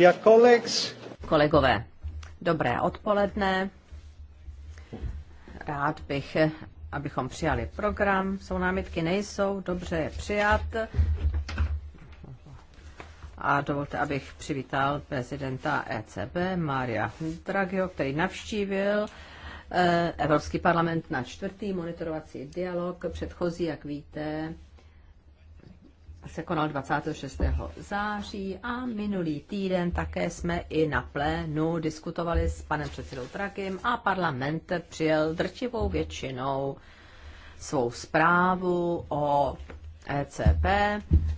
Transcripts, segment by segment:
Dear colleagues. Kolegové, dobré odpoledne. Rád bych, abychom přijali program. Jsou námitky, nejsou, dobře je přijat. A dovolte, abych přivítal prezidenta ECB Maria Draghiho, který navštívil eh, Evropský parlament na čtvrtý monitorovací dialog. Předchozí, jak víte, se konal 26. září a minulý týden také jsme i na plénu diskutovali s panem předsedou Trakem a parlament přijel drtivou většinou svou zprávu o ECB,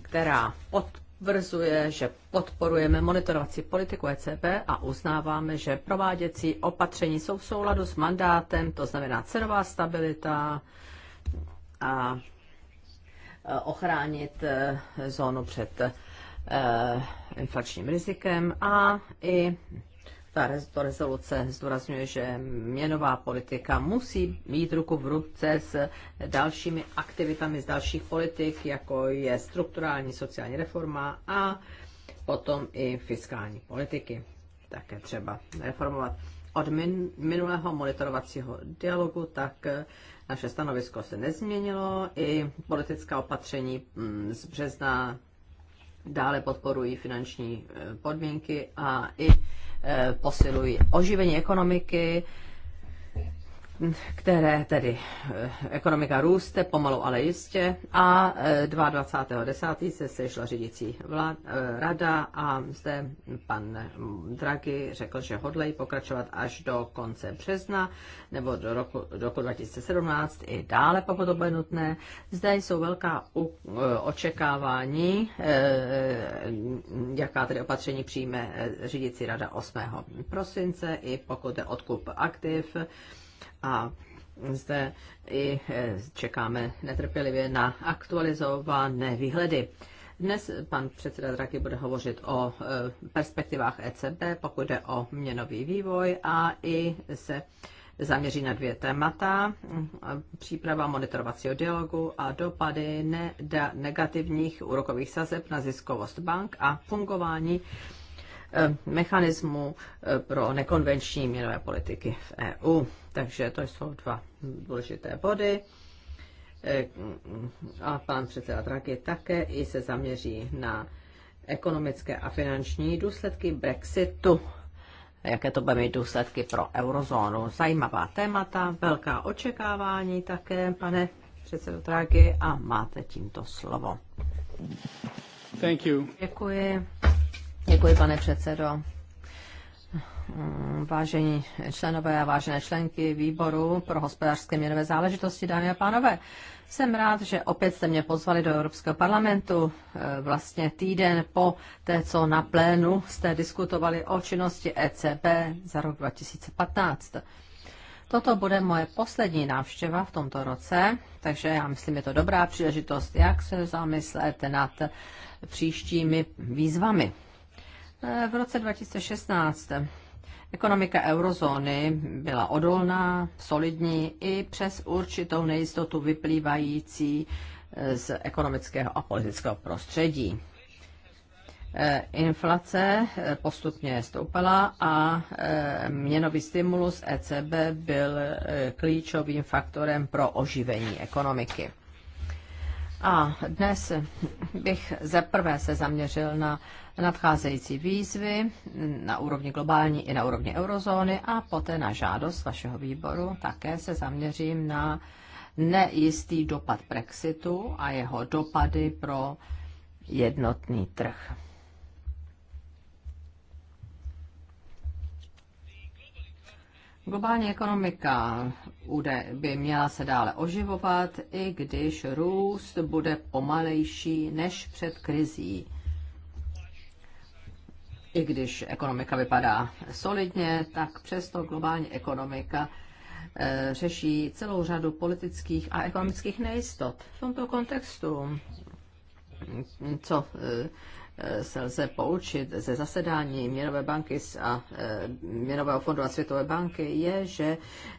která potvrzuje, že podporujeme monitorovací politiku ECB a uznáváme, že prováděcí opatření jsou v souladu s mandátem, to znamená cenová stabilita a Eh, ochránit eh, zónu před eh, inflačním rizikem a i ta rezoluce zdůrazňuje, že měnová politika musí mít ruku v ruce s dalšími aktivitami z dalších politik, jako je strukturální sociální reforma a potom i fiskální politiky. Také třeba reformovat od minulého monitorovacího dialogu, tak naše stanovisko se nezměnilo, i politická opatření mm, z března dále podporují finanční eh, podmínky a i eh, posilují oživení ekonomiky, které tedy eh, ekonomika růste pomalu, ale jistě. A 22.10. Eh, se sešla řídící vlád, eh, rada a zde pan Draghi řekl, že hodlej pokračovat až do konce března nebo do roku, do roku 2017 i dále, pokud to bude nutné. Zde jsou velká u, očekávání, jaká tedy opatření přijme řídící rada 8. prosince i pokud je odkup aktiv, a zde i eh, čekáme netrpělivě na aktualizované výhledy. Dnes pan předseda Draky bude hovořit o eh, perspektivách ECB, pokud jde o měnový vývoj a i se zaměří na dvě témata. Příprava monitorovacího dialogu a dopady ne negativních úrokových sazeb na ziskovost bank a fungování eh, mechanismu pro nekonvenční měnové politiky v EU. Takže to jsou dva důležité body. E, a pan předseda Draghi také i se zaměří na ekonomické a finanční důsledky Brexitu. Jaké to bude mít důsledky pro eurozónu? Zajímavá témata, velká očekávání také, pane předsedo Draghi, a máte tímto slovo. Thank you. Děkuji. Děkuji, pane předsedo vážení členové a vážené členky výboru pro hospodářské měnové záležitosti, dámy a pánové. Jsem rád, že opět jste mě pozvali do Evropského parlamentu eh, vlastně týden po té, co na plénu jste diskutovali o činnosti ECB za rok 2015. Toto bude moje poslední návštěva v tomto roce, takže já myslím, je to dobrá příležitost, jak se zamyslet nad příštími výzvami Eh, v roce 2016 ekonomika eurozóny byla odolná, solidní i přes určitou nejistotu vyplývající eh, z ekonomického a politického prostředí. Eh, inflace postupně stoupala a měnový stimulus ECB byl klíčovým faktorem pro oživení ekonomiky. A dnes bych zaprvé se zaměřil na nadcházející výzvy na úrovni globální i na úrovni eurozóny a poté na žádost vašeho výboru také se zaměřím na nejistý dopad Brexitu a jeho dopady pro jednotný trh. Globální ekonomika by měla se dále oživovat, i když růst bude pomalejší než před krizí i když ekonomika vypadá solidně, tak přesto globální ekonomika eh, řeší celou řadu politických a ekonomických nejistot. V tomto kontextu, co eh, eh, se lze poučit ze zasedání Měnové banky a Měnového fondu a Světové banky, je, že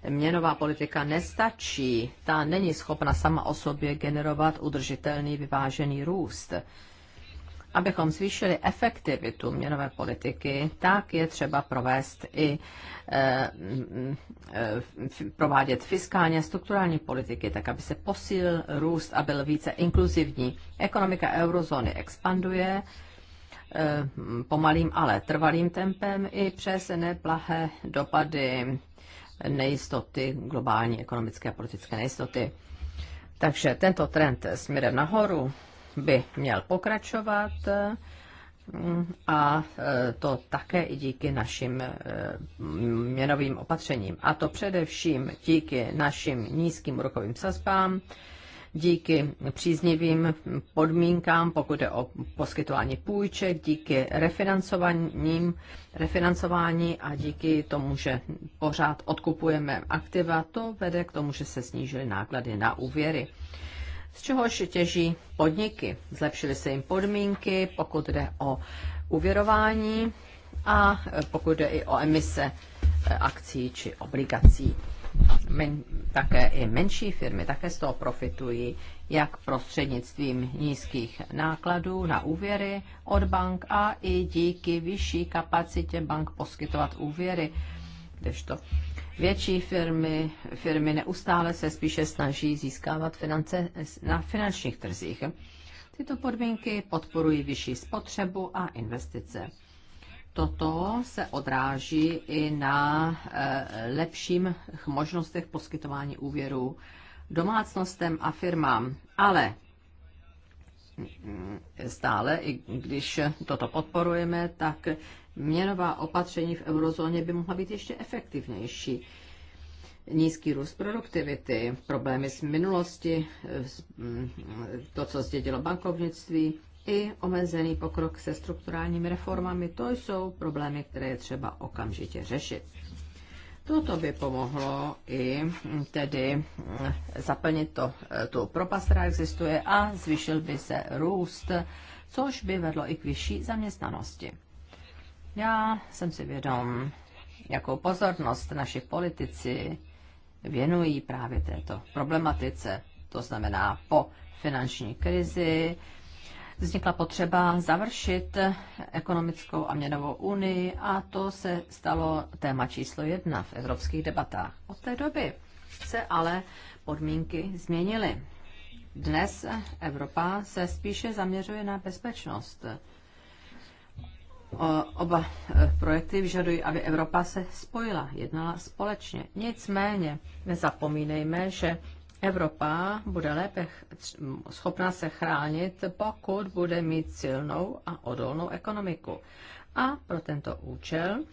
měnová politika nestačí. Ta není schopna sama o sobě generovat udržitelný vyvážený růst. Abychom zvýšili efektivitu měnové politiky, tak je třeba provést i e, e, provádět fiskálně strukturální politiky, tak aby se posílil růst a byl více inkluzivní. Ekonomika eurozóny expanduje e, pomalým, ale trvalým tempem i přes neplahé dopady nejistoty, globální ekonomické a politické nejistoty. Takže tento trend směrem nahoru by měl pokračovat mm, a e, to také i díky našim e, měnovým opatřením. A to především díky našim nízkým úrokovým sazbám, díky příznivým podmínkám, pokud je o poskytování půjček, díky refinancováním, refinancování a díky tomu, že pořád odkupujeme aktiva, to vede k tomu, že se snížily náklady na úvěry z čehož těží podniky. Zlepšily se jim podmínky, pokud jde o uvěrování a pokud jde i o emise e, akcí či obligací. Men, také i menší firmy také z toho profitují, jak prostřednictvím nízkých nákladů na úvěry od bank a i díky vyšší kapacitě bank poskytovat úvěry, kdežto Větší firmy, firmy neustále se spíše snaží získávat finance na finančních trzích. Tyto podmínky podporují vyšší spotřebu a investice. Toto se odráží i na eh, lepším možnostech poskytování úvěrů domácnostem a firmám. Ale mm, stále, i když toto podporujeme, tak měnová opatření v eurozóně by mohla být ještě efektivnější. Nízký růst produktivity, problémy z minulosti, mm, to, co zdědilo bankovnictví, i omezený pokrok se strukturálními reformami, to jsou problémy, které je třeba okamžitě řešit. Toto by pomohlo i tedy mm, zaplnit to, eh, tu propast, která existuje a zvýšil by se růst, což by vedlo i k vyšší zaměstnanosti. Já jsem si vědom, jakou pozornost naši politici věnují právě této problematice. To znamená, po finanční krizi vznikla potřeba završit ekonomickou a měnovou unii a to se stalo téma číslo jedna v evropských debatách. Od té doby se ale podmínky změnily. Dnes Evropa se spíše zaměřuje na bezpečnost Oba e, projekty vyžadují, aby Evropa se spojila, jednala společně. Nicméně nezapomínejme, že Evropa bude lépe schopná se chránit, pokud bude mít silnou a odolnou ekonomiku. A pro tento účel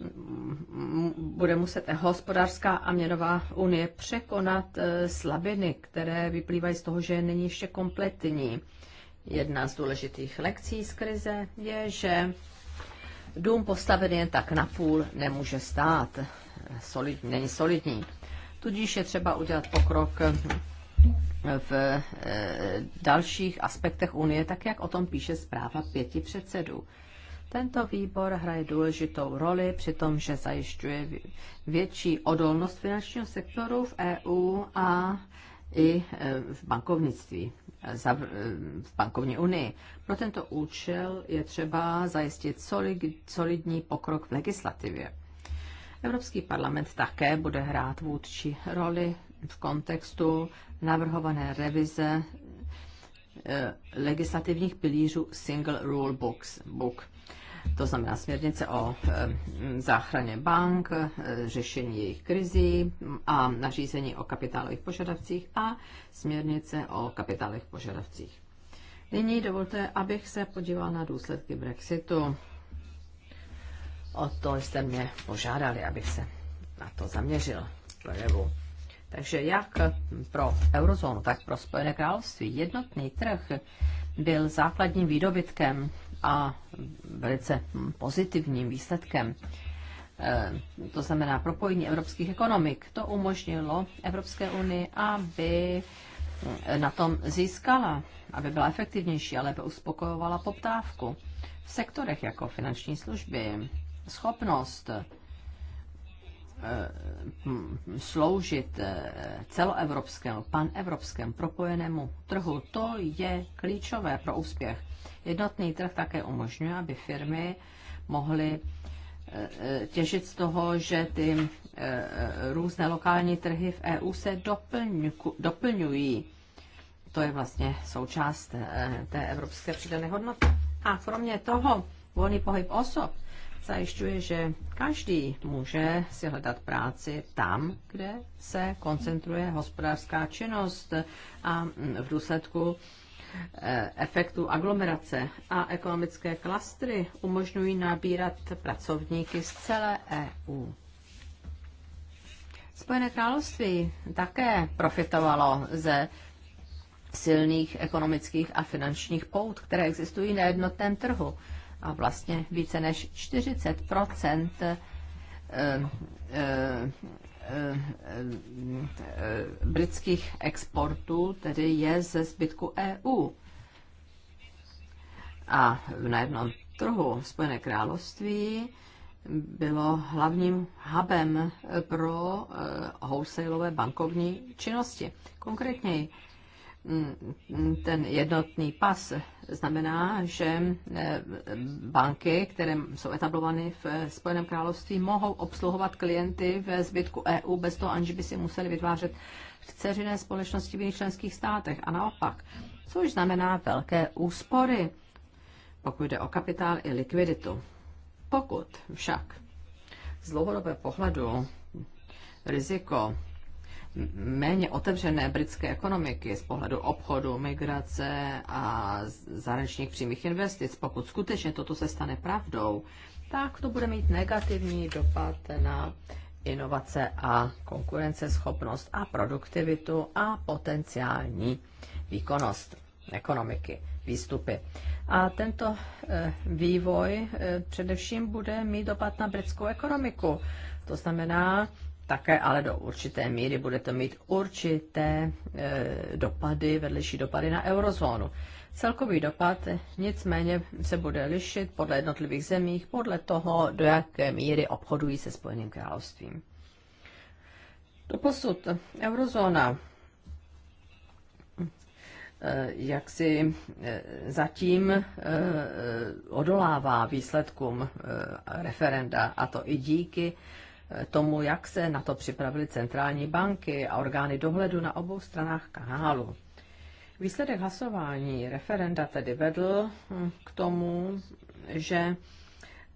mm, mm, bude muset hospodářská a měnová unie překonat e, slabiny, které vyplývají z toho, že není ještě kompletní. Jedna z důležitých lekcí z krize je, že dům postavený jen tak na půl nemůže stát. Solid, není solidní. Tudíž je třeba udělat pokrok v eh, dalších aspektech Unie, tak jak o tom píše zpráva pěti předsedů. Tento výbor hraje důležitou roli při tom, že zajišťuje větší odolnost finančního sektoru v EU a i e, v bankovnictví, e, e, v bankovní unii. Pro tento účel je třeba zajistit solidní pokrok v legislativě. Evropský parlament také bude hrát vůdčí roli v kontextu navrhované revize legislativních pilířů Single Rule Books, Book to znamená směrnice o eh, záchraně bank, eh, řešení jejich krizí a nařízení o kapitálových požadavcích a směrnice o kapitálových požadavcích. Nyní dovolte, abych se podíval na důsledky Brexitu. O to jste mě požádali, abych se na to zaměřil projevu. Takže jak pro eurozónu, tak pro Spojené království jednotný trh byl základním výdobytkem a velice pozitivním výsledkem. E, to znamená propojení evropských ekonomik. To umožnilo Evropské unii, aby na tom získala, aby byla efektivnější a lépe uspokojovala poptávku. V sektorech jako finanční služby, schopnost e, sloužit e, celoevropskému, panevropskému propojenému trhu, to je klíčové pro úspěch. Jednotný trh také umožňuje, aby firmy mohly e, e, těžit z toho, že ty e, různé lokální trhy v EU se doplňují. To je vlastně součást té evropské přidané hodnoty. A kromě toho volný pohyb osob zajišťuje, že každý může si hledat práci tam, kde se koncentruje hospodářská činnost a v důsledku Eh, efektu aglomerace a ekonomické klastry umožňují nabírat pracovníky z celé EU. Spojené království také profitovalo ze silných ekonomických a finančních pout, které existují na jednotném trhu. A vlastně více než 40 britských exportů tedy je ze zbytku EU. A na jednom trhu Spojené království bylo hlavním hubem pro eh, wholesaleové bankovní činnosti. Konkrétně ten jednotný pas znamená, že eh, banky, které jsou etablovány v eh, Spojeném království, mohou obsluhovat klienty ve zbytku EU bez toho, aniž by si museli vytvářet dceřiné společnosti v jiných členských státech a naopak, což znamená velké úspory, pokud jde o kapitál i likviditu. Pokud však z dlouhodobého pohledu riziko méně otevřené britské ekonomiky z pohledu obchodu, migrace a zahraničních přímých investic, pokud skutečně toto se stane pravdou, tak to bude mít negativní dopad na inovace a konkurenceschopnost a produktivitu a potenciální výkonnost ekonomiky, výstupy. A tento eh, vývoj eh, především bude mít dopad na britskou ekonomiku. To znamená, také, ale do určité míry bude to mít určité e, dopady, vedlejší dopady na eurozónu. Celkový dopad nicméně se bude lišit podle jednotlivých zemích, podle toho, do jaké míry obchodují se Spojeným královstvím. posud eurozóna e, jak si e, zatím odolává výsledkům referenda, a to i díky tomu, jak se na to připravily centrální banky a orgány dohledu na obou stranách kanálu. Výsledek hlasování referenda tedy vedl hm, k tomu, že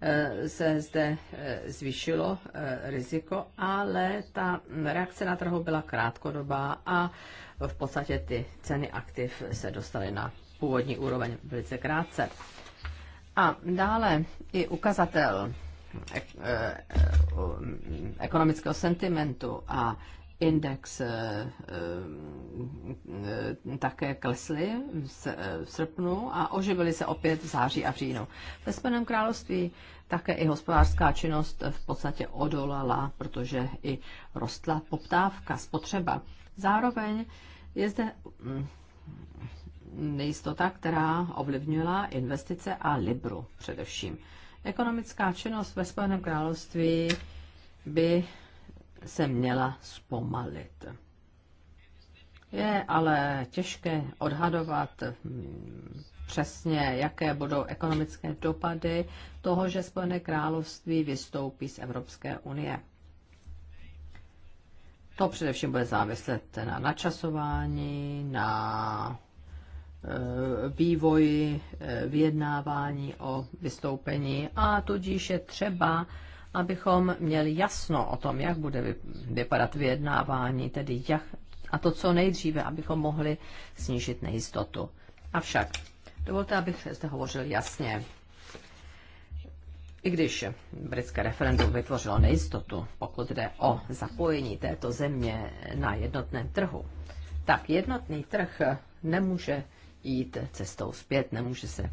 eh, se zde eh, zvýšilo eh, riziko, ale ta reakce na trhu byla krátkodobá a v podstatě ty ceny aktiv se dostaly na původní úroveň velice krátce. A dále i ukazatel Eh, eh, ekonomického sentimentu a index eh, také klesly v srpnu a oživily se opět v září a v říjnu. Ve Spojeném království také i hospodářská činnost v podstatě odolala, protože i rostla poptávka, spotřeba. Zároveň je zde mm, nejistota, která ovlivnila investice a Libru především. Ekonomická činnost ve Spojeném království by se měla zpomalit. Je ale těžké odhadovat mm, přesně, jaké budou ekonomické dopady toho, že Spojené království vystoupí z Evropské unie. To především bude záviset na načasování, na Eh, vývoji eh, vyjednávání o vystoupení a tudíž je třeba, abychom měli jasno o tom, jak bude vypadat vyjednávání, tedy jak, a to co nejdříve, abychom mohli snížit nejistotu. Avšak dovolte, abych zde hovořil jasně. I když britské referendum vytvořilo nejistotu, pokud jde o zapojení této země na jednotném trhu, tak jednotný trh nemůže jít cestou zpět, nemůže se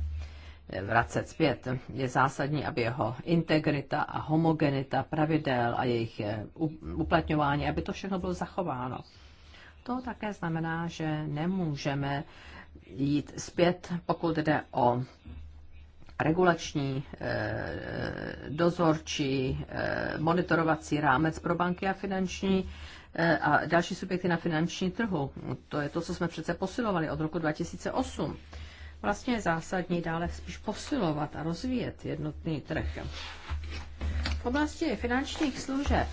vracet zpět. Je zásadní, aby jeho integrita a homogenita pravidel a jejich eh, uplatňování, aby to všechno bylo zachováno. To také znamená, že nemůžeme jít zpět, pokud jde o regulační, eh, dozorčí, eh, monitorovací rámec pro banky a finanční Eh, a další subjekty na finanční trhu. To je to, co jsme přece posilovali od roku 2008. Vlastně je zásadní dále spíš posilovat a rozvíjet jednotný trh. V oblasti finančních služeb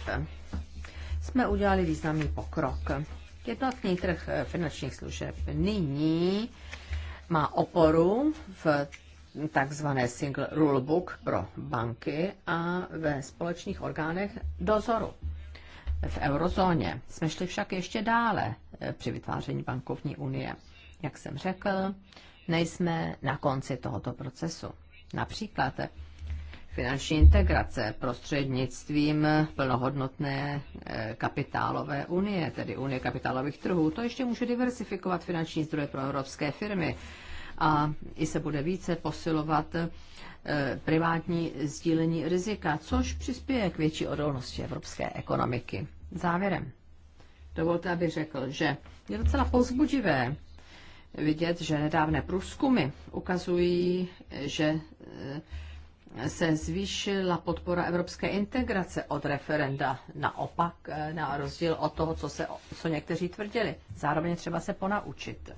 jsme udělali významný pokrok. Jednotný trh eh, finančních služeb nyní má oporu v takzvané single rulebook pro banky a ve společných orgánech dozoru v eurozóně. Jsme šli však ještě dále eh, při vytváření bankovní unie. Jak jsem řekl, nejsme na konci tohoto procesu. Například finanční integrace prostřednictvím plnohodnotné eh, kapitálové unie, tedy unie kapitálových trhů. To ještě může diversifikovat finanční zdroje pro evropské firmy a i se bude více posilovat Eh, privátní sdílení rizika, což přispěje k větší odolnosti evropské ekonomiky. Závěrem. Dovolte, aby řekl, že je docela pozbudivé vidět, že nedávné průzkumy ukazují, že eh, se zvýšila podpora evropské integrace od referenda. Naopak, eh, na rozdíl od toho, co, se, co někteří tvrdili. Zároveň třeba se ponaučit.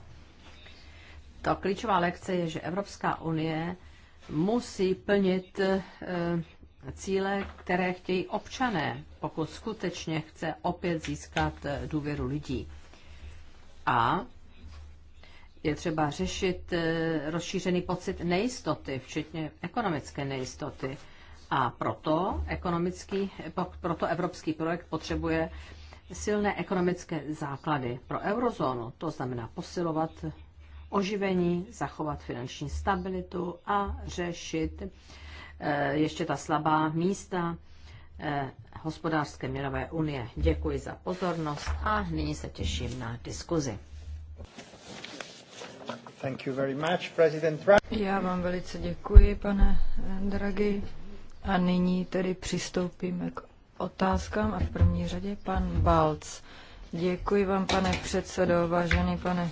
To klíčová lekce je, že Evropská unie musí plnit eh, cíle, které chtějí občané, pokud skutečně chce opět získat eh, důvěru lidí. A je třeba řešit eh, rozšířený pocit nejistoty, včetně ekonomické nejistoty. A proto, ekonomický, proto evropský projekt potřebuje silné ekonomické základy pro eurozónu. To znamená posilovat oživení, zachovat finanční stabilitu a řešit eh, ještě ta slabá místa eh, hospodářské měnové unie. Děkuji za pozornost a nyní se těším na diskuzi. Thank you very much, President Já vám velice děkuji, pane eh, Draghi. A nyní tedy přistoupíme k otázkám a v první řadě pan Balc. Děkuji vám, pane předsedo, vážený pane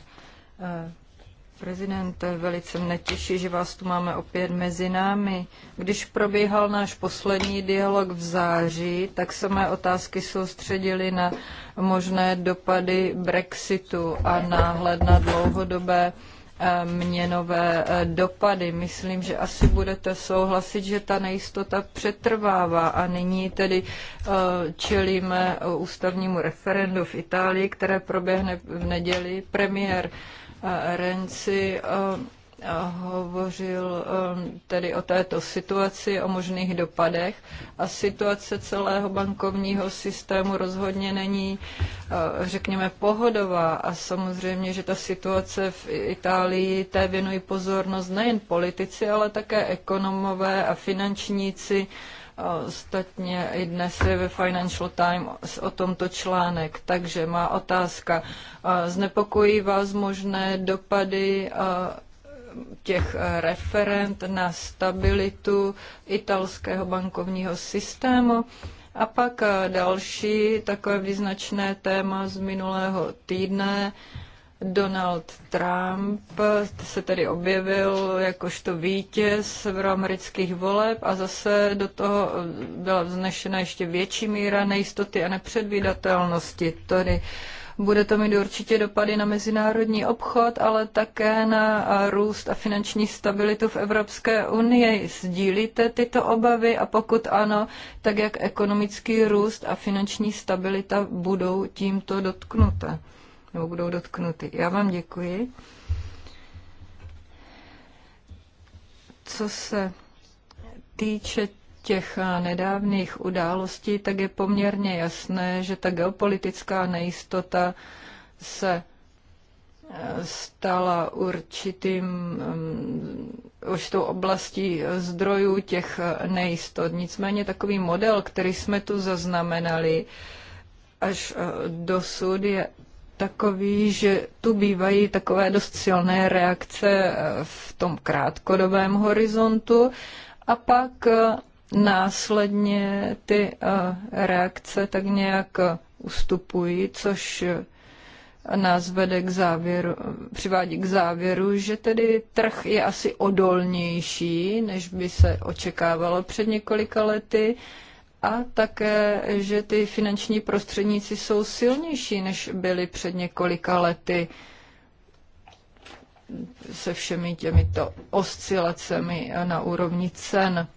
prezidente, velice mne těší, že vás tu máme opět mezi námi. Když probíhal náš poslední dialog v září, tak se mé otázky soustředily na možné dopady Brexitu a náhled na dlouhodobé eh, měnové eh, dopady. Myslím, že asi budete souhlasit, že ta nejistota přetrvává a nyní tedy eh, čelíme ústavnímu referendu v Itálii, které proběhne v neděli. Premiér Renci eh, hovořil eh, tedy o této situaci, o možných dopadech a situace celého bankovního systému rozhodně není, eh, řekněme, pohodová a samozřejmě, že ta situace v Itálii té věnují pozornost nejen politici, ale také ekonomové a finančníci, Ostatně i dnes je ve Financial Times o tomto článek. Takže má otázka. Znepokojí vás možné dopady těch referent na stabilitu italského bankovního systému? A pak další takové význačné téma z minulého týdne Donald Trump se tedy objevil jakožto vítěz severoamerických voleb a zase do toho byla vznešena ještě větší míra nejistoty a nepředvídatelnosti. Tedy bude to mít určitě dopady na mezinárodní obchod, ale také na růst a finanční stabilitu v Evropské unii. Sdílíte tyto obavy a pokud ano, tak jak ekonomický růst a finanční stabilita budou tímto dotknuté? nebo budou dotknuty. Já vám děkuji. Co se týče těch eh, nedávných událostí, tak je poměrně jasné, že ta geopolitická nejistota se eh, stala určitým, mm, určitou oblastí zdrojů těch eh, nejistot. Nicméně takový model, který jsme tu zaznamenali až dosud, je takový, že tu bývají takové dost silné reakce eh, v tom krátkodobém horizontu a pak eh, následně ty eh, reakce tak nějak ustupují, což nás vede k závěru, přivádí k závěru, že tedy trh je asi odolnější, než by se očekávalo před několika lety a také, že ty finanční prostředníci jsou silnější, než byli před několika lety se všemi těmito oscilacemi na úrovni cen.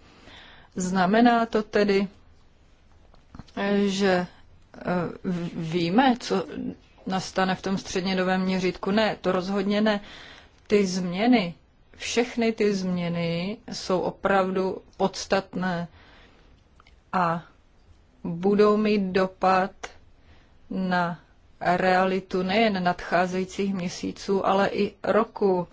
Znamená to tedy, že eh, víme, co nastane v tom střednědovém měřítku? Ne, to rozhodně ne. Ty změny, všechny ty změny jsou opravdu podstatné a budou mít dopad na realitu nejen nadcházejících měsíců, ale i roku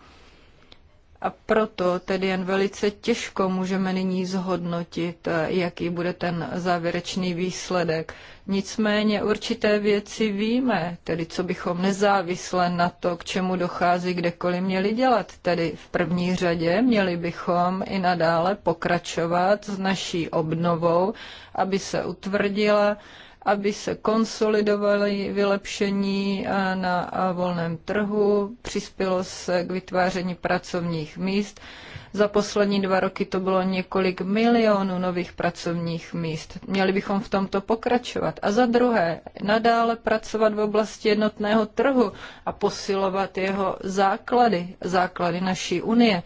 a proto tedy jen velice těžko můžeme nyní zhodnotit, jaký bude ten závěrečný výsledek. Nicméně určité věci víme, tedy co bychom nezávisle na to, k čemu dochází kdekoliv měli dělat. Tedy v první řadě měli bychom i nadále pokračovat s naší obnovou, aby se utvrdila aby se konsolidovaly vylepšení na volném trhu, přispělo se k vytváření pracovních míst. Za poslední dva roky to bylo několik milionů nových pracovních míst. Měli bychom v tomto pokračovat. A za druhé, nadále pracovat v oblasti jednotného trhu a posilovat jeho základy, základy naší unie.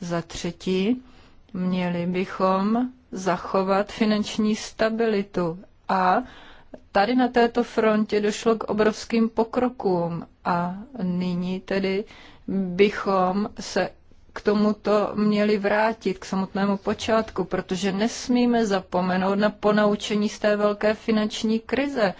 Za třetí, měli bychom zachovat finanční stabilitu a tady na této frontě došlo k obrovským pokrokům a nyní tedy bychom se k tomuto měli vrátit, k samotnému počátku, protože nesmíme zapomenout na ponaučení z té velké finanční krize.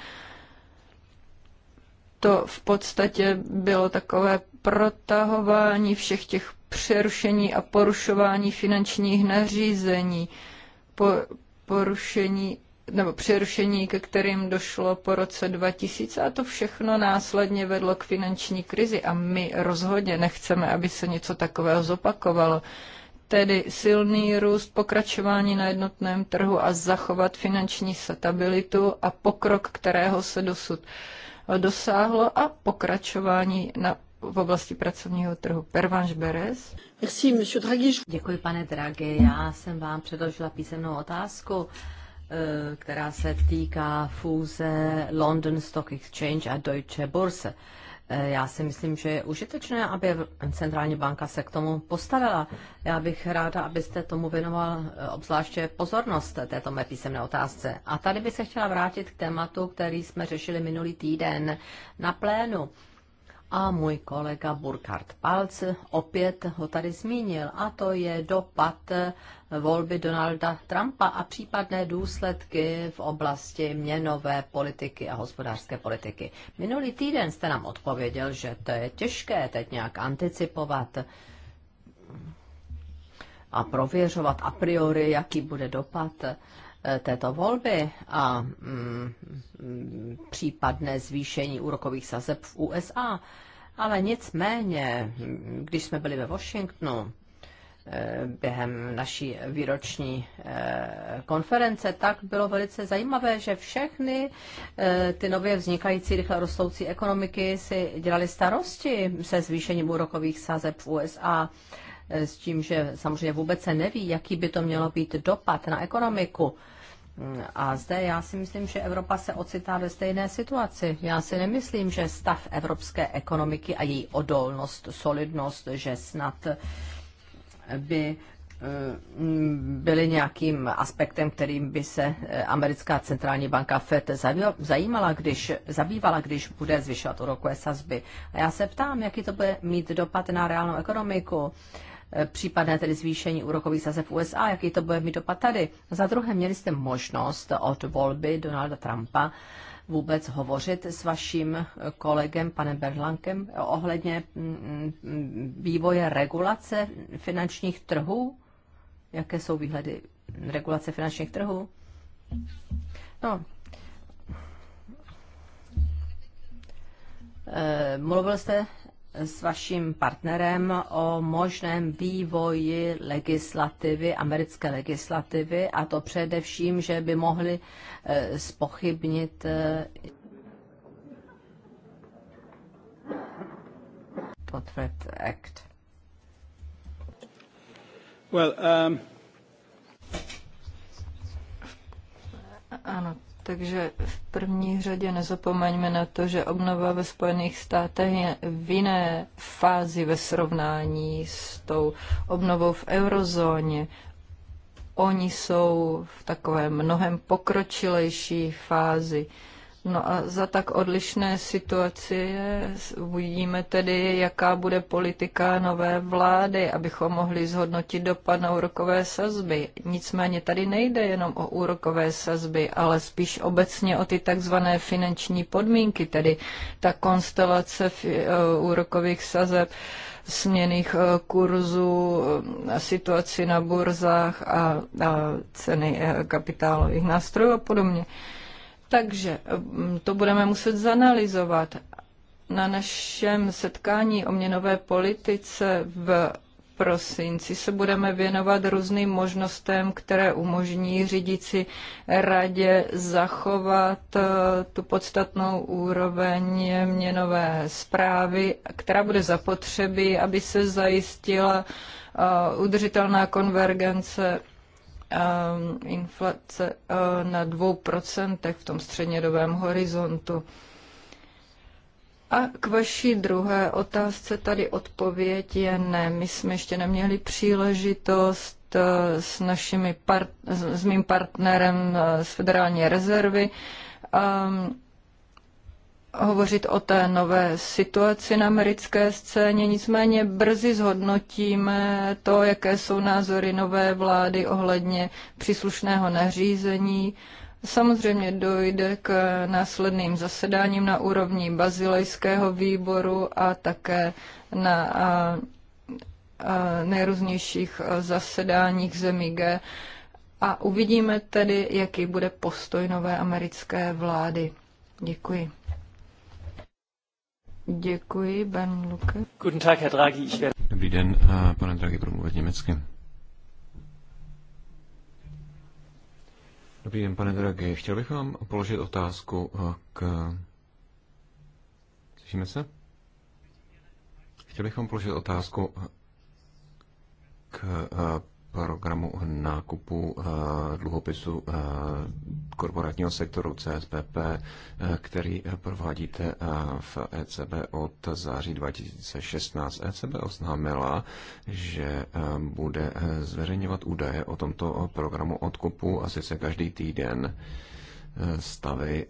To v podstatě bylo takové protahování všech těch přerušení a porušování finančních nařízení, po, porušení nebo přerušení, ke kterým došlo po roce 2000 a to všechno následně vedlo k finanční krizi a my rozhodně nechceme, aby se něco takového zopakovalo. Tedy silný růst, pokračování na jednotném trhu a zachovat finanční stabilitu a pokrok, kterého se dosud dosáhlo a pokračování na v oblasti pracovního trhu. Pervanš Beres. monsieur Děkuji, pane Draghi. Já jsem vám předložila písemnou otázku Eh, která se týká fůze London Stock Exchange a Deutsche Börse. Eh, já si myslím, že je užitečné, aby centrální banka se k tomu postavila. Já bych ráda, abyste tomu věnoval eh, obzvláště pozornost této mé písemné otázce. A tady bych se chtěla vrátit k tématu, který jsme řešili minulý týden na plénu. A můj kolega Burkhard Palc opět ho tady zmínil, a to je dopad volby Donalda Trumpa a případné důsledky v oblasti měnové politiky a hospodářské politiky. Minulý týden jste nám odpověděl, že to je těžké teď nějak anticipovat a prověřovat a priori, jaký bude dopad eh, této volby a mm, případné zvýšení úrokových sazeb v USA. Ale nicméně, když jsme byli ve Washingtonu, Eh, během naší výroční eh, konference, tak bylo velice zajímavé, že všechny eh, ty nově vznikající rychle rostoucí ekonomiky si dělali starosti se zvýšením úrokových sazeb v USA s tím, že samozřejmě vůbec se neví, jaký by to mělo být dopad na ekonomiku. Mm, a zde já si myslím, že Evropa se ocitá ve stejné situaci. Já si nemyslím, že stav evropské ekonomiky a její odolnost, solidnost, že snad by eh, byly nějakým aspektem, kterým by se eh, americká centrální banka FED zajímala, když, zabývala, když bude zvyšovat úrokové sazby. A já se ptám, jaký to bude mít dopad na reálnou ekonomiku, eh, případné tedy zvýšení úrokových sazeb USA, jaký to bude mít dopad tady. Za druhé, měli jste možnost od volby Donalda Trumpa vůbec hovořit s vaším eh, kolegem, panem Berlankem, eh, ohledně mm, mm, vývoje regulace finančních trhů? Jaké jsou výhledy regulace finančních trhů? No, eh, Mluvil jste s vaším partnerem o možném vývoji legislativy, americké legislativy, a to především, že by mohli eh, spochybnit eh, Potret Act. Well, um... Ano, takže v první řadě nezapomeňme na to, že obnova ve Spojených státech je v jiné fázi ve srovnání s tou obnovou v eurozóně. Oni jsou v takové mnohem pokročilejší fázi. Uh, No a za tak odlišné situaci uvidíme tedy, jaká bude politika nové vlády, abychom mohli zhodnotit dopad na úrokové sazby. Nicméně tady nejde jenom o úrokové sazby, ale spíš obecně o ty takzvané finanční podmínky, tedy ta konstelace eh, úrokových sazeb směných eh, kurzů, eh, situaci na burzách a, a ceny kapitálových nástrojů a podobně. Takže mm, to budeme muset zanalizovat. Na našem setkání o měnové politice v prosinci se budeme věnovat různým možnostem, které umožní řídící radě zachovat eh, tu podstatnou úroveň měnové zprávy, která bude zapotřebí, aby se zajistila eh, udržitelná konvergence Ehm, inflace eh, na 2% v tom střednědobém horizontu. A k vaší druhé otázce tady odpověď je ne. My jsme ještě neměli příležitost eh, s, našimi part- s mým partnerem eh, z Federální rezervy um, hovořit o té nové situaci na americké scéně, nicméně brzy zhodnotíme to, jaké jsou názory nové vlády ohledně příslušného nařízení. Samozřejmě dojde k následným zasedáním na úrovni bazilejského výboru a také na nejrůznějších zasedáních zemí G. A uvidíme tedy, jaký bude postoj nové americké vlády. Děkuji. Děkuji, Ben Luke. Guten Tag, Herr Draghi. Ich werde... Dobrý den, eh, pane Draghi, promluvit německy. Dobrý den, pane Draghi. Chtěl bych vám položit otázku eh, k... Slyšíme se? Chtěl bych vám položit otázku eh, k programu nákupu eh, dluhopisu eh, korporátního sektoru CSPP, eh, který provádíte v ECB od září 2016. ECB oznámila, že bude zveřejňovat údaje o tomto programu odkupu asi se každý týden stavy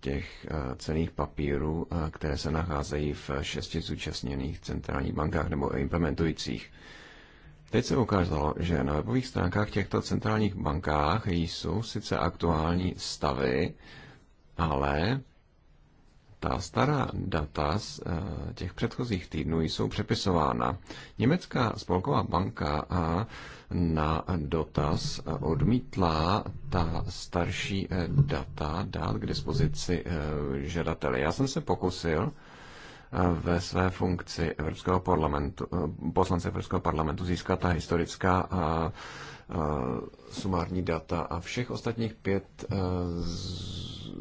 těch cených papírů, které se nacházejí v šesti zúčastněných centrálních bankách nebo implementujících. Teď se ukázalo, že na webových stránkách těchto centrálních bankách jsou sice aktuální stavy, ale ta stará data z eh, těch předchozích týdnů jsou přepisována. Německá spolková banka a na dotaz odmítla ta starší eh, data dát k dispozici eh, žadateli. Já jsem se pokusil ve své funkci Evropského parlamentu, eh, poslance Evropského parlamentu získat ta historická a, eh, eh, sumární data a všech ostatních pět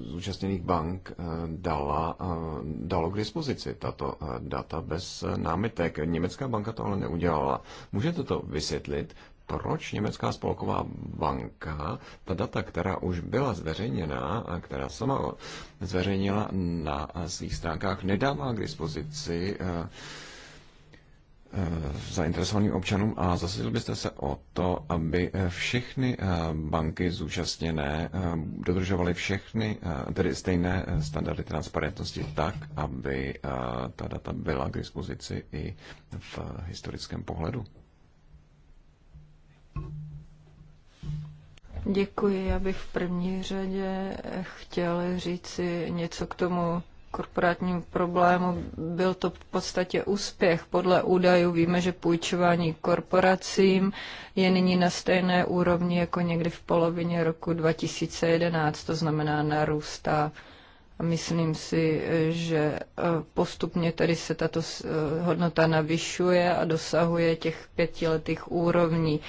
zúčastněných bank dala, dalo k dispozici tato data bez námitek. Německá banka to ale neudělala. Můžete to vysvětlit? proč Německá spolková banka ta data, která už byla zveřejněná a která sama zveřejnila na svých stránkách, nedává k dispozici eh, eh, zainteresovaným občanům a zasadil byste se o to, aby všechny eh, banky zúčastněné dodržovaly všechny, tedy stejné standardy transparentnosti tak, aby ta data byla k dispozici i v historickém pohledu? Děkuji. Já bych v první řadě chtěl říci něco k tomu korporátnímu problému. Byl to v podstatě úspěch. Podle údajů víme, že půjčování korporacím je nyní na stejné úrovni jako někdy v polovině roku 2011, to znamená narůstá. A myslím si, že eh, postupně tady se tato eh, hodnota navyšuje a dosahuje těch pětiletých úrovní.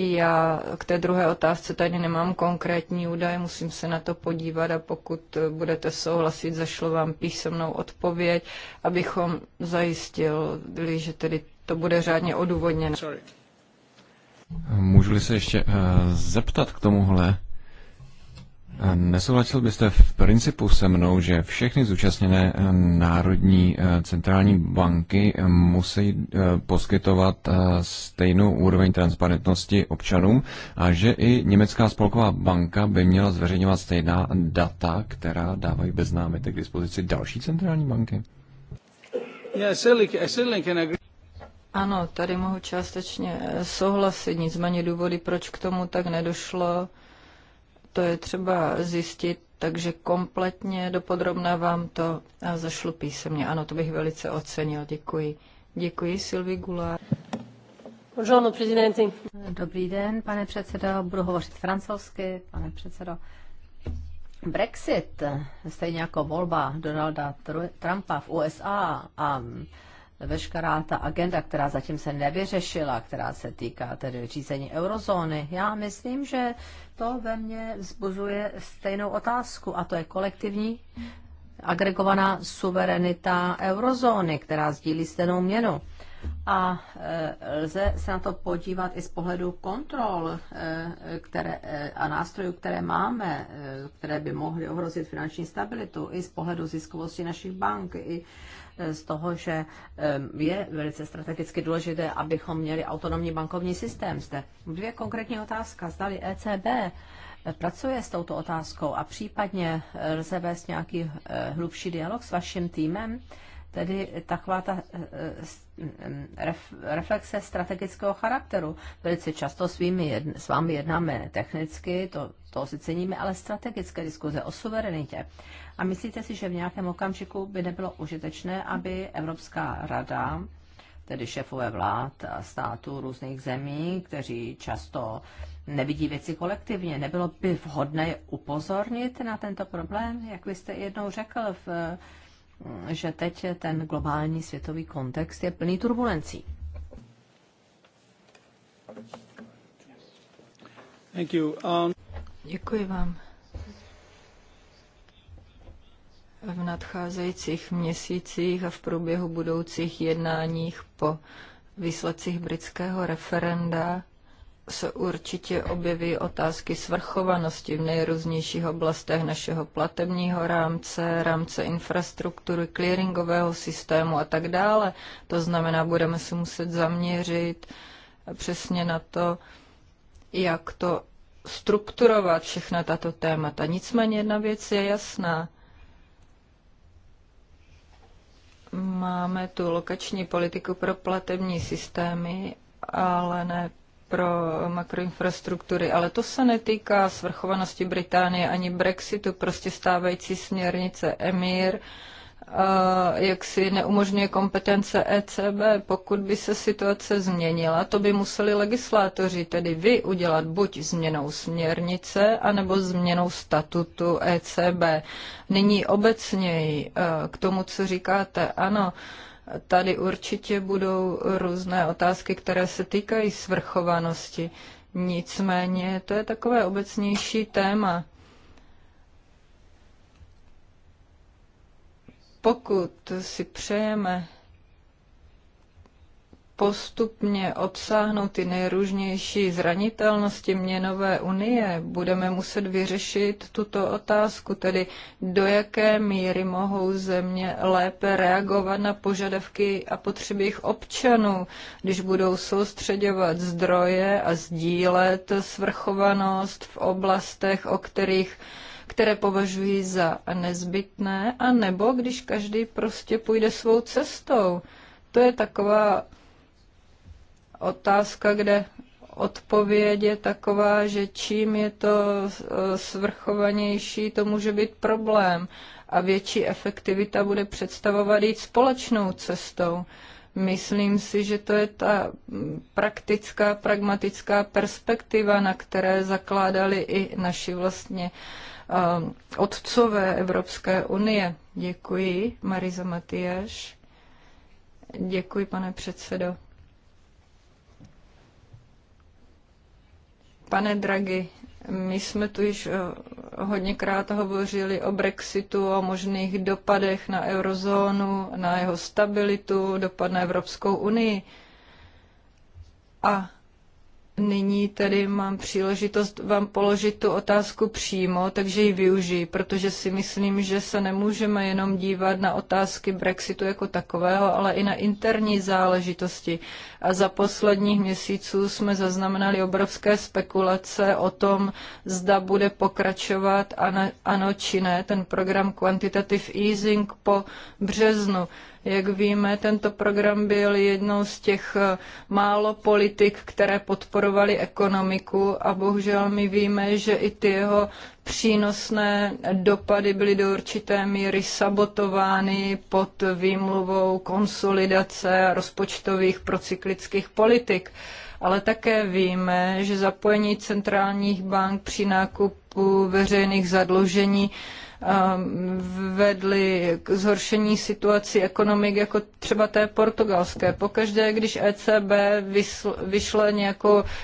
Já k té druhé otázce tady nemám konkrétní údaje, musím se na to podívat a pokud budete souhlasit, zašlo vám písemnou odpověď, abychom zajistili, že tedy to bude řádně odůvodněno. Můžu-li se ještě uh, zeptat k tomuhle? Nesouhlasil byste v principu se mnou, že všechny zúčastněné eh, národní eh, centrální banky eh, musí poskytovat stejnou úroveň transparentnosti občanům a že i Německá spolková banka by měla zveřejňovat stejná data, která dávají bez námitek k dispozici další centrální banky? Ano, tady mohu částečně souhlasit, nicméně důvody, proč k tomu tak nedošlo, to je třeba zjistit, takže kompletně dopodrobná vám to a zašlu písemně. Ano, to bych velice ocenil. Děkuji. Děkuji, Silvi Gula. Dobrý den, pane předsedo. Budu hovořit francouzsky, pane předsedo. Brexit, stejně jako volba Donalda Trumpa v USA a veškerá ta agenda, která zatím se nevyřešila, která se týká tedy řízení eurozóny. Já myslím, že to ve mně vzbuzuje stejnou otázku, a to je kolektivní agregovaná suverenita eurozóny, která sdílí stejnou měnu. A e, lze se na to podívat i z pohledu kontrol e, které, e, a nástrojů, které máme, které by mohly ohrozit finanční stabilitu, i z pohledu ziskovosti našich bank, i z toho, že je velice strategicky důležité, abychom měli autonomní bankovní systém zde. Dvě konkrétní otázka. Zdali ECB eh, pracuje s touto otázkou a případně eh, lze vést nějaký eh, hlubší dialog s vaším týmem, tedy taková ta mm, reflexe strategického charakteru. Velice často s, vými, s vámi jednáme technicky, to, to si ceníme, ale strategické diskuze o suverenitě. A myslíte si, že v nějakém okamžiku by nebylo užitečné, aby Evropská rada, tedy šéfové vlád a států různých zemí, kteří často nevidí věci kolektivně, nebylo by vhodné upozornit na tento problém, jak vy jste jednou řekl, v, že teď ten globální světový kontext je plný turbulencí. Thank you. Um, Děkuji vám. v nadcházejících měsících a v průběhu budoucích jednáních po výsledcích britského referenda se určitě objeví otázky svrchovanosti v nejrůznějších oblastech našeho platebního rámce, rámce infrastruktury, clearingového systému a tak dále. To znamená, budeme se muset zaměřit přesně na to, jak to strukturovat všechna tato témata. Nicméně jedna věc je jasná. Máme tu lokační politiku pro platební systémy, ale ne pro makroinfrastruktury, ale to se netýká svrchovanosti Británie ani Brexitu, prostě stávající směrnice EMIR jak si neumožňuje kompetence ECB. Pokud by se situace změnila, to by museli legislátoři, tedy vy, udělat buď změnou směrnice, anebo změnou statutu ECB. Nyní obecněji eh, k tomu, co říkáte, ano, tady určitě budou různé otázky, které se týkají svrchovanosti. Nicméně to je takové obecnější téma. Pokud si přejeme postupně obsáhnout ty nejrůznější zranitelnosti měnové unie, budeme muset vyřešit tuto otázku, tedy do jaké míry mohou země lépe reagovat na požadavky a potřeby jejich občanů, když budou soustředovat zdroje a sdílet svrchovanost v oblastech, o kterých které považují za nezbytné, a nebo když každý prostě půjde svou cestou. To je taková otázka, kde odpověď je taková, že čím je to e, svrchovanější, to může být problém a větší efektivita bude představovat jít společnou cestou. Myslím si, že to je ta praktická, pragmatická perspektiva, na které zakládali i naši vlastně Eh, otcové Evropské unie. Děkuji, Mariza Matyáš. Děkuji, pane předsedo. Pane Draghi, my jsme tu již eh, hodněkrát hovořili o Brexitu, o možných dopadech na eurozónu, na jeho stabilitu, dopad na Evropskou unii. A Nyní tedy mám příležitost vám položit tu otázku přímo, takže ji využiji, protože si myslím, že se nemůžeme jenom dívat na otázky Brexitu jako takového, ale i na interní záležitosti. A za posledních měsíců jsme zaznamenali obrovské spekulace o tom, zda bude pokračovat ano, ano či ne ten program Quantitative Easing po březnu. Jak víme, tento program byl jednou z těch eh, málo politik, které podporovaly ekonomiku a bohužel my víme, že i ty jeho přínosné dopady byly do určité míry sabotovány pod výmluvou konsolidace a rozpočtových procyklických politik. Ale také víme, že zapojení centrálních bank při nákupu veřejných zadlužení Ehm, vedly k zhoršení situaci ekonomik, jako třeba té portugalské. Pokaždé, když ECB vysl, vyšle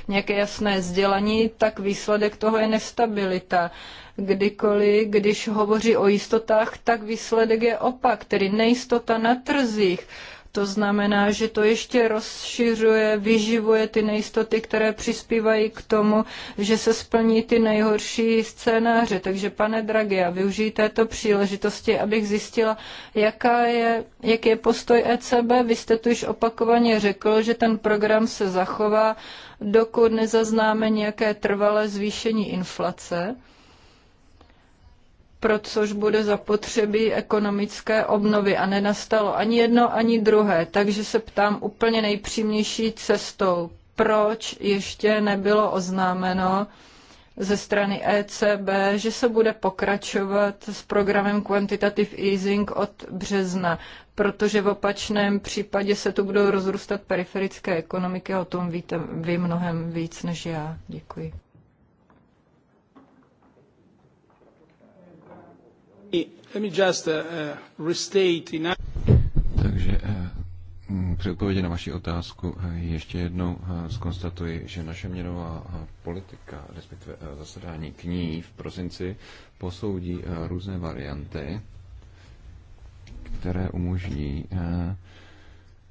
nějaké jasné sdělení, tak výsledek toho je nestabilita kdykoliv, když hovoří o jistotách, tak výsledek je opak, tedy nejistota na trzích. To znamená, že to ještě rozšiřuje, vyživuje ty nejistoty, které přispívají k tomu, že se splní ty nejhorší scénáře. Takže pane Draghi, já využiji této příležitosti, abych zjistila, jaká je, jaký je postoj ECB. Vy jste tu již opakovaně řekl, že ten program se zachová, dokud nezaznáme nějaké trvalé zvýšení inflace pro což bude zapotřebí ekonomické obnovy a nenastalo ani jedno, ani druhé. Takže se ptám úplně nejpřímější cestou, proč ještě nebylo oznámeno ze strany ECB, že se bude pokračovat s programem Quantitative Easing od března, protože v opačném případě se tu budou rozrůstat periferické ekonomiky a o tom víte vy mnohem víc než já. Děkuji. Takže při odpovědi na vaši otázku uh, ještě jednou uh, zkonstatuji, že naše měnová uh, politika, respektive zasedání k ní v prosinci, posoudí různé varianty, které umožní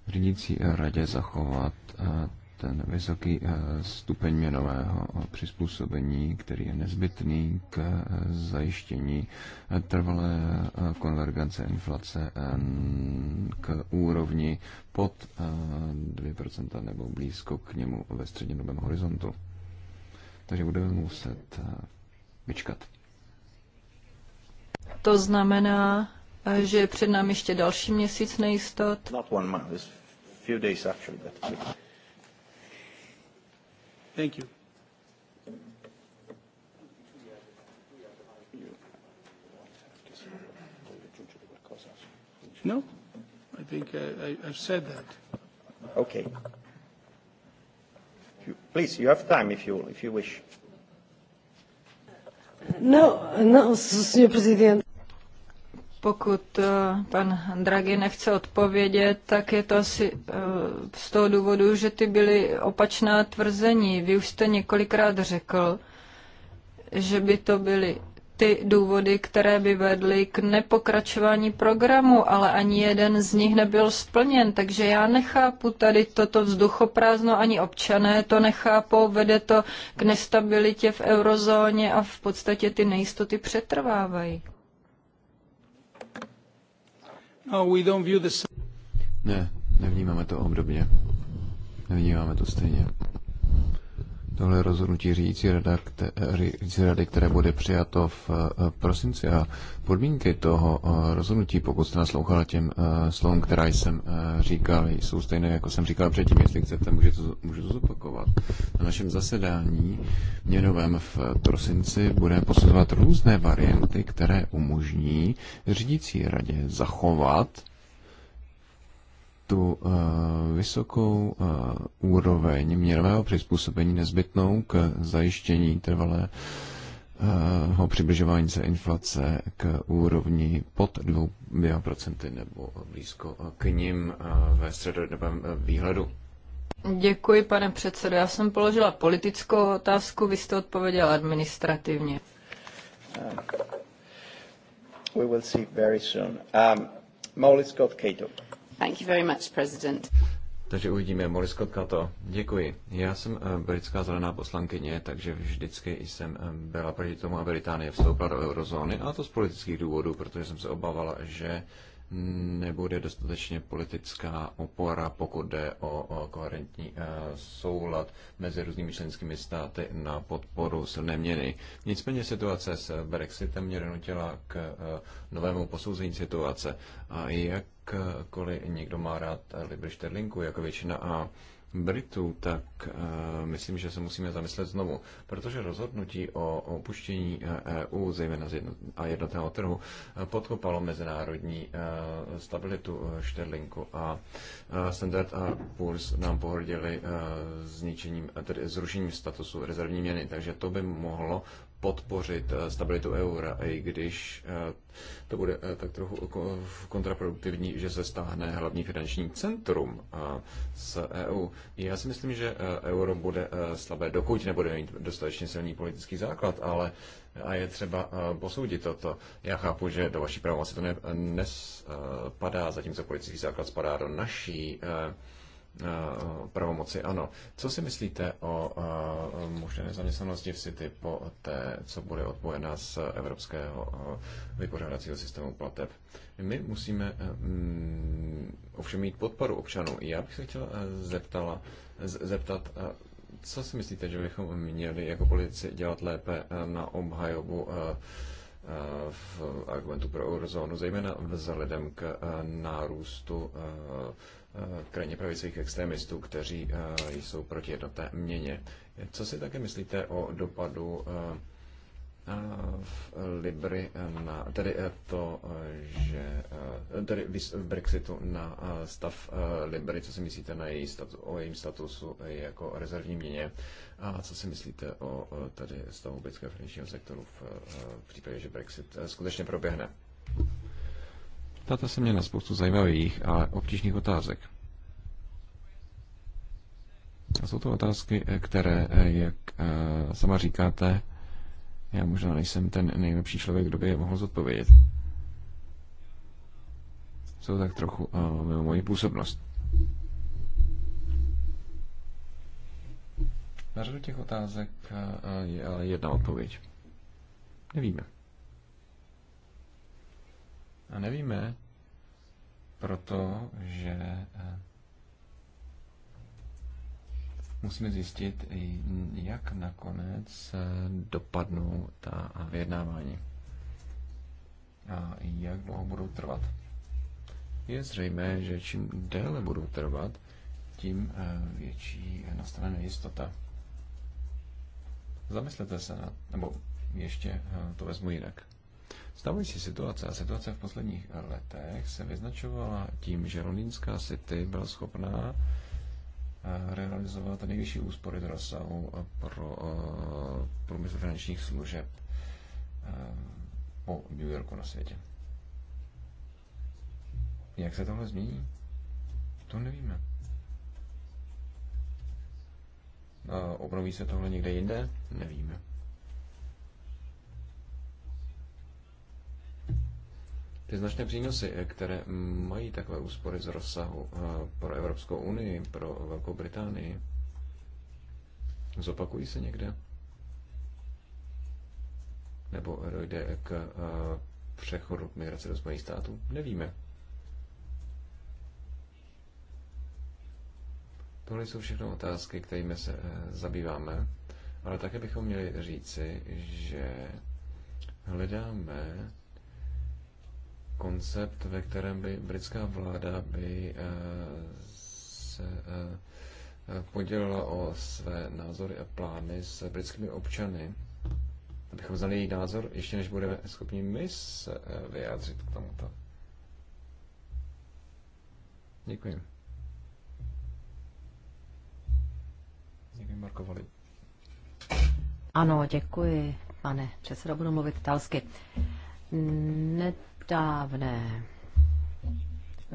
řídící radě zachovat ten vysoký eh, stupeň měnového přizpůsobení, který je nezbytný k eh, zajištění eh, trvalé konvergence inflace k úrovni pod 2% nebo blízko k němu ve střednědobém horizontu. Takže budeme muset vyčkat. To znamená, že je před námi ještě další měsíc nejistot. Not one month, few days actually, but... Thank you. No, I think I, I've said that. Okay. You, please, you have time if you, if you wish. No, no, Sr. president. Pokud eh, pan Draghi nechce odpovědět, tak je to asi eh, z toho důvodu, že ty byly opačná tvrzení. Vy už jste několikrát řekl, že by to byly ty důvody, které by vedly k nepokračování programu, ale ani jeden z nich nebyl splněn. Takže já nechápu tady toto vzduchoprázdno, ani občané to nechápou, vede to k nestabilitě v eurozóně a v podstatě ty nejistoty přetrvávají. No, ne, nevnímáme to obdobně. Nevnímáme to stejně tohle rozhodnutí řídící, rady, rady, které bude přijato v eh, prosinci a podmínky toho eh, rozhodnutí, pokud jste naslouchala těm eh, slovům, která jsem říkal, jsou stejné, jako jsem říkal předtím, jestli chcete, můžete, můžu to zopakovat. Na našem zasedání měnovém v prosinci bude posuzovat různé varianty, které umožní řídící radě zachovat tu eh, vysokou eh, úroveň měrového přizpůsobení nezbytnou k zajištění trvalého eh, přibližování se inflace k úrovni pod 2% nebo blízko k ním ve středodobém výhledu. Děkuji, pane předsedo. Já jsem položila politickou otázku, vy jste odpověděl administrativně. We will see very soon. Um, Molly Scott Cato. Thank you very much, President. Takže uvidíme. Moris Kotkato, děkuji. Já jsem eh, britská zelená poslankyně, takže vždycky jsem eh, byla proti tomu, aby Británie vstoupila do eurozóny, a to z politických důvodů, protože jsem se obávala, že nebude dostatečně politická opora, pokud jde o, koherentní eh, soulad mezi různými členskými státy na podporu silné měny. Nicméně situace s Brexitem mě donutila k eh, novému posouzení situace. A jakkoliv eh, někdo má rád Libri Šterlinku jako většina a Britů, tak eh, myslím, že se musíme zamyslet znovu, protože rozhodnutí o opuštění EU, eh, e zejména z jednot, a jednotného trhu, eh, podkopalo mezinárodní stabilitu Šterlinku a Standard a Poor's nám pohrdili zničením, tedy zrušením statusu rezervní měny, takže to by mohlo podpořit eh, stabilitu eura, i když eh, to bude eh, tak trochu kontraproduktivní, že se stáhne hlavní finanční centrum z EU. Já si myslím, že euro bude slabé, dokud nebude mít dostatečně silný politický základ, ale a je třeba posoudit toto. Já chápu, že do vaší pravomoci to nespadá, zatímco politický základ spadá do naší Eh, pravomoci. Ano. Co si myslíte o eh, možné nezaměstnanosti v City po té, co bude odpojená z evropského eh, vypořádacího systému plateb? My musíme mm, ovšem mít podporu občanů. Já bych se chtěla zeptala, zeptat, co si myslíte, že bychom měli jako politici dělat lépe na obhajobu v argumentu pro eurozónu, zejména vzhledem k nárůstu Eh, krajně pravicových extremistů, kteří eh, jsou proti jednotné měně. Co si také myslíte o dopadu eh, v Libry na, tedy to, že tedy v Brexitu na stav Libry, co si myslíte na její statu, o jejím statusu jako rezervní měně a co si myslíte o tedy stavu britského finančního sektoru v, v případě, že Brexit skutečně proběhne? Ptáte se mě na spoustu zajímavých, a obtížných otázek. A jsou to otázky, eh, které, eh, jak eh, sama říkáte, já možná nejsem ten nejlepší člověk, kdo by je mohl zodpovědět. Jsou tak trochu mimo moji působnost. Na řadu těch otázek je ale jedna odpověď. Nevíme. A nevíme, protože eh, musíme zjistit, jak nakonec eh, dopadnou ta eh, vyjednávání a jak dlouho budou trvat. Je zřejmé, že čím déle budou trvat, tím větší nastane nejistota. Zamyslete se na, nebo ještě to vezmu jinak. Stavující situace a situace v posledních letech se vyznačovala tím, že londýnská city byla schopná eh, realizovat nejvyšší úspory do rozsahu eh, pro eh, průmysl finančních služeb po New Yorku na světě. Jak se tohle změní? To nevíme. Obnoví se tohle někde jinde? Nevíme. Ty značné přínosy, eh, které mají takové úspory z rozsahu eh, pro Evropskou unii, pro Velkou Británii, zopakují se někde? Nebo dojde k eh, přechodu k migraci do Spojených států? Nevíme. Tohle jsou všechno otázky, kterými se zabýváme, ale také bychom měli říci, že hledáme koncept, ve kterém by britská vláda by eh, se eh, podělila o své názory a plány s britskými občany, abychom znali její názor, ještě než budeme schopni my se eh, vyjádřit k tomuto. Děkuji. Děkuji, Ano, děkuji, pane předsedo, budu mluvit italsky. Ne, nedávné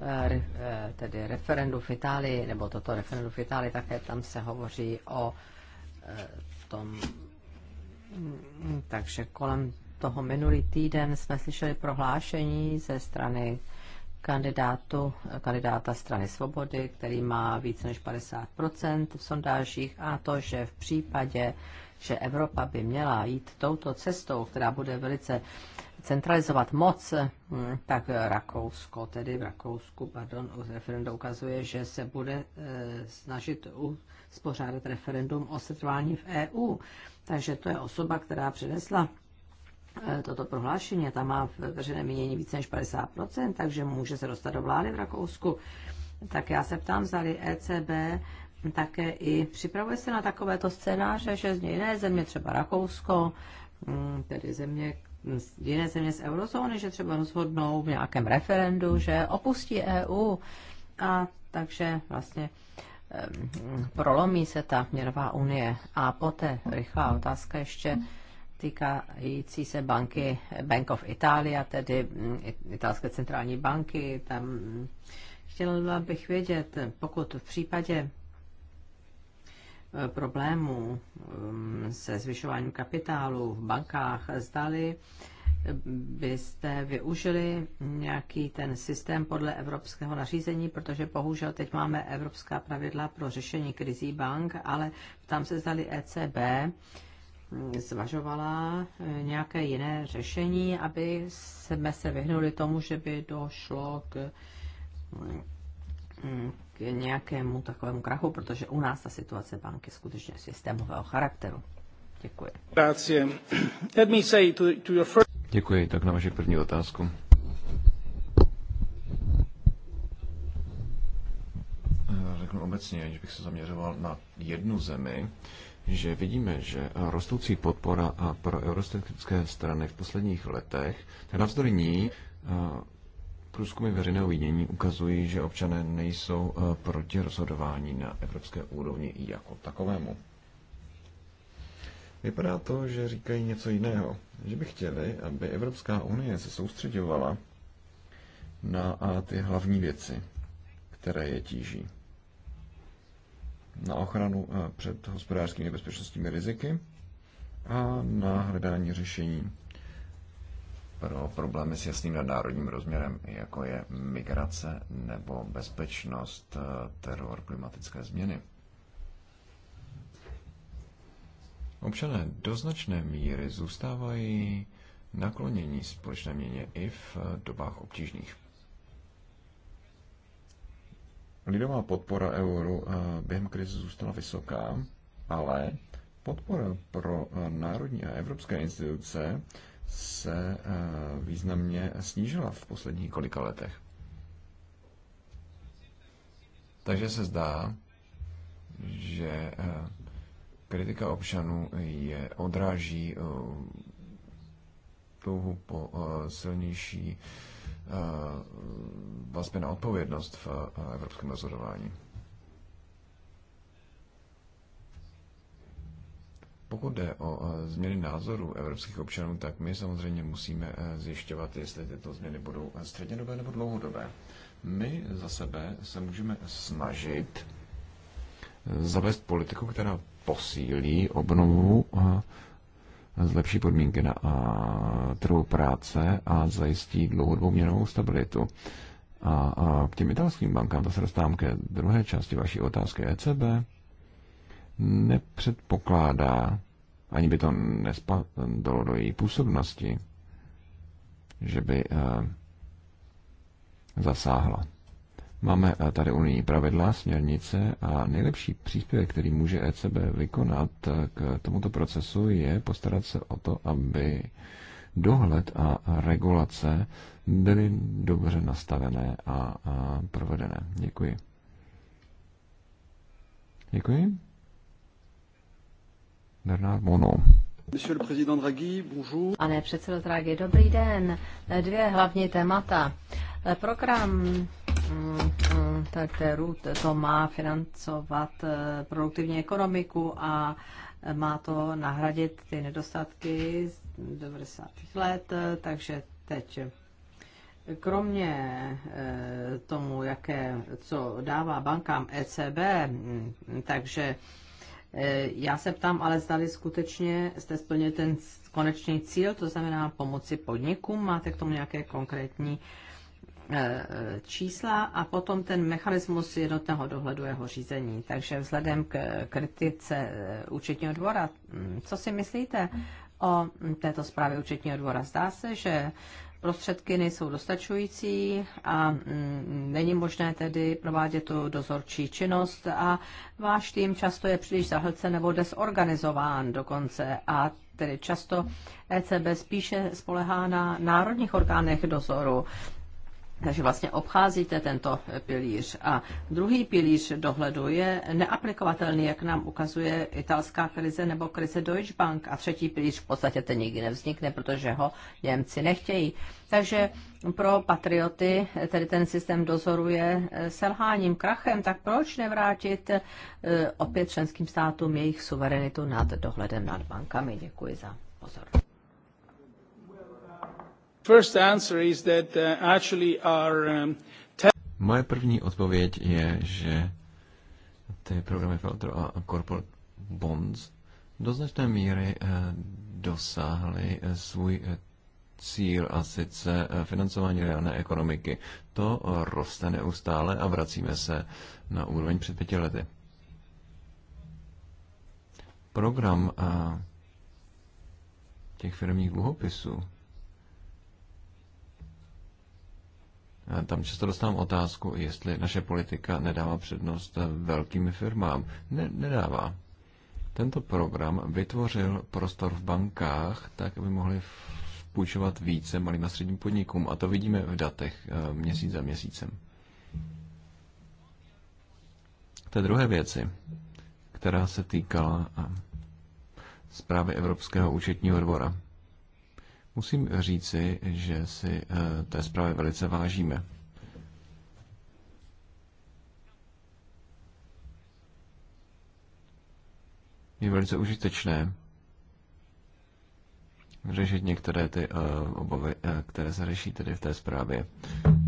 eh, eh, tedy referendum v Itálii, nebo toto referendum v Itálii, také tam se hovoří o eh, tom, mm, takže kolem toho minulý týden jsme slyšeli prohlášení ze strany kandidátu, kandidáta strany Svobody, který má více než 50% v sondážích a to, že v případě, že Evropa by měla jít touto cestou, která bude velice centralizovat moc, hm, tak Rakousko, tedy v Rakousku, pardon, referendum ukazuje, že se bude eh, snažit spořádat referendum o setrvání v EU. Takže to je osoba, která přinesla eh, toto prohlášení a ta má v veřejném mínění více než 50%, takže může se dostat do vlády v Rakousku. Tak já se ptám, zdali ECB také i připravuje se na takovéto scénáře, že z něj jiné země, třeba Rakousko, hm, tedy země, jiné země z eurozóny, že třeba rozhodnou v nějakém referendu, že opustí EU. A takže vlastně prolomí se ta měrová unie. A poté rychlá otázka ještě týkající se banky Bank of Italia, tedy mm, italské centrální banky. Tam chtěla bych vědět, pokud v případě Eh, problémů eh, se zvyšováním kapitálu v bankách, zdali byste využili nějaký ten systém podle evropského nařízení, protože bohužel teď máme evropská pravidla pro řešení krizí bank, ale tam se zdali ECB hm, zvažovala eh, nějaké jiné řešení, aby jsme se vyhnuli tomu, že by došlo k hm, k nějakému takovému krachu, protože u nás ta situace banky skutečně systémového charakteru. Děkuji. Děkuji, tak na vaši první otázku. Řeknu obecně, že bych se zaměřoval na jednu zemi, že vidíme, že rostoucí podpora pro euroskeptické strany v posledních letech, tak navzdory ní Průzkumy veřejného vidění ukazují, že občané nejsou eh, proti rozhodování na evropské úrovni jako takovému. Vypadá to, že říkají něco jiného, že by chtěli, aby Evropská unie se soustředovala na eh, ty hlavní věci, které je tíží. Na ochranu eh, před hospodářskými bezpečnostními riziky a na hledání řešení pro problémy s jasným nadnárodním rozměrem, jako je migrace nebo bezpečnost, eh, teror, klimatické změny. Občané do značné míry zůstávají naklonění společné měně i v eh, dobách obtížných. Lidová podpora euro eh, během krize zůstala vysoká, ale podpora pro národní a evropské instituce se eh, významně snížila v posledních několika letech. Takže se zdá, že eh, kritika občanů je odráží eh, touhu po silnější vazbě na odpovědnost v evropském rozhodování. Pokud jde o e, změny názoru evropských občanů, tak my samozřejmě musíme e, zjišťovat, jestli tyto změny budou střednědobé nebo dlouhodobé. My za sebe se můžeme snažit zavést politiku, která posílí obnovu a zlepší podmínky na trhu práce a zajistí dlouhodobou měnovou stabilitu. A, a k těm italským bankám, to se dostávám ke druhé části vaší otázky ECB nepředpokládá, ani by to nespadlo do její působnosti, že by eh, zasáhla. Máme eh, tady unijní pravidla, směrnice a nejlepší příspěvek, který může ECB vykonat eh, k tomuto procesu, je postarat se o to, aby dohled a regulace byly dobře nastavené a, provedené. Děkuji. Děkuji. Bernard Monod. Pane předsedo Draghi, dobrý den. Dvě hlavní témata. Program mm, mm, tak RUT to má financovat eh, produktivní ekonomiku a má to nahradit ty nedostatky z 90. let, eh, takže teď Kromě eh, tomu, jaké, co dává bankám ECB, mm, takže Eh, já se ptám, ale zdali skutečně jste splnili ten konečný cíl, to znamená pomoci podnikům, máte k tomu nějaké konkrétní eh, čísla a potom ten mechanismus jednotného dohledu jeho řízení. Takže vzhledem k kritice eh, účetního dvora, hm, co si myslíte o hm, této zprávě účetního dvora? Zdá se, že prostředky nejsou dostačující a mm, není možné tedy provádět tu dozorčí činnost a váš tým často je příliš zahlcen nebo desorganizován dokonce a tedy často ECB spíše spolehá na národních orgánech dozoru takže vlastně obcházíte tento pilíř. A druhý pilíř dohledu je neaplikovatelný, jak nám ukazuje italská krize nebo krize Deutsche Bank. A třetí pilíř v podstatě ten nikdy nevznikne, protože ho Němci nechtějí. Takže pro patrioty tedy ten systém dozoruje eh, selháním, krachem. Tak proč nevrátit eh, opět členským státům jejich suverenitu nad dohledem nad bankami? Děkuji za pozornost. First answer is that uh, actually our um, Moje první odpověď je, že ty programy Filter a Corporate Bonds do značné míry eh, dosáhly eh, svůj eh, cíl a sice financování reálné ekonomiky. To roste neustále a vracíme se na úroveň před pěti lety. Program těch firmních dluhopisů Tam často dostávám otázku, jestli naše politika nedává přednost velkým firmám. Ne, nedává. Tento program vytvořil prostor v bankách, tak aby mohli půjčovat více malým a středním podnikům. A to vidíme v datech eh, měsíc za měsícem. K té druhé věci, která se týkala eh, zprávy Evropského účetního dvora. Musím říci, že si eh, té zprávy velice vážíme. Je velice užitečné řešit některé ty eh, obavy, eh, které se řeší tedy v té zprávě.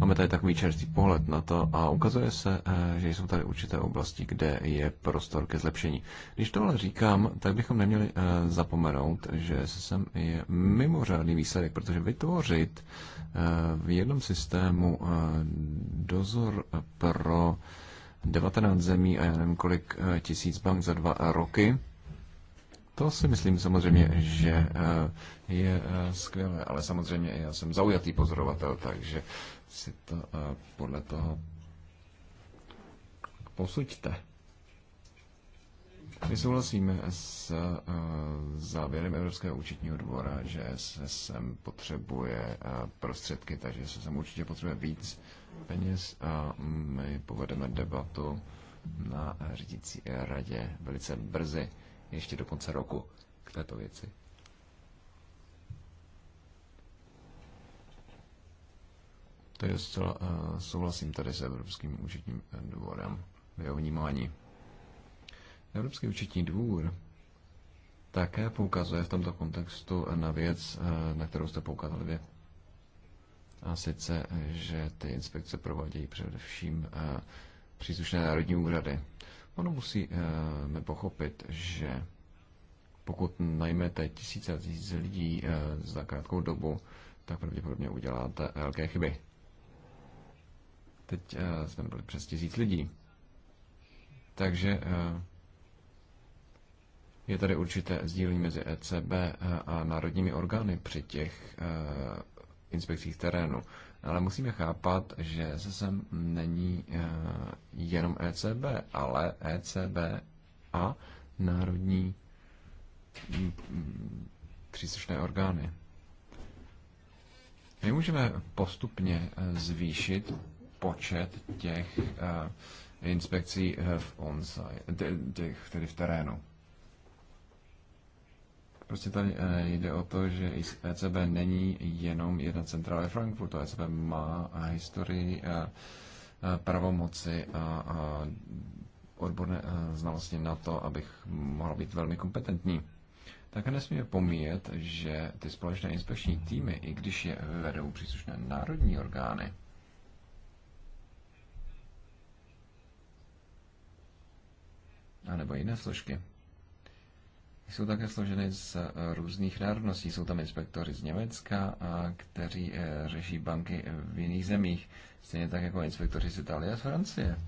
Máme tady takový čerstvý pohled na to a ukazuje se, eh, že jsou tady určité oblasti, kde je prostor ke zlepšení. Když tohle říkám, tak bychom neměli eh, zapomenout, že sem je mimořádný výsledek, protože vytvořit eh, v jednom systému dozor pro 19 zemí a já nevím kolik tisíc bank za dva roky, to si myslím samozřejmě, že je skvělé, ale samozřejmě já jsem zaujatý pozorovatel, takže si to eh, podle toho posuďte. My souhlasíme s eh, závěrem Evropského účetního dvora, že se sem potřebuje eh, prostředky, takže se sem určitě potřebuje víc peněz a my povedeme debatu na řídící radě velice brzy, ještě do konce roku k této věci. Tady zcela eh, souhlasím tady s Evropským účetním dvorem v jeho vnímání. Evropský účetní dvůr také poukazuje v tomto kontextu na věc, eh, na kterou jste poukázali vy. A sice, že ty inspekce provádějí především eh, příslušné národní úřady. Ono musíme pochopit, že pokud najmete tisíce a tisíce lidí za krátkou dobu, tak pravděpodobně uděláte velké chyby. Teď eh, jsme byli přes tisíc lidí. Takže eh, je tady určité sdílení mezi ECB eh, a národními orgány při těch inspekcích terénu. Ale musíme chápat, že se sem není jenom ECB, ale ECB a národní mm, příslušné orgány. My můžeme postupně zvýšit počet těch eh, inspekcí eh, v on-site, těch tedy v terénu. Prostě tady eh, jde o to, že ECB není jenom jedna centrála Frankfurtu. ECB má historii pravomoci a, a odborné znalosti na to, abych mohl být velmi kompetentní. Také nesmíme pomíjet, že ty společné inspekční týmy, i když je vedou příslušné národní orgány, anebo jiné složky. Jsou také složeny z eh, různých národností. Jsou tam inspektory z Německa, a kteří eh, řeší banky v jiných zemích, stejně tak jako inspektoři z Itálie a z Francie.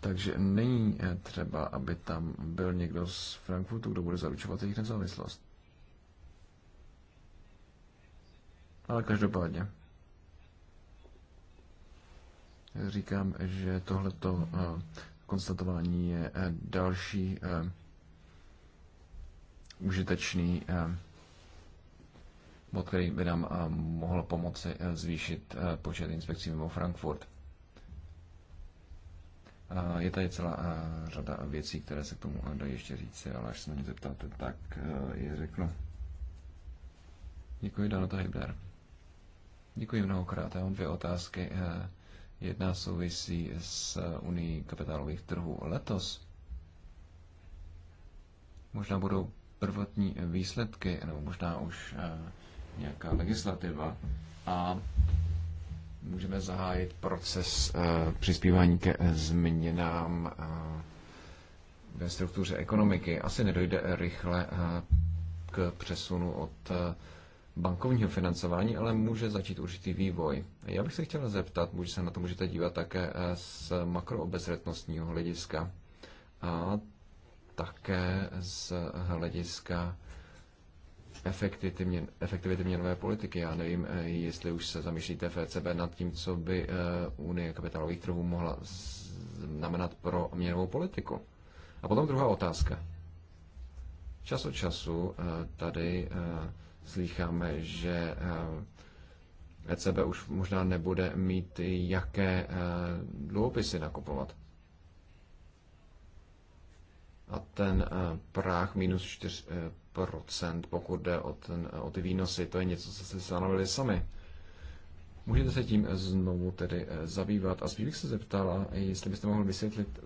Takže není eh, třeba, aby tam byl někdo z Frankfurtu, kdo bude zaručovat jejich nezávislost. Ale každopádně. Říkám, že tohleto konstatování je eh, další eh, užitečný eh, bod, který by nám mohl pomoci zvýšit počet inspekcí mimo Frankfurt. Je tady celá řada věcí, které se k tomu dají ještě říci, ale až se na ně zeptáte, tak je řeknu. Děkuji, Danota Hibner. Děkuji mnohokrát. Já mám dvě otázky. Jedna souvisí s Unii kapitálových trhů letos. Možná budou prvotní výsledky, nebo možná už eh, nějaká legislativa a můžeme zahájit proces eh, přispívání ke změnám eh, ve struktuře ekonomiky. Asi nedojde rychle k přesunu od bankovního financování, ale může začít určitý vývoj. Já bych se chtěl zeptat, může se na to můžete dívat také eh, z makroobezřetnostního hlediska a také z hlediska efektivity, efektivity měnové politiky. Já nevím, eh, jestli už se zamýšlíte FCB e nad tím, co by eh, Unie kapitálových trhů mohla znamenat pro měnovou politiku. A potom druhá otázka. Čas od času tady slycháme, že ECB eh, e už možná nebude mít jaké eh, dluhopisy nakupovat. A ten eh, práh minus 4%, pokud jde o, ten, o ty výnosy, to je něco, co si stanovili sami. Můžete se tím znovu tedy zabývat. A spíš bych se zeptala, jestli byste mohl vysvětlit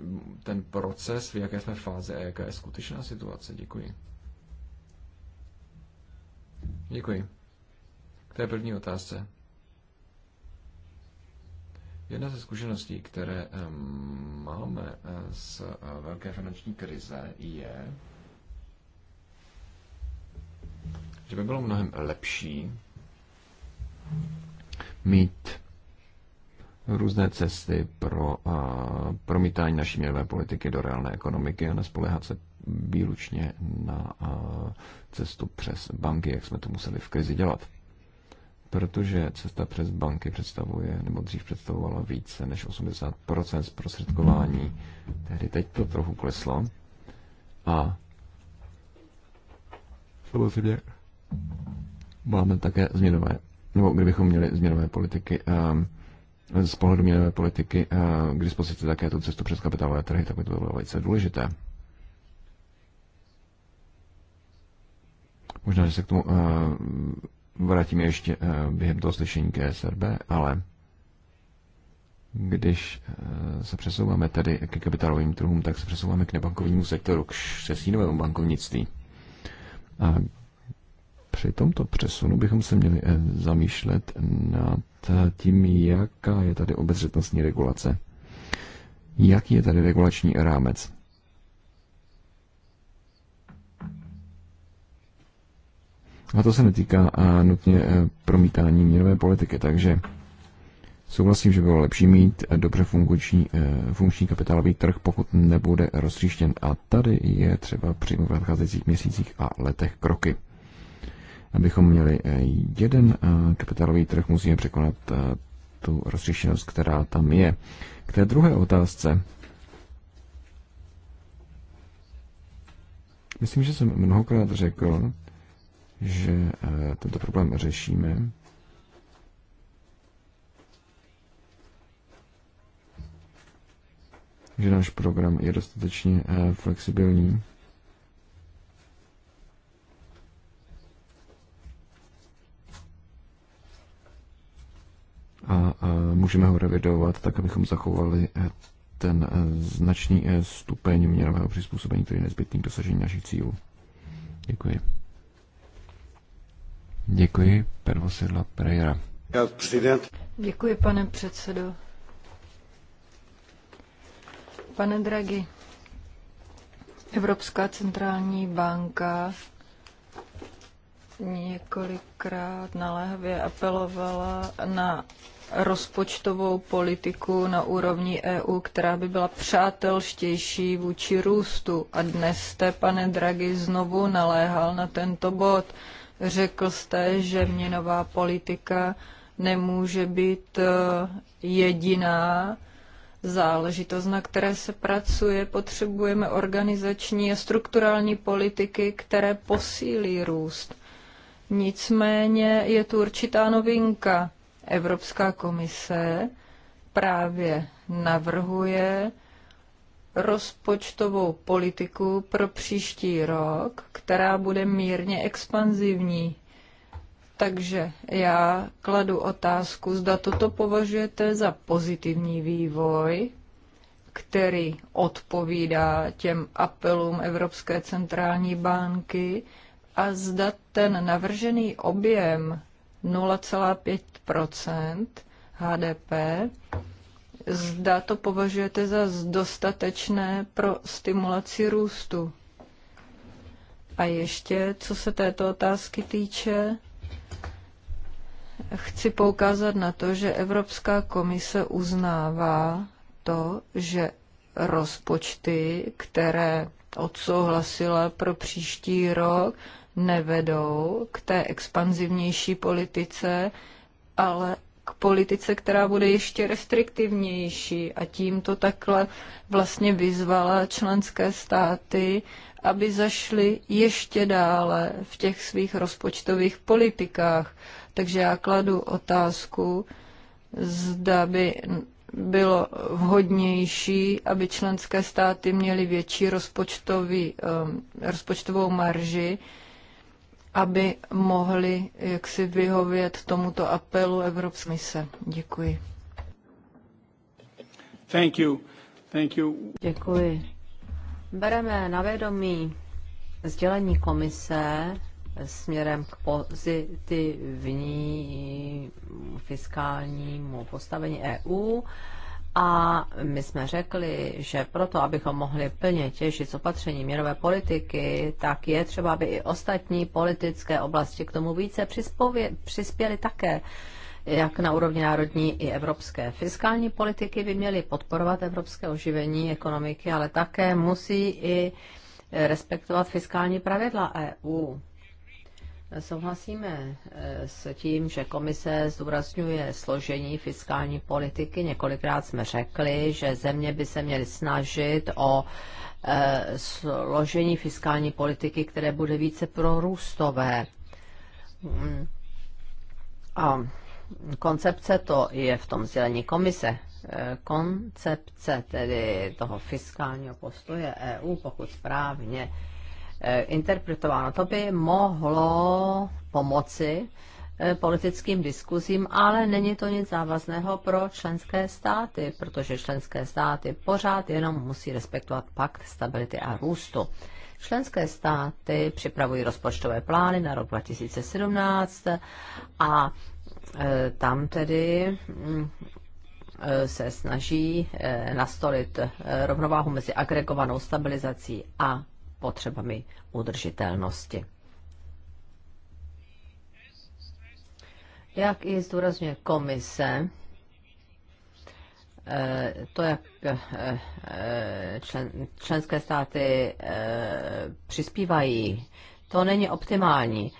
ten proces, v jaké jsme fázi a jaká je skutečná situace. Děkuji. Děkuji. K té první otázce. Jedna ze zkušeností, které máme eh, z eh, velké finanční krize, je, že by bylo mnohem lepší mít různé cesty pro eh, promítání naší měnové politiky do reálné ekonomiky a nespoléhat se výlučně na cestu přes banky, jak jsme to museli v krizi dělat. Protože cesta přes banky představuje, nebo dřív představovala více než 80% zprostředkování. Tehdy teď to trochu kleslo. A samozřejmě máme také změnové, nebo kdybychom měli změnové politiky, ehm, z pohledu měnové politiky ehm, k dispozici také tu cestu přes kapitálové trhy, tak by to bylo velice důležité. Možná, že se k tomu eh, vrátíme ještě eh, během toho slyšení SRB, ale když eh, se přesouváme tedy ke kapitálovým trhům, tak se přesouváme k nebankovnímu sektoru, k šestínovému bankovnictví. A při tomto přesunu bychom se měli zamýšlet nad tím, jaká je tady obezřetnostní regulace. Jaký je tady regulační rámec? A to se netýká a nutně e, promítání měnové politiky, takže souhlasím, že bylo lepší mít e, dobře funkční, e, funkční kapitálový trh, pokud nebude rozstříštěn. A tady je třeba přijmout v nadcházejících měsících a letech kroky. Abychom měli jeden kapitálový trh, musíme překonat tu rozstříštěnost, která tam je. K té druhé otázce. Myslím, že jsem mnohokrát řekl, že eh, tento problém řešíme. Že náš program je dostatečně eh, flexibilní. A, eh, můžeme ho revidovat tak, abychom zachovali ten značný stupeň měnového přizpůsobení, který je nezbytný k dosažení našich cílů. Děkuji. Děkuji, Pedro Silva Pereira. Děkuji, pane předsedo. Pane Dragi, Evropská centrální banka několikrát naléhavě apelovala na rozpočtovou politiku na úrovni EU, která by byla přátelštější vůči růstu. A dnes jste, pane Draghi, znovu naléhal na tento bod. Řekl jste, že měnová politika nemůže být eh, jediná záležitost, na které se pracuje. Potřebujeme organizační a strukturální politiky, které posílí růst. Nicméně je tu určitá novinka. Evropská komise právě navrhuje rozpočtovou politiku pro příští rok, která bude mírně expanzivní. Takže já kladu otázku, zda toto považujete za pozitivní vývoj, který odpovídá těm apelům Evropské centrální banky a zda ten navržený objem 0,5 HDP Zda to považujete za dostatečné pro stimulaci růstu? A ještě, co se této otázky týče, chci poukázat na to, že Evropská komise uznává to, že rozpočty, které odsouhlasila pro příští rok, nevedou k té expanzivnější politice, ale k politice, která bude ještě restriktivnější a tím to takhle vlastně vyzvala členské státy, aby zašly ještě dále v těch svých rozpočtových politikách. Takže já kladu otázku, zda by bylo vhodnější, aby členské státy měly větší rozpočtový, um, rozpočtovou marži, aby mohli jaksi vyhovět tomuto apelu Evropské mise. Děkuji. Thank you. Thank you. Děkuji. Bereme na vědomí sdělení komise směrem k pozitivní fiskálnímu postavení EU. A my jsme řekli, že proto, abychom mohli plně těžit z opatření měrové politiky, tak je třeba, aby i ostatní politické oblasti k tomu více přispěly také jak na úrovni národní i evropské. Fiskální politiky by měly podporovat evropské oživení ekonomiky, ale také musí i respektovat fiskální pravidla EU. Souhlasíme eh, s tím, že komise zdůrazňuje složení fiskální politiky. Několikrát jsme řekli, že země by se měly snažit o eh, složení fiskální politiky, které bude více prorůstové. A koncepce to je v tom sdělení komise. Eh, koncepce tedy toho fiskálního postoje EU, pokud správně Eh, interpretováno. To by mohlo pomoci eh, politickým diskuzím, ale není to nic závazného pro členské státy, protože členské státy pořád jenom musí respektovat pakt stability a růstu. Členské státy připravují rozpočtové plány na rok 2017 a eh, tam tedy mm, se snaží nastolit rovnováhu mezi agregovanou stabilizací a potřebami udržitelnosti. Jak i zdůrazňuje komise, eh, to, jak eh, eh, člen, členské státy přispívají, to není optimální.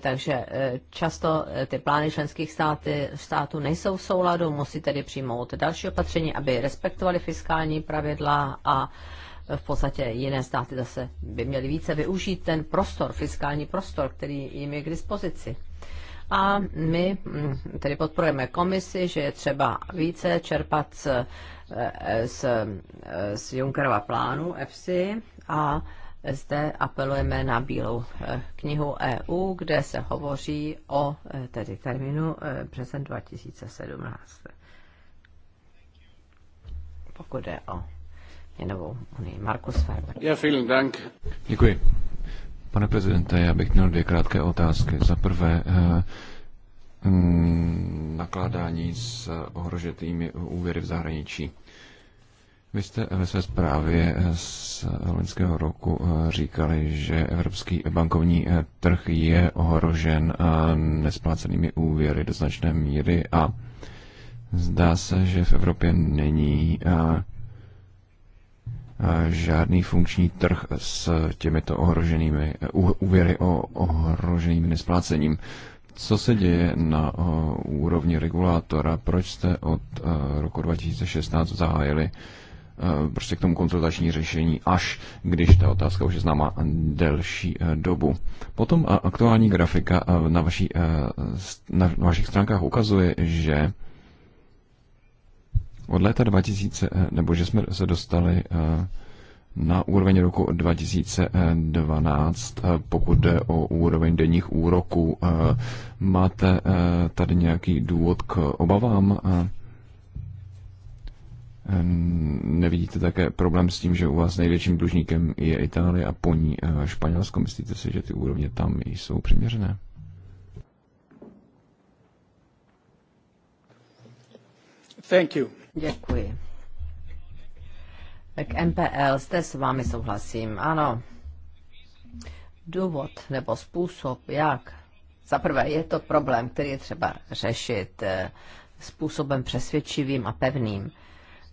Takže často ty plány členských státy, států nejsou v souladu, musí tedy přijmout další opatření, aby respektovali fiskální pravidla a v podstatě jiné státy zase by měly více využít ten prostor, fiskální prostor, který jim je k dispozici. A my mm, tedy podporujeme komisi, že je třeba více čerpat z, eh, z, eh, z Junckerova plánu EFSI a zde apelujeme na Bílou eh, knihu EU, kde se hovoří o tedy termínu březen 2017. Pokud je o měnovou unii. Markus Ferber. Ja, vielen Dank. Děkuji. Pane prezidente, já bych měl dvě krátké otázky. Za prvé, eh, mm, nakládání s ohroženými úvěry v zahraničí. Vy jste ve své zprávě z loňského roku eh, říkali, že evropský bankovní eh, trh je ohrožen nesplácenými úvěry do značné míry a zdá se, že v Evropě není žádný funkční trh s těmito ohroženými úvěry o ohroženým nesplácením. Co se děje na úrovni regulátora? Proč jste od e, roku 2016 zahájili e, prostě k tomu konzultační řešení, až když ta otázka už je známa delší e, dobu. Potom aktuální grafika na, vaší, na vašich stránkách ukazuje, že od léta 2000, eh, nebo že jsme se dostali eh, na úroveň roku 2012, eh, pokud jde o úroveň denních úroků. Máte tady nějaký důvod k obavám? Nevidíte také problém s tím, že u vás největším dlužníkem je Itálie a po ní Španělsko? Myslíte si, že ty úrovně tam jsou přiměřené? Thank you. Děkuji. K MPL zde s vámi souhlasím. Ano. Důvod nebo způsob, jak. Za prvé, je to problém, který je třeba řešit eh, způsobem přesvědčivým a pevným.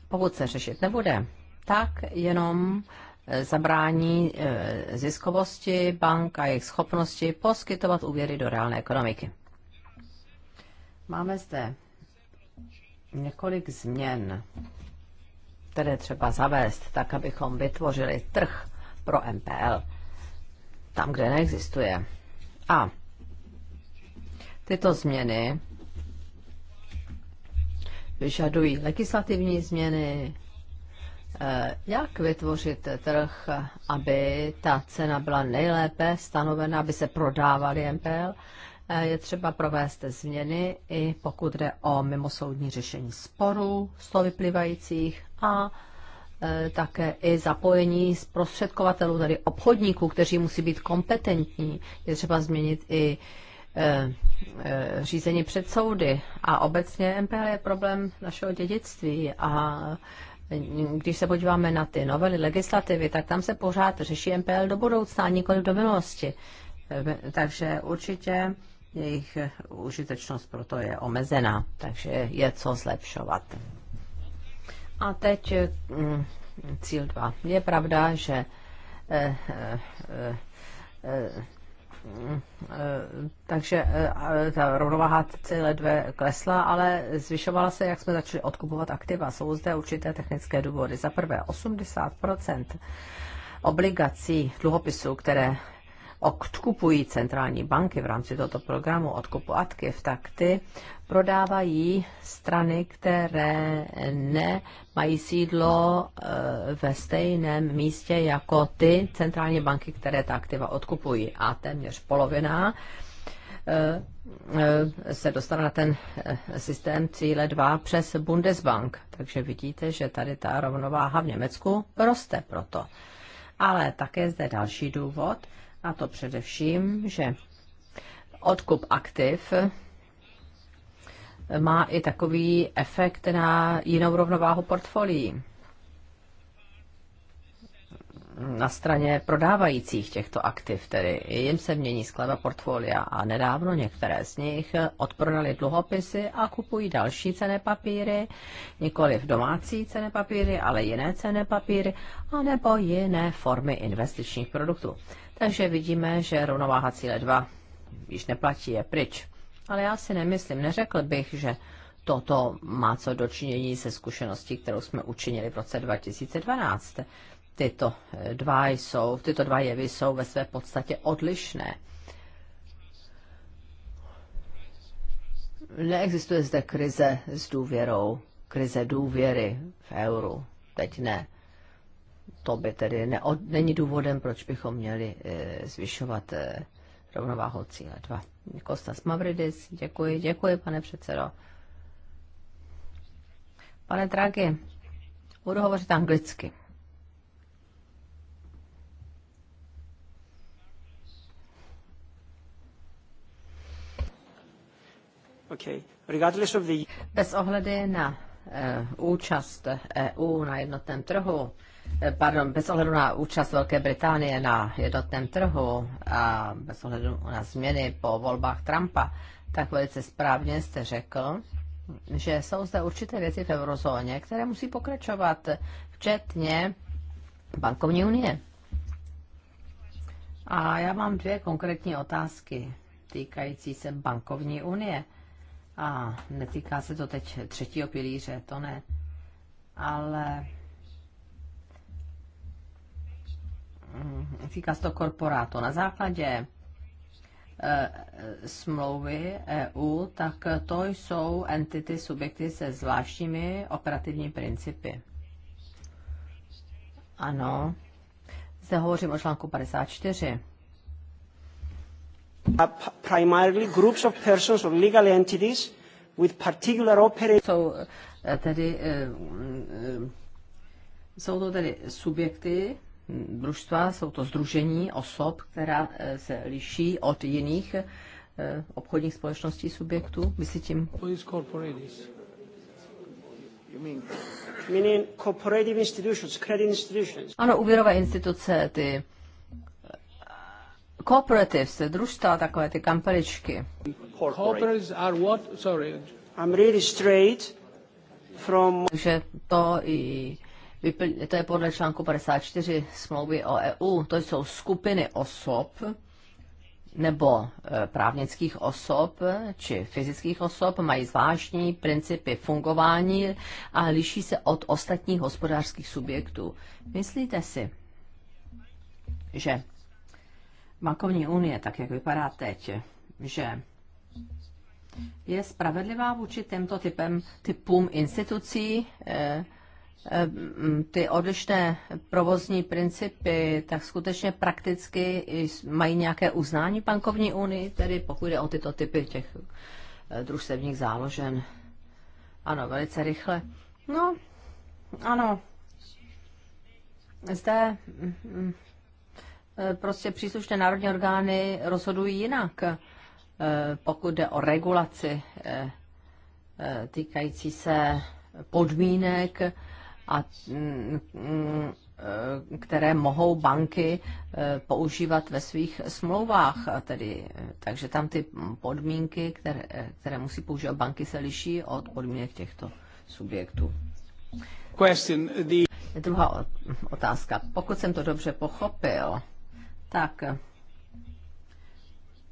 Pokud se řešit nebude, tak jenom eh, zabrání eh, ziskovosti bank a jejich schopnosti poskytovat úvěry do reálné ekonomiky. Máme zde několik změn, které třeba zavést, tak abychom vytvořili trh pro MPL tam, kde neexistuje. A tyto změny vyžadují legislativní změny, eh, jak vytvořit trh, aby ta cena byla nejlépe stanovena, aby se prodávaly MPL Eh, je třeba provést změny, i pokud jde o mimosoudní řešení sporů z toho vyplývajících a eh, také i zapojení zprostředkovatelů, tedy obchodníků, kteří musí být kompetentní. Je třeba změnit i eh, řízení před soudy. A obecně MPL je problém našeho dědictví a když se podíváme na ty novely legislativy, tak tam se pořád řeší MPL do budoucna, nikoli do minulosti. Takže určitě jejich užitečnost proto je omezená, takže je co zlepšovat. A teď mm, cíl 2. Je pravda, že eh, eh, eh, takže ta rovnováha celé dve klesla, ale zvyšovala se, jak jsme začali odkupovat aktiva. Jsou zde určité technické důvody. Za prvé, 80 obligací dluhopisů, které odkupují centrální banky v rámci tohoto programu odkupu aktiv, tak ty prodávají strany, které nemají sídlo eh, ve stejném místě jako ty centrální banky, které ta aktiva odkupují. A téměř polovina eh, eh, se dostane na ten systém cíle 2 přes Bundesbank. Takže vidíte, že tady ta rovnováha v Německu roste proto. Ale také zde další důvod, a to především, že odkup aktiv má i takový efekt na jinou rovnováhu portfolií na straně prodávajících těchto aktiv, tedy jim se mění skladba portfolia a nedávno některé z nich odprodali dluhopisy a kupují další cené papíry, nikoli v domácí cené papíry, ale jiné cené papíry, anebo jiné formy investičních produktů. Takže vidíme, že rovnováha cíle 2 již neplatí, je pryč. Ale já si nemyslím, neřekl bych, že toto má co dočinění se zkušeností, kterou jsme učinili v roce 2012. Tyto dva, jsou, tyto dva jevy jsou ve své podstatě odlišné. Neexistuje zde krize s důvěrou, krize důvěry v euru. Teď ne to by tedy neod, není důvodem, proč bychom měli e, zvyšovat e, rovnováhu cíle 2. Kostas Mavridis, děkuji, děkuji, pane předsedo. Pane Draghi, budu hovořit anglicky. Bez ohledy na eh, e, účast EU na jednotném trhu, Eh, pardon, bez ohledu na účast Velké Británie na jednotném trhu a bez ohledu na změny po volbách Trumpa, tak velice správně jste řekl, že jsou zde určité věci v eurozóně, které musí pokračovat, včetně bankovní unie. A já mám dvě konkrétní otázky týkající se bankovní unie. A netýká se to teď třetího pilíře, to ne. Ale týká se to korporáto. Na základě eh, smlouvy EU, tak to jsou entity, subjekty se zvláštními operativními principy. Ano, zde hovořím o článku 54. Uh, primarily groups of persons or legal entities with particular operating... Jsou eh, tedy, eh, mm, jsou to tedy subjekty, družstva, jsou to združení osob, která eh, se liší od jiných eh, obchodních společností subjektů. si tím? Ano, úvěrové instituce, ty eh, cooperatives, družstva, takové ty kampeličky. really Takže to i to je podle článku 54 smlouvy o EU, to jsou skupiny osob nebo e, právnických osob či fyzických osob, mají zvláštní principy fungování a liší se od ostatních hospodářských subjektů. Myslíte si, že bankovní unie, tak jak vypadá teď, že je spravedlivá vůči těmto typem, typům institucí, eh, ty odlišné provozní principy, tak skutečně prakticky mají nějaké uznání bankovní unii, tedy pokud jde o tyto typy těch eh, družstevních záložen. Ano, velice rychle. No, ano. Zde mm, mm, eh, prostě příslušné národní orgány rozhodují jinak, eh, pokud jde o regulaci týkající se podmínek, a mm, mm, které mohou banky eh, používat ve svých smlouvách. Tedy, takže tam ty podmínky, které, které musí používat banky, se liší od podmínek těchto subjektů. Question, the... Druhá otázka. Pokud jsem to dobře pochopil, tak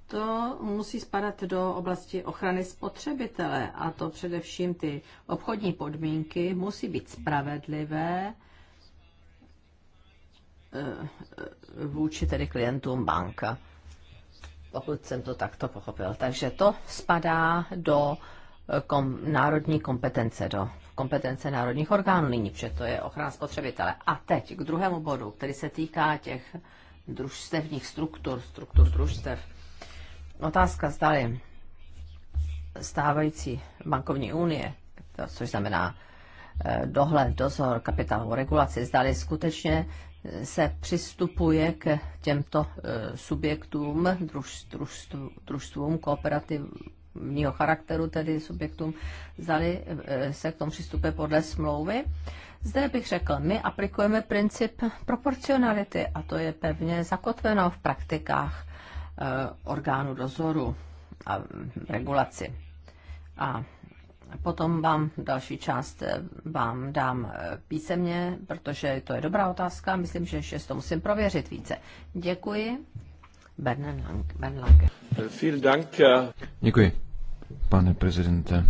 to musí spadat do oblasti ochrany spotřebitele a to především ty obchodní podmínky musí být spravedlivé eh, eh, vůči tedy klientům banka, pokud jsem to takto pochopil. Takže to spadá do eh, kom, národní kompetence, do kompetence národních orgánů nyní, protože to je ochrana spotřebitele. A teď k druhému bodu, který se týká těch družstevních struktur, struktur družstev Otázka zdali stávající bankovní unie, to, což znamená e, dohled, dozor, kapitálovou regulaci, zdali skutečně e, se přistupuje k těmto e, subjektům, družstvům kooperativního charakteru, tedy subjektům, zdali se k tomu přistupuje podle smlouvy. Zde bych řekl, my aplikujeme princip proporcionality a to je pevně zakotveno v praktikách Eh, orgánu dozoru a regulaci. A potom vám další část eh, vám dám eh, písemně, protože to je dobrá otázka. Myslím, že ještě to musím prověřit více. Děkuji. Lange. Děkuji, pane prezidente.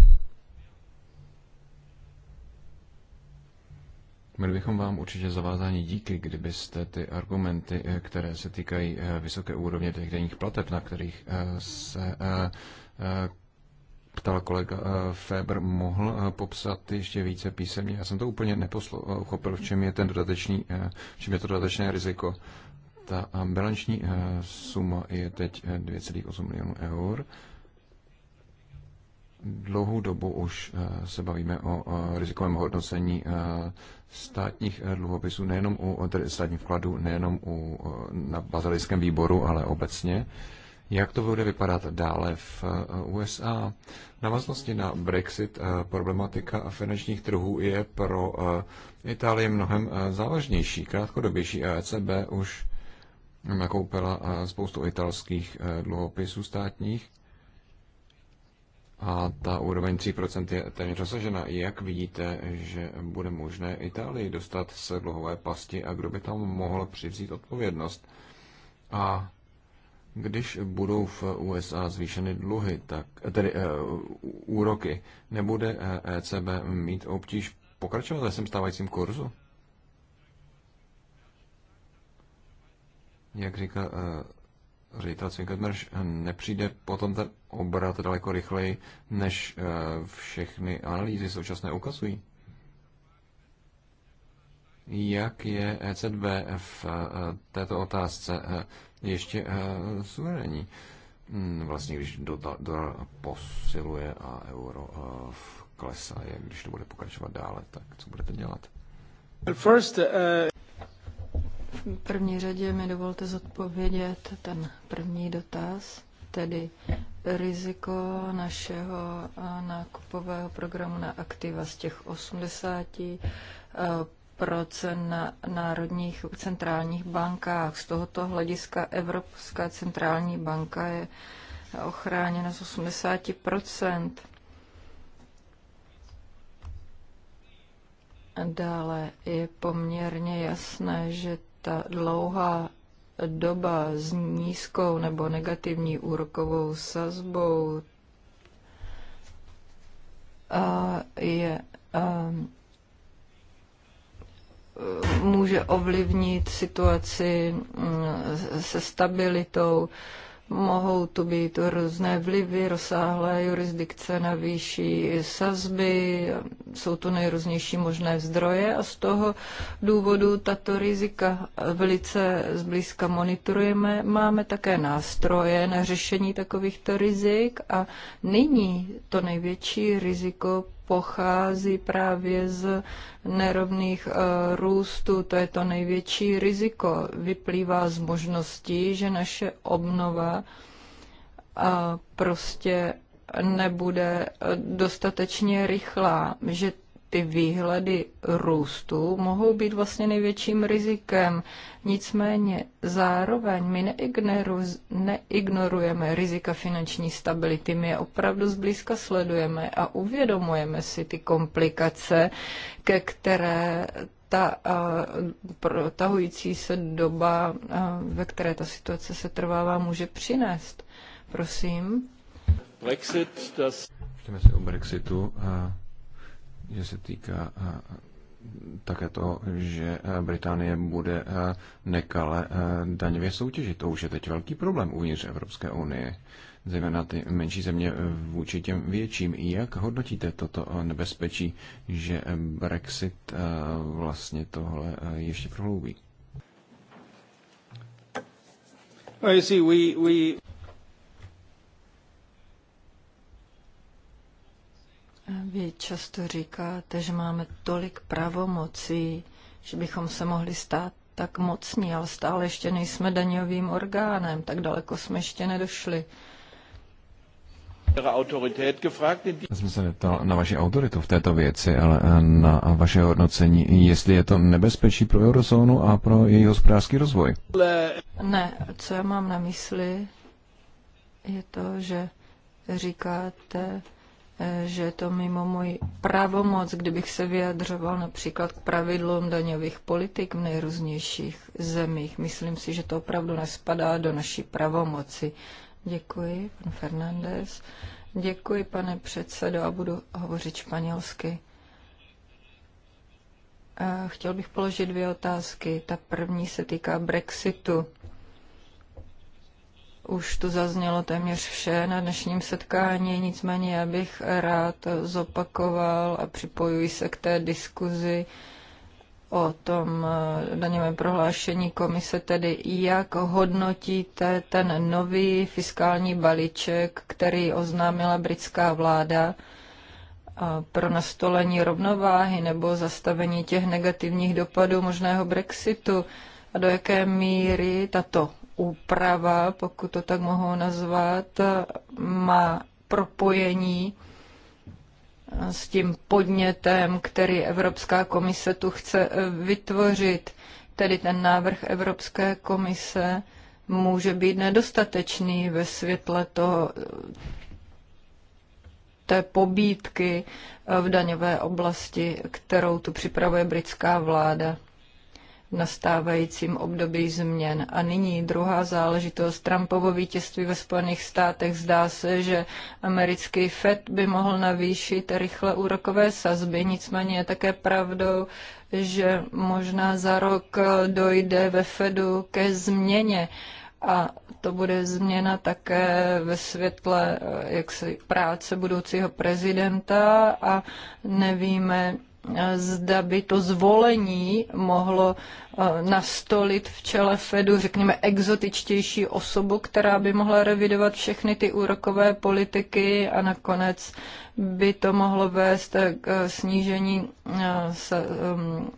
Měli bychom vám určitě zavázání díky, kdybyste ty argumenty, eh, které se týkají eh, vysoké úrovně těch denních plateb, na kterých eh, se ptal kolega Feber, mohl popsat ještě více písemně. Já jsem to úplně nepochopil, v čem je ten dodatečný, v čem je to dodatečné riziko. Ta bilanční suma je teď 2,8 milionů eur dlouhou dobu už eh, se bavíme o rizikovém hodnocení eh, státních eh, dluhopisů, nejenom u státních vkladů, nejenom u, na bazilijském výboru, ale obecně. Jak to bude vypadat dále v USA? Navaznosti na Brexit problematika finančních trhů je pro Itálii mnohem závažnější, krátkodobější ECB už nakoupila spoustu italských dluhopisů státních a ta úroveň 3% je téměř dosažena. Jak vidíte, že bude možné Itálii dostat se dluhové pasti a kdo by tam mohl přivzít odpovědnost? A když budou v USA zvýšeny dluhy, tak, tedy uh, úroky, nebude ECB eh, e mít obtíž pokračovat ve svém stávajícím kurzu? Jak říká. Eh, ředitel Cvinketmerš nepřijde potom ten obrat daleko rychleji, než eh, všechny analýzy současné ukazují? Jak je ECB v eh, této otázce eh, ještě suverénní? Hmm, vlastně, když dolar posiluje a euro v klesa, jak když to bude pokračovat dále, tak co budete dělat? First, uh... V první řadě mi dovolte zodpovědět ten první dotaz, tedy riziko našeho eh, nákupového programu na aktiva z těch 80 eh, procent na národních centrálních bankách. Z tohoto hlediska Evropská centrální banka je ochráněna z 80 Dále je poměrně jasné, že ta dlouhá doba s nízkou nebo negativní úrokovou sazbou je může ovlivnit situaci mm, se stabilitou mohou tu být různé vlivy, rozsáhlé jurisdikce na výši sazby, jsou tu nejrůznější možné zdroje a z toho důvodu tato rizika velice zblízka monitorujeme. Máme také nástroje na řešení takovýchto rizik a nyní to největší riziko pochází právě z nerovných eh, růstů. To je to největší riziko. Vyplývá z možností, že naše obnova eh, prostě nebude eh, dostatečně rychlá, že ty výhledy růstu mohou být vlastně největším rizikem. Nicméně zároveň my neignorujeme rizika finanční stability, my je opravdu zblízka sledujeme a uvědomujeme si ty komplikace, ke které ta protahující se doba, ve které ta situace se trvává, může přinést. Prosím. Brexit, das... Můžeme se o Brexitu že se týká eh, také to, že eh, Británie bude eh, nekale daňově soutěžit. To už je teď velký problém uvnitř Evropské unie, zejména ty menší země vůči těm větším. Jak hodnotíte toto nebezpečí, že Brexit vlastně tohle ještě prohloubí? Vy často říkáte, že máme tolik pravomocí, že bychom se mohli stát tak mocní, ale stále ještě nejsme daňovým orgánem, tak daleko jsme ještě nedošli. Já jsem se neptal na vaši autoritu v této věci, ale eh, na vaše hodnocení, jestli je to nebezpečí pro eurozónu a pro její hospodářský rozvoj. Ne, co já mám na mysli, je to, že říkáte, že je to mimo moji pravomoc, kdybych se vyjadřoval například k pravidlům daňových politik v nejrůznějších zemích. Myslím si, že to opravdu nespadá do naší pravomoci. Děkuji, pan Fernandez. Děkuji, pane předsedo, a budu hovořit španělsky. Chtěl bych položit dvě otázky. Ta první se týká Brexitu. Už tu zaznělo téměř vše na dnešním setkání, nicméně já bych rád zopakoval a připojuji se k té diskuzi o tom eh, daňovém prohlášení komise, tedy jak hodnotíte ten nový fiskální balíček, který oznámila britská vláda pro nastolení rovnováhy nebo zastavení těch negativních dopadů možného Brexitu a do jaké míry tato úprava, pokud to tak mohou nazvat, má propojení s tím podnětem, který Evropská komise tu chce eh, vytvořit. Tedy ten návrh Evropské komise může být nedostatečný ve světle toho, té pobídky eh, v daňové oblasti, kterou tu připravuje britská vláda nastávajícím období změn. A nyní druhá záležitost Trumpovo vítězství ve Spojených státech. Zdá se, že americký FED by mohl navýšit rychle úrokové sazby, nicméně je také pravdou, že možná za rok dojde ve FEDu ke změně a to bude změna také ve světle eh, jaksi práce budoucího prezidenta a nevíme, zda by to zvolení mohlo eh, nastolit v čele Fedu, řekněme, exotičtější osobu, která by mohla revidovat všechny ty úrokové politiky a nakonec by to mohlo vést k eh, snížení, eh, ehm,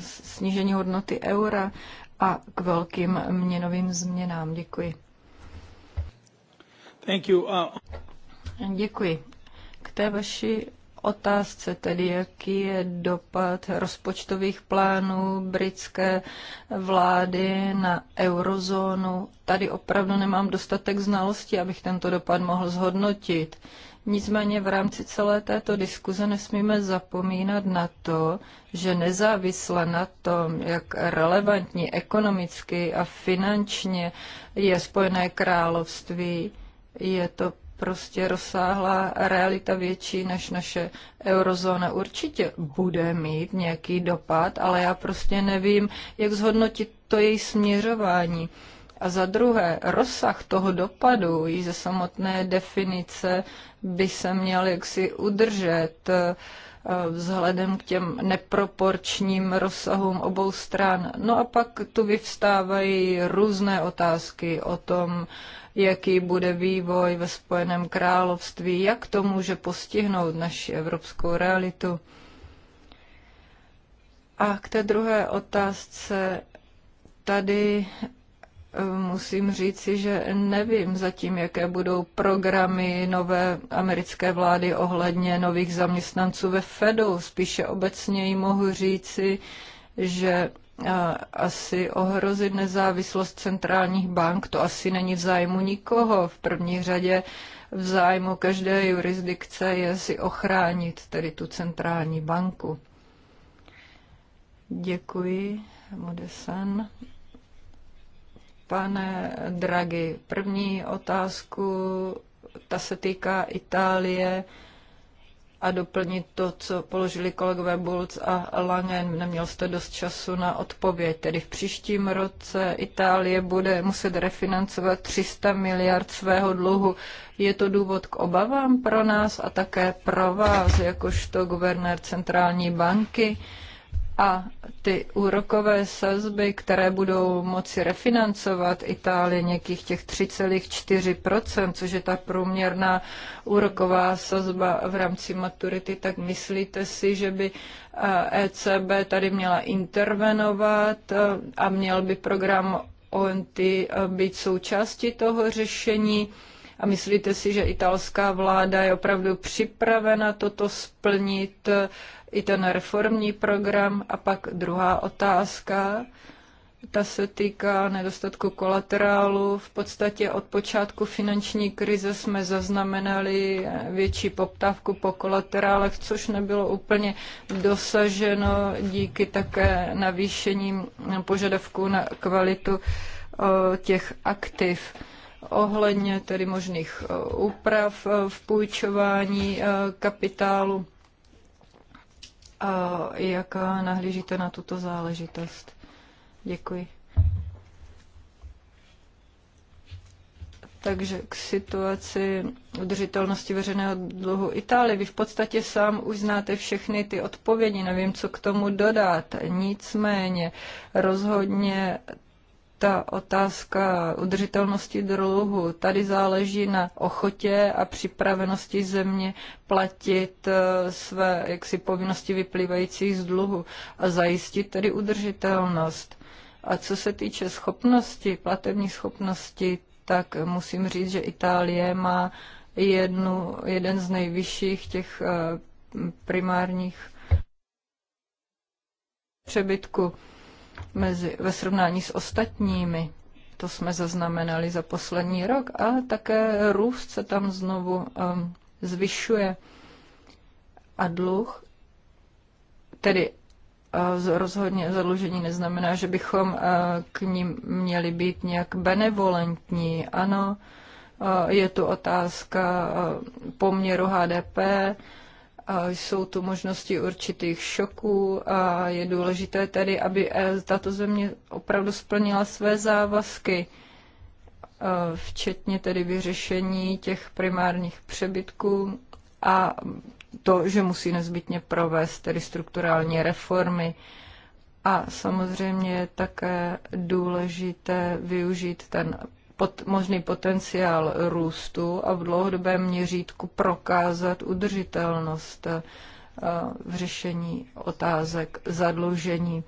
snížení hodnoty eura a k velkým měnovým změnám. Děkuji. Thank you. Uh... Děkuji. K té vaší otázce, tedy jaký je dopad rozpočtových plánů britské vlády na eurozónu. Tady opravdu nemám dostatek znalostí, abych tento dopad mohl zhodnotit. Nicméně v rámci celé této diskuze nesmíme zapomínat na to, že nezávisle na tom, jak relevantní ekonomicky a finančně je Spojené království, je to prostě rozsáhlá realita větší než naše eurozóna určitě bude mít nějaký dopad, ale já prostě nevím, jak zhodnotit to její směřování. A za druhé, rozsah toho dopadu i ze samotné definice by se měl jaksi udržet. Uh, Eh, vzhledem k těm neproporčním rozsahům obou stran. No a pak tu vyvstávají různé otázky o tom, jaký bude vývoj ve Spojeném království, jak to může postihnout naši evropskou realitu. A k té druhé otázce tady musím říci, že nevím zatím, jaké budou programy nové americké vlády ohledně nových zaměstnanců ve Fedu. Spíše obecně obecněji mohu říci, že asi ohrozit nezávislost centrálních bank, to asi není v zájmu nikoho. V první řadě v zájmu každé jurisdikce je si ochránit tedy tu centrální banku. Děkuji, Modesan. Pane Draghi, první otázku, ta se týká Itálie a doplnit to, co položili kolegové Bulc a Langen. Neměl jste dost času na odpověď. Tedy v příštím roce Itálie bude muset refinancovat 300 miliard svého dluhu. Je to důvod k obavám pro nás a také pro vás, jakožto guvernér centrální banky? Uh, a ty úrokové sazby, které budou moci refinancovat Itálie nějakých těch 3,4%, což je ta průměrná úroková sazba v rámci maturity, tak myslíte si, že by ECB eh, e tady měla intervenovat eh, a měl by program ONT eh, být součástí toho řešení? A myslíte si, že italská vláda je opravdu připravena toto splnit i ten reformní program. A pak druhá otázka, ta se týká nedostatku kolaterálu. V podstatě od počátku finanční krize jsme zaznamenali větší poptávku po kolaterálech, což nebylo úplně dosaženo díky také navýšení požadavků na kvalitu těch aktiv ohledně tedy možných úprav v půjčování kapitálu jak nahlížíte na tuto záležitost. Děkuji. Takže k situaci udržitelnosti veřejného dluhu Itálie. Vy v podstatě sám už znáte všechny ty odpovědi, nevím, co k tomu dodat. Nicméně rozhodně ta otázka udržitelnosti dluhu. Tady záleží na ochotě a připravenosti země platit eh, své jaksi povinnosti vyplývající z dluhu a zajistit tedy udržitelnost. A co se týče schopnosti, platební schopnosti, tak musím říct, že Itálie má jednu, jeden z nejvyšších těch eh, primárních přebytků mezi, ve srovnání s ostatními. To jsme zaznamenali za poslední rok a také růst se tam znovu um, zvyšuje. A dluh, tedy uh, rozhodně zadlužení neznamená, že bychom uh, k ním měli být nějak benevolentní. Ano, uh, je tu otázka poměru HDP, a jsou tu možnosti určitých šoků a je důležité tedy, aby eh, tato země opravdu splnila své závazky, eh, včetně tedy vyřešení těch primárních přebytků a to, že musí nezbytně provést tedy strukturální reformy. A samozřejmě je také důležité využít ten pot, možný potenciál růstu a v dlouhodobém měřítku prokázat udržitelnost eh, v řešení otázek zadlužení.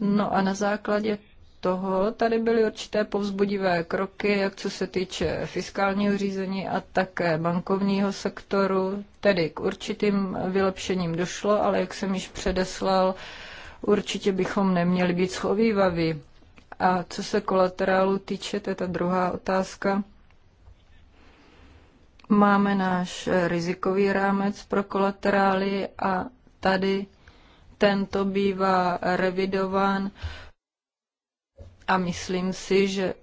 No a na základě toho tady byly určité povzbudivé kroky, jak co se týče fiskálního řízení a také bankovního sektoru. Tedy k určitým vylepšením došlo, ale jak jsem již předeslal, určitě bychom neměli být schovývaví. A co se kolaterálu týče, to je ta druhá otázka. Máme náš rizikový rámec pro kolaterály a tady tento bývá revidován a myslím si, že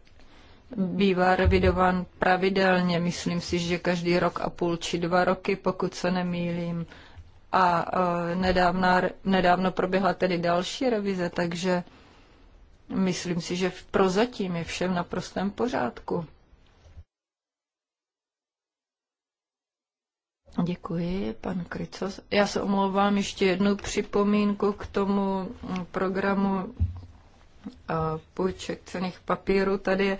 bývá revidován pravidelně. Myslím si, že každý rok a půl či dva roky, pokud se nemýlím. A e, nedávna, nedávno proběhla tedy další revize, takže Myslím si, že prozatím je všem naprostém pořádku. Děkuji, pan Krycos. Já se omlouvám ještě jednu připomínku k tomu programu eh, půjček cených papíru. Tady je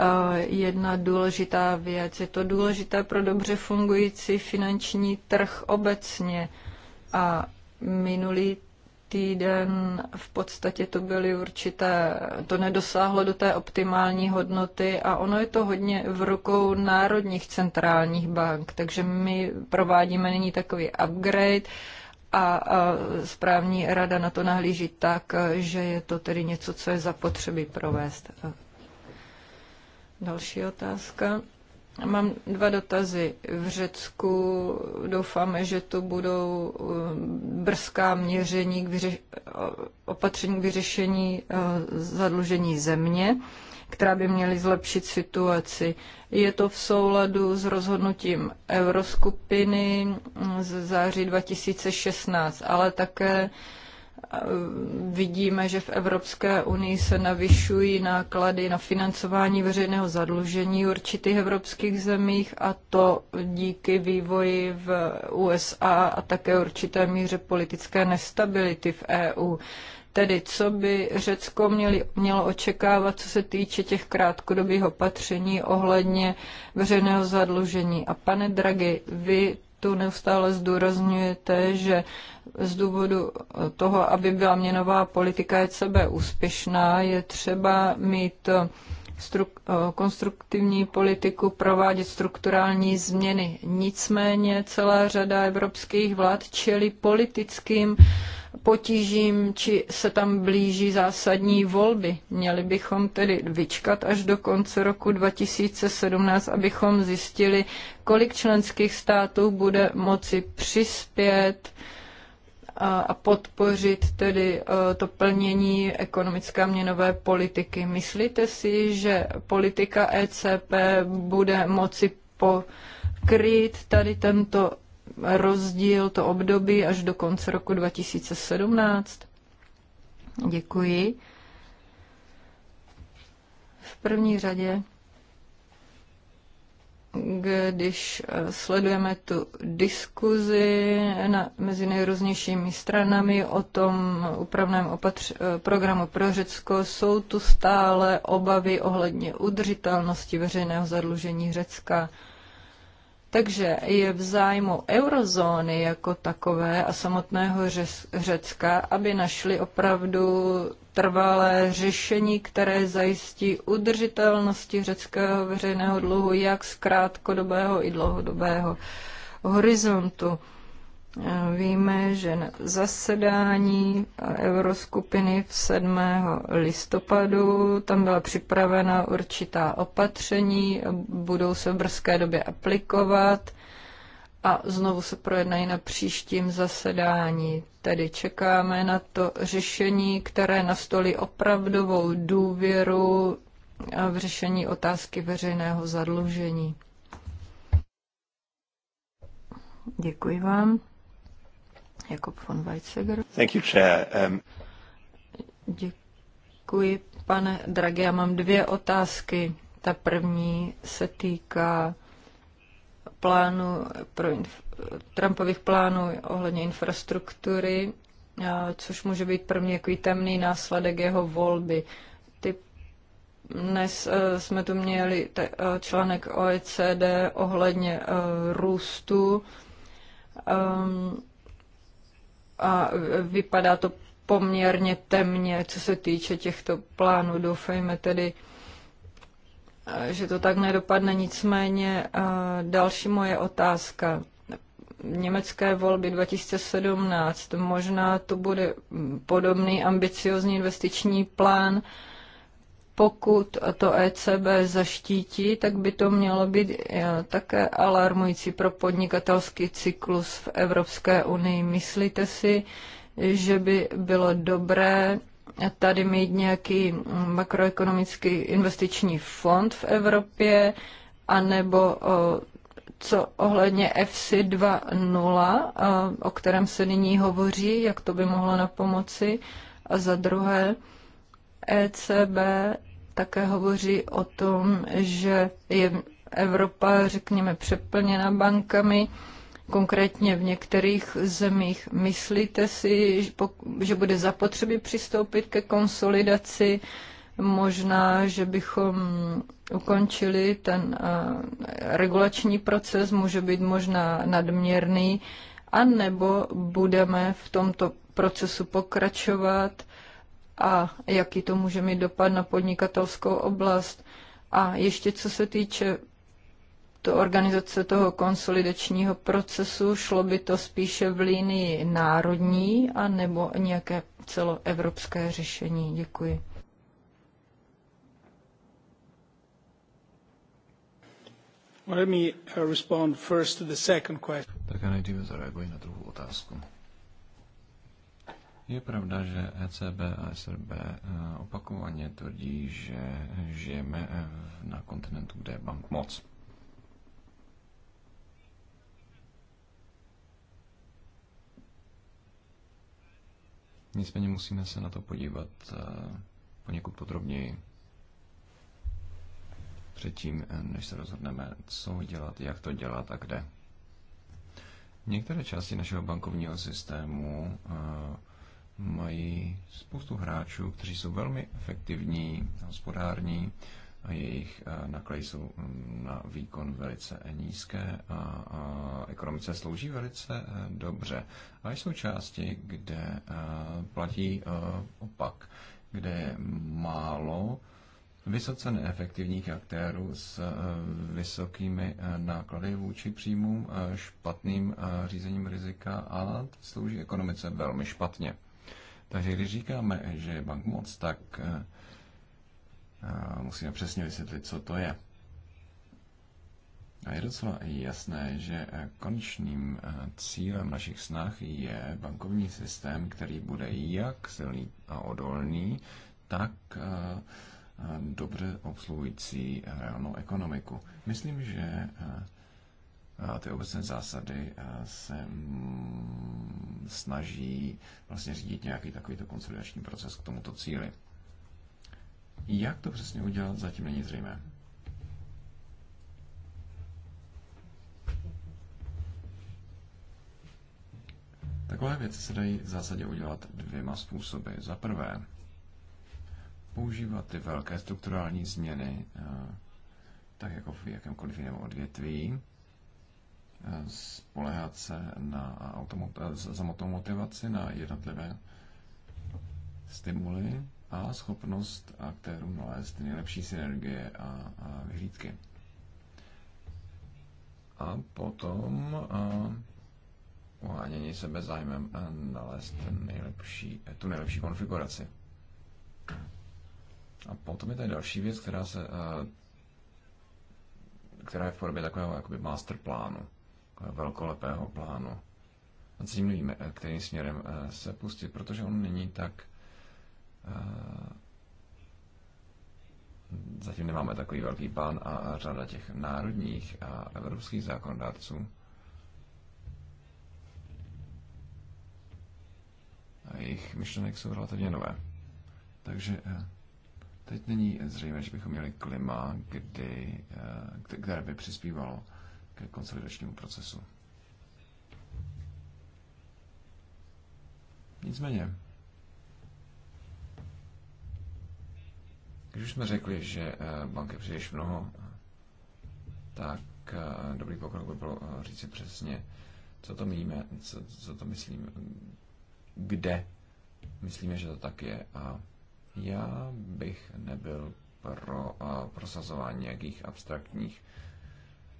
eh, jedna důležitá věc. Je to důležité pro dobře fungující finanční trh obecně. A minulý týden v podstatě to byly určité, to nedosáhlo do té optimální hodnoty a ono je to hodně v rukou národních centrálních bank, takže my provádíme nyní takový upgrade a, a správní rada na to nahlíží tak, že je to tedy něco, co je zapotřebí provést. Další otázka. Mám dva dotazy. V Řecku doufáme, že to budou eh, brzká měření k vyře- opatření k vyřešení eh, zadlužení země, která by měly zlepšit situaci. Je to v souladu s rozhodnutím Euroskupiny mm, z září 2016, ale také E, vidíme, že v Evropské unii se navyšují náklady na financování veřejného zadlužení v určitých evropských zemích a to díky vývoji v USA a také určité míře politické nestability v EU. Tedy co by Řecko měli, mělo očekávat, co se týče těch krátkodobých opatření ohledně veřejného zadlužení. A pane Draghi, vy paktu neustále zdůrazňujete, že z důvodu toho, aby byla měnová politika je sebe úspěšná, je třeba mít eh, eh, konstruktivní politiku, provádět strukturální změny. Nicméně celá řada evropských vlád čelí politickým potížím, či se tam blíží zásadní volby. Měli bychom tedy vyčkat až do konce roku 2017, abychom zjistili, kolik členských států bude moci přispět a podpořit tedy e, to plnění ekonomické a měnové politiky. Myslíte si, že politika ECP bude moci pokrýt tady tento rozdíl, to období až do konce roku 2017? Děkuji. V první řadě když eh, sledujeme tu diskuzi na, mezi nejrůznějšími stranami o tom upravném opatř, eh, programu pro Řecko, jsou tu stále obavy ohledně udržitelnosti veřejného zadlužení Řecka. Takže je v zájmu eurozóny jako takové a samotného Řecka, aby našli opravdu trvalé řešení, které zajistí udržitelnosti řeckého veřejného dluhu jak z krátkodobého i dlouhodobého horizontu. Eh, víme, že na zasedání euroskupiny 7. listopadu tam byla připravena určitá opatření, budou se v brzké době aplikovat a znovu se projednají na příštím zasedání. Tedy čekáme na to řešení, které nastolí opravdovou důvěru eh, v řešení otázky veřejného zadlužení. Děkuji vám. Jakob von Weizsäcker. Thank you, Chair. Um... Děkuji, pane Draghi. Já mám dvě otázky. Ta první se týká plánu pro inf- Trumpových plánů ohledně infrastruktury, což může být pro mě jako temný následek jeho volby. Ty dnes eh, jsme tu měli eh, článek OECD ohledně eh, růstu. Um, a vypadá to poměrně temně, co se týče těchto plánů. Doufejme tedy, že to tak nedopadne. Nicméně další moje otázka. Německé volby 2017. Možná to bude podobný ambiciozní investiční plán, pokud to ECB zaštítí, tak by to mělo být eh, také alarmující pro podnikatelský cyklus v Evropské unii. Myslíte si, že by bylo dobré tady mít nějaký makroekonomický investiční fond v Evropě, anebo eh, co ohledně FC 2.0, eh, o kterém se nyní hovoří, jak to by mohlo na pomoci, a za druhé, ECB také hovoří o tom, že je Evropa, řekněme, přeplněna bankami, konkrétně v některých zemích. Myslíte si, že bude zapotřebí přistoupit ke konsolidaci? Možná, že bychom ukončili ten regulační proces, může být možná nadměrný, anebo budeme v tomto procesu pokračovat a jaký to může mít dopad na podnikatelskou oblast. A ještě co se týče to organizace toho konsolidačního procesu, šlo by to spíše v línii národní a nebo nějaké celoevropské řešení. Děkuji. Let me uh, respond first to the second question. Tak já nejdříve zareaguji na druhou otázku. Je pravda, že ECB a SRB eh, opakovaně tvrdí, že žijeme eh, na kontinentu, kde je bank moc. Nicméně musíme se na to podívat eh, poněkud podrobněji předtím, než se rozhodneme, co dělat, jak to dělat a kde. Některé části našeho bankovního systému uh, mají spoustu hráčů, kteří jsou velmi efektivní, hospodární a jejich eh, náklady jsou mm, na výkon velice nízké a, a ekonomice slouží velice eh, dobře. A jsou části, kde eh, platí opak, kde je málo vysoce neefektivních aktérů s vysokými náklady vůči příjmům, špatným řízením rizika a slouží ekonomice velmi špatně. Takže když říkáme, že je moc, tak eh, eh, musíme přesně vysvětlit, co to je. A je docela jasné, že eh, konečným cílem našich snah je bankovní systém, který bude jak silný a odolný, tak dobře obsluhující reálnou ekonomiku. Myslím, že ty obecné zásady eh, se mm, snaží vlastně řídit nějaký takovýto konsolidační proces k tomuto cíli. Jak to přesně udělat, zatím není zřejmé. Takové věci se dají v zásadě udělat dvěma způsoby. Za prvé, používat ty velké strukturální změny, eh, tak jako v jakémkoliv jiném odvětví, spolehat se na samotnou motivaci, na jednotlivé stimuly a schopnost aktérů nalézt nejlepší synergie a, a vyhlídky. A potom a, uhánění sebe zájmem a nalézt nejlepší, tu nejlepší konfiguraci. A potom je tady další věc, která se a, která je v podobě takového jakoby masterplánu velkolepého plánu. A tím nevíme, eh, kterým směrem eh, se pustit, protože on není tak eh, zatím nemáme takový velký plán a řada těch národních a evropských zákonodárců a jejich myšlenek jsou relativně nové. Takže teď není zřejmé, že bychom měli klima, kdy, které by přispívalo ke konsolidačnímu procesu. Nicméně, když jsme řekli, že eh, bank je příliš mnoho, tak eh, dobrý pokrok by bylo eh, říci přesně, co to míme, co, co to myslíme, kde myslíme, že to tak je. A já bych nebyl pro prosazování nějakých abstraktních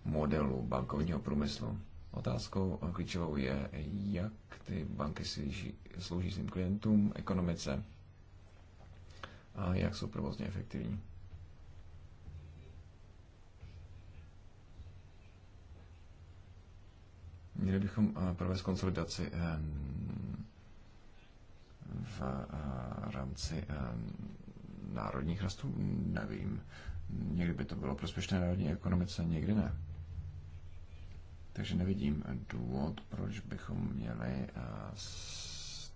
modelu bankovního průmyslu. Otázkou klíčovou je, jak ty banky slouží, slouží svým klientům, ekonomice a jak jsou provozně efektivní. Měli bychom eh, provést konsolidaci eh, v eh, rámci národních rastů? Nevím. Někdy by to bylo prospěšné národní ekonomice, někdy ne. Takže nevidím důvod, proč bychom měli eh,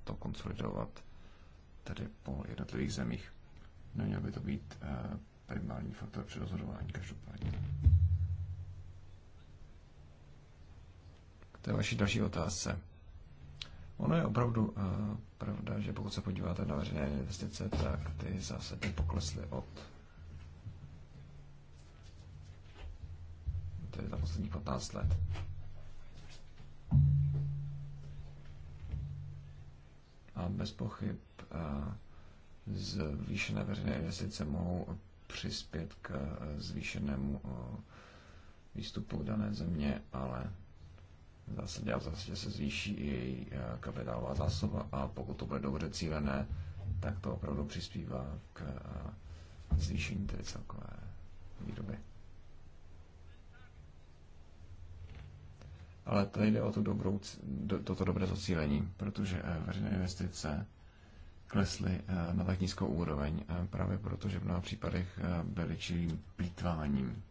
to konsolidovat tedy po jednotlivých zemích. Neměl by to být eh, primární faktor při rozhodování každopádně. To té vaší další otázce. Ono je opravdu uh, pravda, že pokud se podíváte na veřejné investice, tak ty zásadně poklesly od tedy za posledních 15 let. A bez pochyb eh, zvýšené veřejné investice mohou přispět k eh, zvýšenému eh, výstupu dané země, ale v zásadě, v zásadě se zvýší i její kapitálová zásoba a pokud to bude dobře cílené, tak to opravdu přispívá k zvýšení té celkové výroby. ale tady jde o tu dobrou, toto dobré zacílení, protože eh, veřejné investice klesly eh, na tak nízkou úroveň, eh, právě protože v mnoha případech byly čilým plítváním.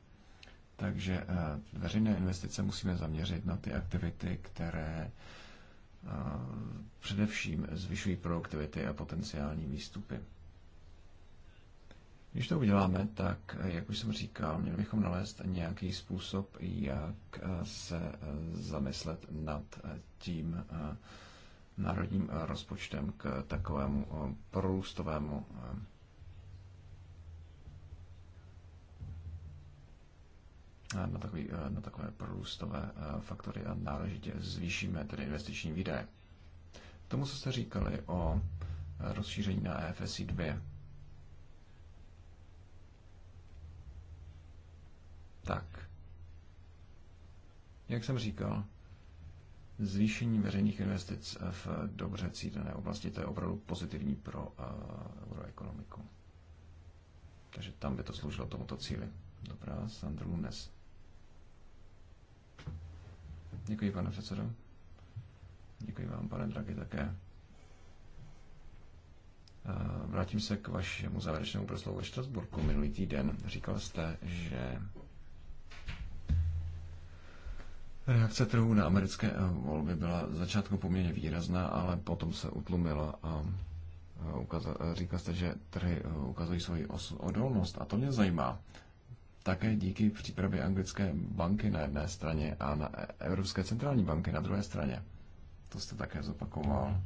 Takže veřejné investice musíme zaměřit na ty aktivity, které především zvyšují produktivity a potenciální výstupy. Když to uděláme, tak, jak už jsem říkal, měli bychom nalézt nějaký způsob, jak eh, se eh, zamyslet nad eh, tím národním rozpočtem k takovému prorůstovému na, takový, na takové prorůstové faktory a náležitě zvýšíme tedy investiční výdaje. Tomu, co jste říkali o rozšíření na EFSI 2, tak, jak jsem říkal, zvýšení veřejných investic v dobře cílené oblasti, to je opravdu pozitivní pro uh, eh, euroekonomiku. Takže tam by to sloužilo tomuto cíli. Dobrá, Sandr Lunes. Děkuji, pane předsedo. Děkuji vám, pane Draghi, také. Eh, vrátím se k vašemu závěrečnému proslovu ve Štrasburku minulý týden. Říkal jste, že Reakce trhu na americké eh, volby byla začátku poměrně výrazná, ale potom se utlumila a eh, ukaza- říká se, že trhy eh, ukazují svoji odolnost a to mě zajímá. Také díky přípravě anglické banky na jedné straně a na e, Evropské centrální banky na druhé straně. To jste také zopakoval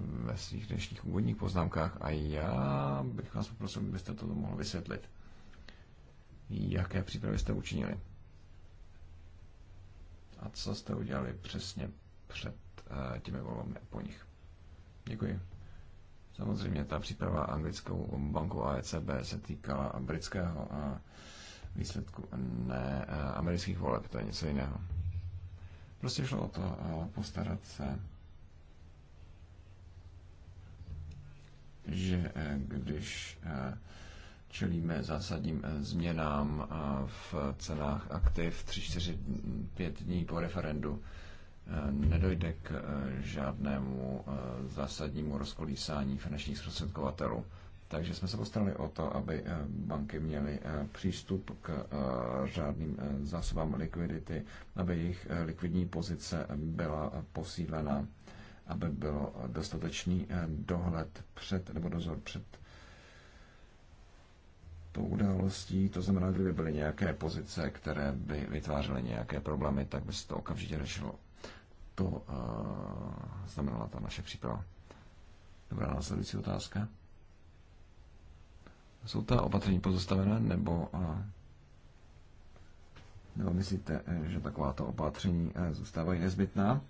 ve svých dnešních úvodních poznámkách a já bych vás poprosil, abyste to mohl vysvětlit. Jaké přípravy jste učinili? a co jste udělali přesně před eh, těmi volbami po nich. Děkuji. Samozřejmě ta příprava anglickou banku AECB se týkala britského eh, výsledku, ne eh, amerických voleb, to je něco jiného. Prostě šlo o to postarat se, že když čelíme zásadním eh, změnám eh, v cenách aktiv 3-4-5 dní po referendu. Eh, nedojde k žádnému zásadnímu rozkolísání finančních zprostředkovatelů. Takže jsme se postarali o to, aby banky měly přístup k řádným zásobám likvidity, aby jejich likvidní pozice byla posílena, aby byl dostatečný dohled před, nebo dozor před tou událostí, to znamená, kdyby byly nějaké pozice, které by vytvářely nějaké problémy, tak by se to okamžitě řešilo. To uh, znamenala ta naše příprava. Dobrá, následující otázka. Jsou ta opatření pozastavená, nebo, uh, nebo myslíte, eh, že takováto opatření uh, zůstávají nezbytná?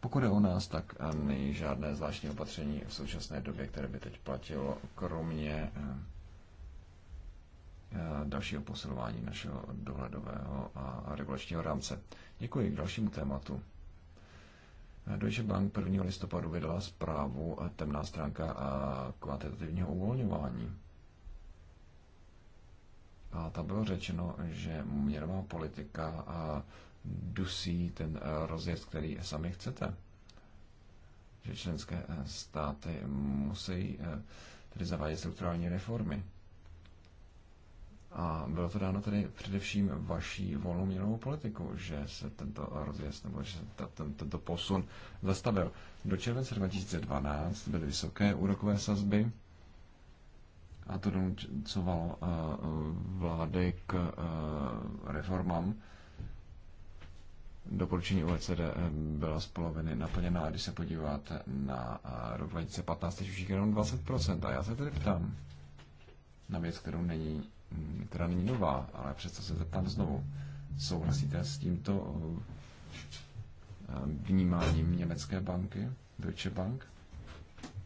Pokud je o nás, tak není žádné zvláštní opatření v současné době, které by teď platilo, kromě uh, Eh, dalšího posilování našeho dohledového a regulačního rámce. Děkuji k dalšímu tématu. Eh, Deutsche Bank 1. listopadu vydala zprávu eh, temná stránka a kvantitativního uvolňování. A tam bylo řečeno, že měrová politika a dusí ten rozjezd, který sami chcete. Že členské státy musí tedy zavádět strukturální reformy. A bylo to dáno tedy především vaší volnou měnovou politiku, že se tento rozjezd nebo že se ten, tento posun zastavil. Do července 2012 byly vysoké úrokové sazby a to donucovalo eh, vlády k eh, reformám. Doporučení OECD eh, byla z poloviny naplněná, když se podíváte na rok 2015, už jenom 20%. A já se tedy ptám na věc, kterou není která mm, není nová, ale přesto se zeptám znovu. Souhlasíte s tímto uh, eh, vnímáním německé banky, Deutsche Bank?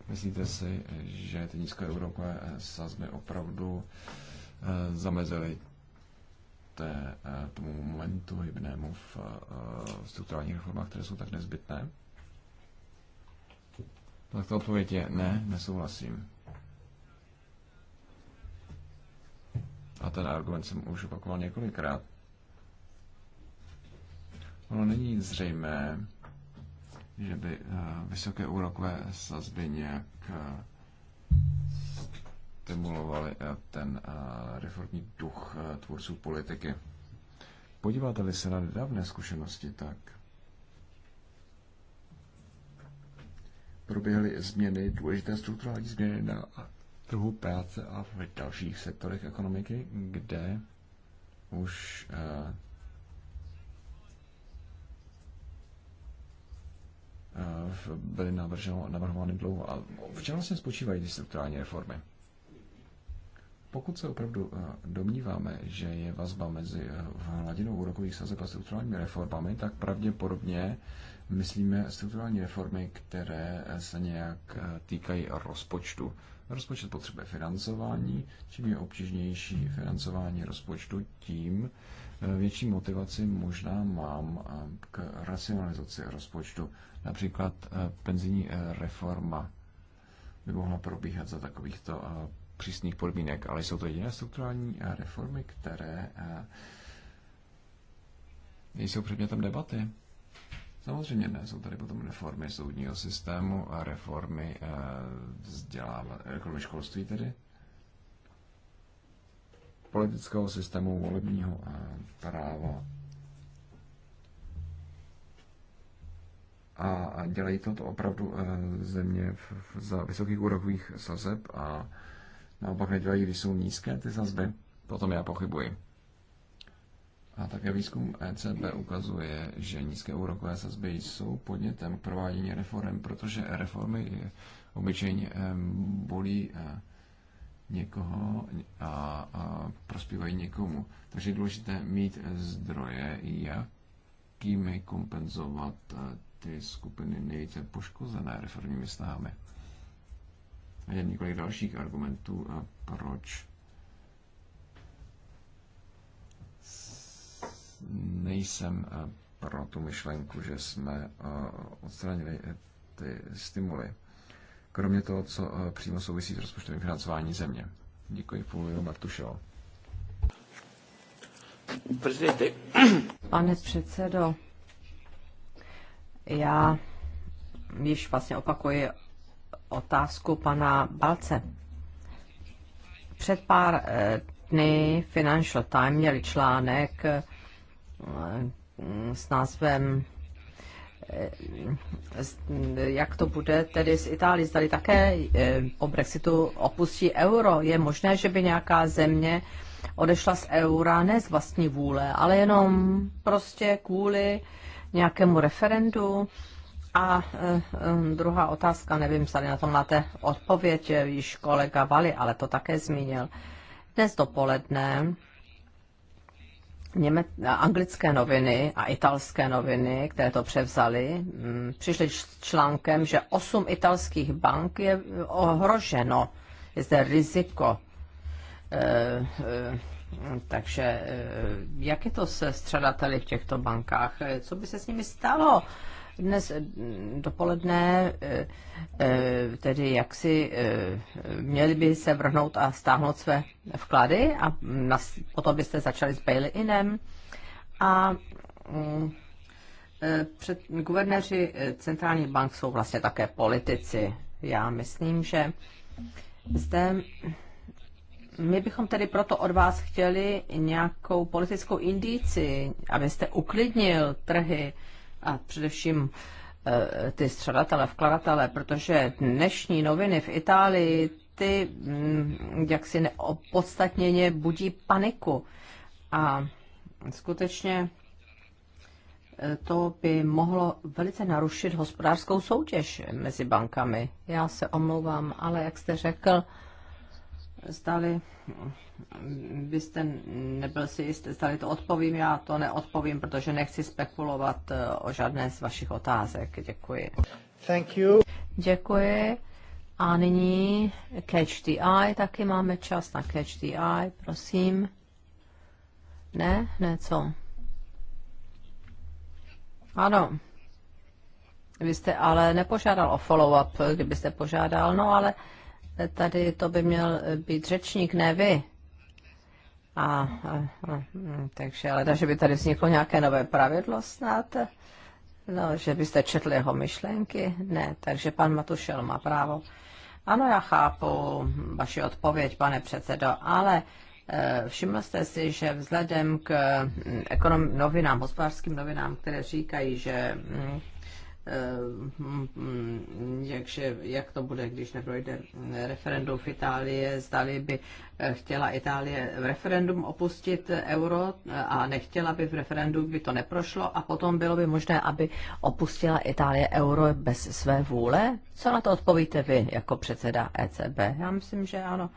Myslíte si, že ty nízké úrokové eh, sazby opravdu eh, zamezily té, tomu momentu hybnému v, v strukturálních reformách, které jsou tak nezbytné? Tak ta odpověď je ne, nesouhlasím. A ten argument jsem už opakoval několikrát. Ono není zřejmé, že by eh, vysoké úrokové sazby nějak eh, stimulovaly eh, ten reformní duch tvůrců politiky. Podíváte-li se na nedávné zkušenosti, tak proběhly změny, důležité strukturální změny na trhu práce a v dalších sektorech ekonomiky, kde už uh, byly navrhovány dlouho. A v čem vlastně spočívají ty strukturální reformy? Pokud se opravdu eh, domníváme, že je vazba mezi hladinou úrokových sazeb a strukturálními reformami, tak pravděpodobně myslíme strukturální reformy, které se nějak týkají rozpočtu Rozpočet potřebuje financování. Čím je obtížnější financování rozpočtu, tím eh, větší motivaci možná mám eh, k racionalizaci rozpočtu. Například eh, penzijní reforma by mohla probíhat za takovýchto přísných podmínek, ale jsou to jediné strukturální reformy, které jsou předmětem debaty. Samozřejmě ne, jsou tady potom reformy soudního systému a reformy eh, vzdělávání, reformy školství tedy, politického systému volebního eh, práva. A dělají to, to opravdu eh, země za vysokých úrokových sazeb a naopak nedělají, když jsou nízké ty sazby. Potom já pochybuji. A také výzkum ECB ukazuje, že nízké úrokové sazby jsou podnětem k provádění reform, protože reformy obyčejně eh, bolí eh, někoho a, prospívají někomu. Takže je důležité mít eh, zdroje, jakými kompenzovat ty skupiny nejvíce poškozené reformními snahami. A je několik dalších argumentů, proč nejsem eh, pro tu myšlenku, že jsme eh, odstranili eh, ty stimuly. Kromě toho, co přímo souvisí s rozpočtovým financováním země. Děkuji, Fulvio Martušo. Pane předsedo, já již vlastně opakuji otázku pana Balce. Před pár dny Financial Times měli článek, Eh, s názvem eh, jak to bude tedy s Itálií, zdali také eh, o Brexitu opustí euro. Je možné, že by nějaká země odešla z eura ne z vlastní vůle, ale jenom prostě kvůli nějakému referendu. A druhá otázka, nevím, zda na to máte odpověď, již kolega Vali, ale to také zmínil. Dnes dopoledne Němec, anglické noviny a italské noviny, které to převzaly, mm, přišly článkem, že osm italských bank je eh, ohroženo. Je zde riziko. E, e, takže jak je to se střadateli v těchto bankách? Co by se s nimi stalo? E, dnes eh, dopoledne eh, eh, tedy jaksi měli by se vrhnout a stáhnout své vklady a potom byste začali s Bailey inem a mm, před guvernéři centrálních bank jsou vlastně také politici. Já myslím, že zde my bychom tedy proto od vás chtěli nějakou politickou indici, abyste uklidnil trhy, a především eh, ty střadatele, vkladatele, protože dnešní noviny v Itálii ty mm, jaksi neopodstatněně budí paniku. A skutečně eh, to by mohlo velice narušit hospodářskou soutěž mezi bankami. Já se omlouvám, ale jak jste řekl, zdali byste nebyl si jistý, zdali to odpovím, já to neodpovím, protože nechci spekulovat eh, o žádné z vašich otázek. Děkuji. Thank you. Děkuji. A nyní Catch the Eye, taky máme čas na Catch the Eye, prosím. Ne? Ne, co? Ano. Vy jste ale nepožádal o follow-up, kdybyste požádal, no ale uh, tady to by měl být řečník, ne vy. A, a, a, hm, takže, ale takže by tady vzniklo nějaké nové pravidlo snad, no, že byste četli jeho myšlenky? Ne, takže pan Matušel má právo. Ano, já chápu vaši odpověď, pane předsedo, ale eh, Všiml jste si, že vzhledem k hm, ekonom- novinám, hospodářským novinám, které říkají, že hm, jakže, eh, mm, jak to bude, když neprojde referendum v Itálii, zdali by eh, chtěla Itálie v referendum opustit euro eh, a nechtěla by v referendum, by to neprošlo a potom bylo by možné, aby opustila Itálie euro bez své vůle? Co na to odpovíte vy jako předseda ECB? Já myslím, že ano.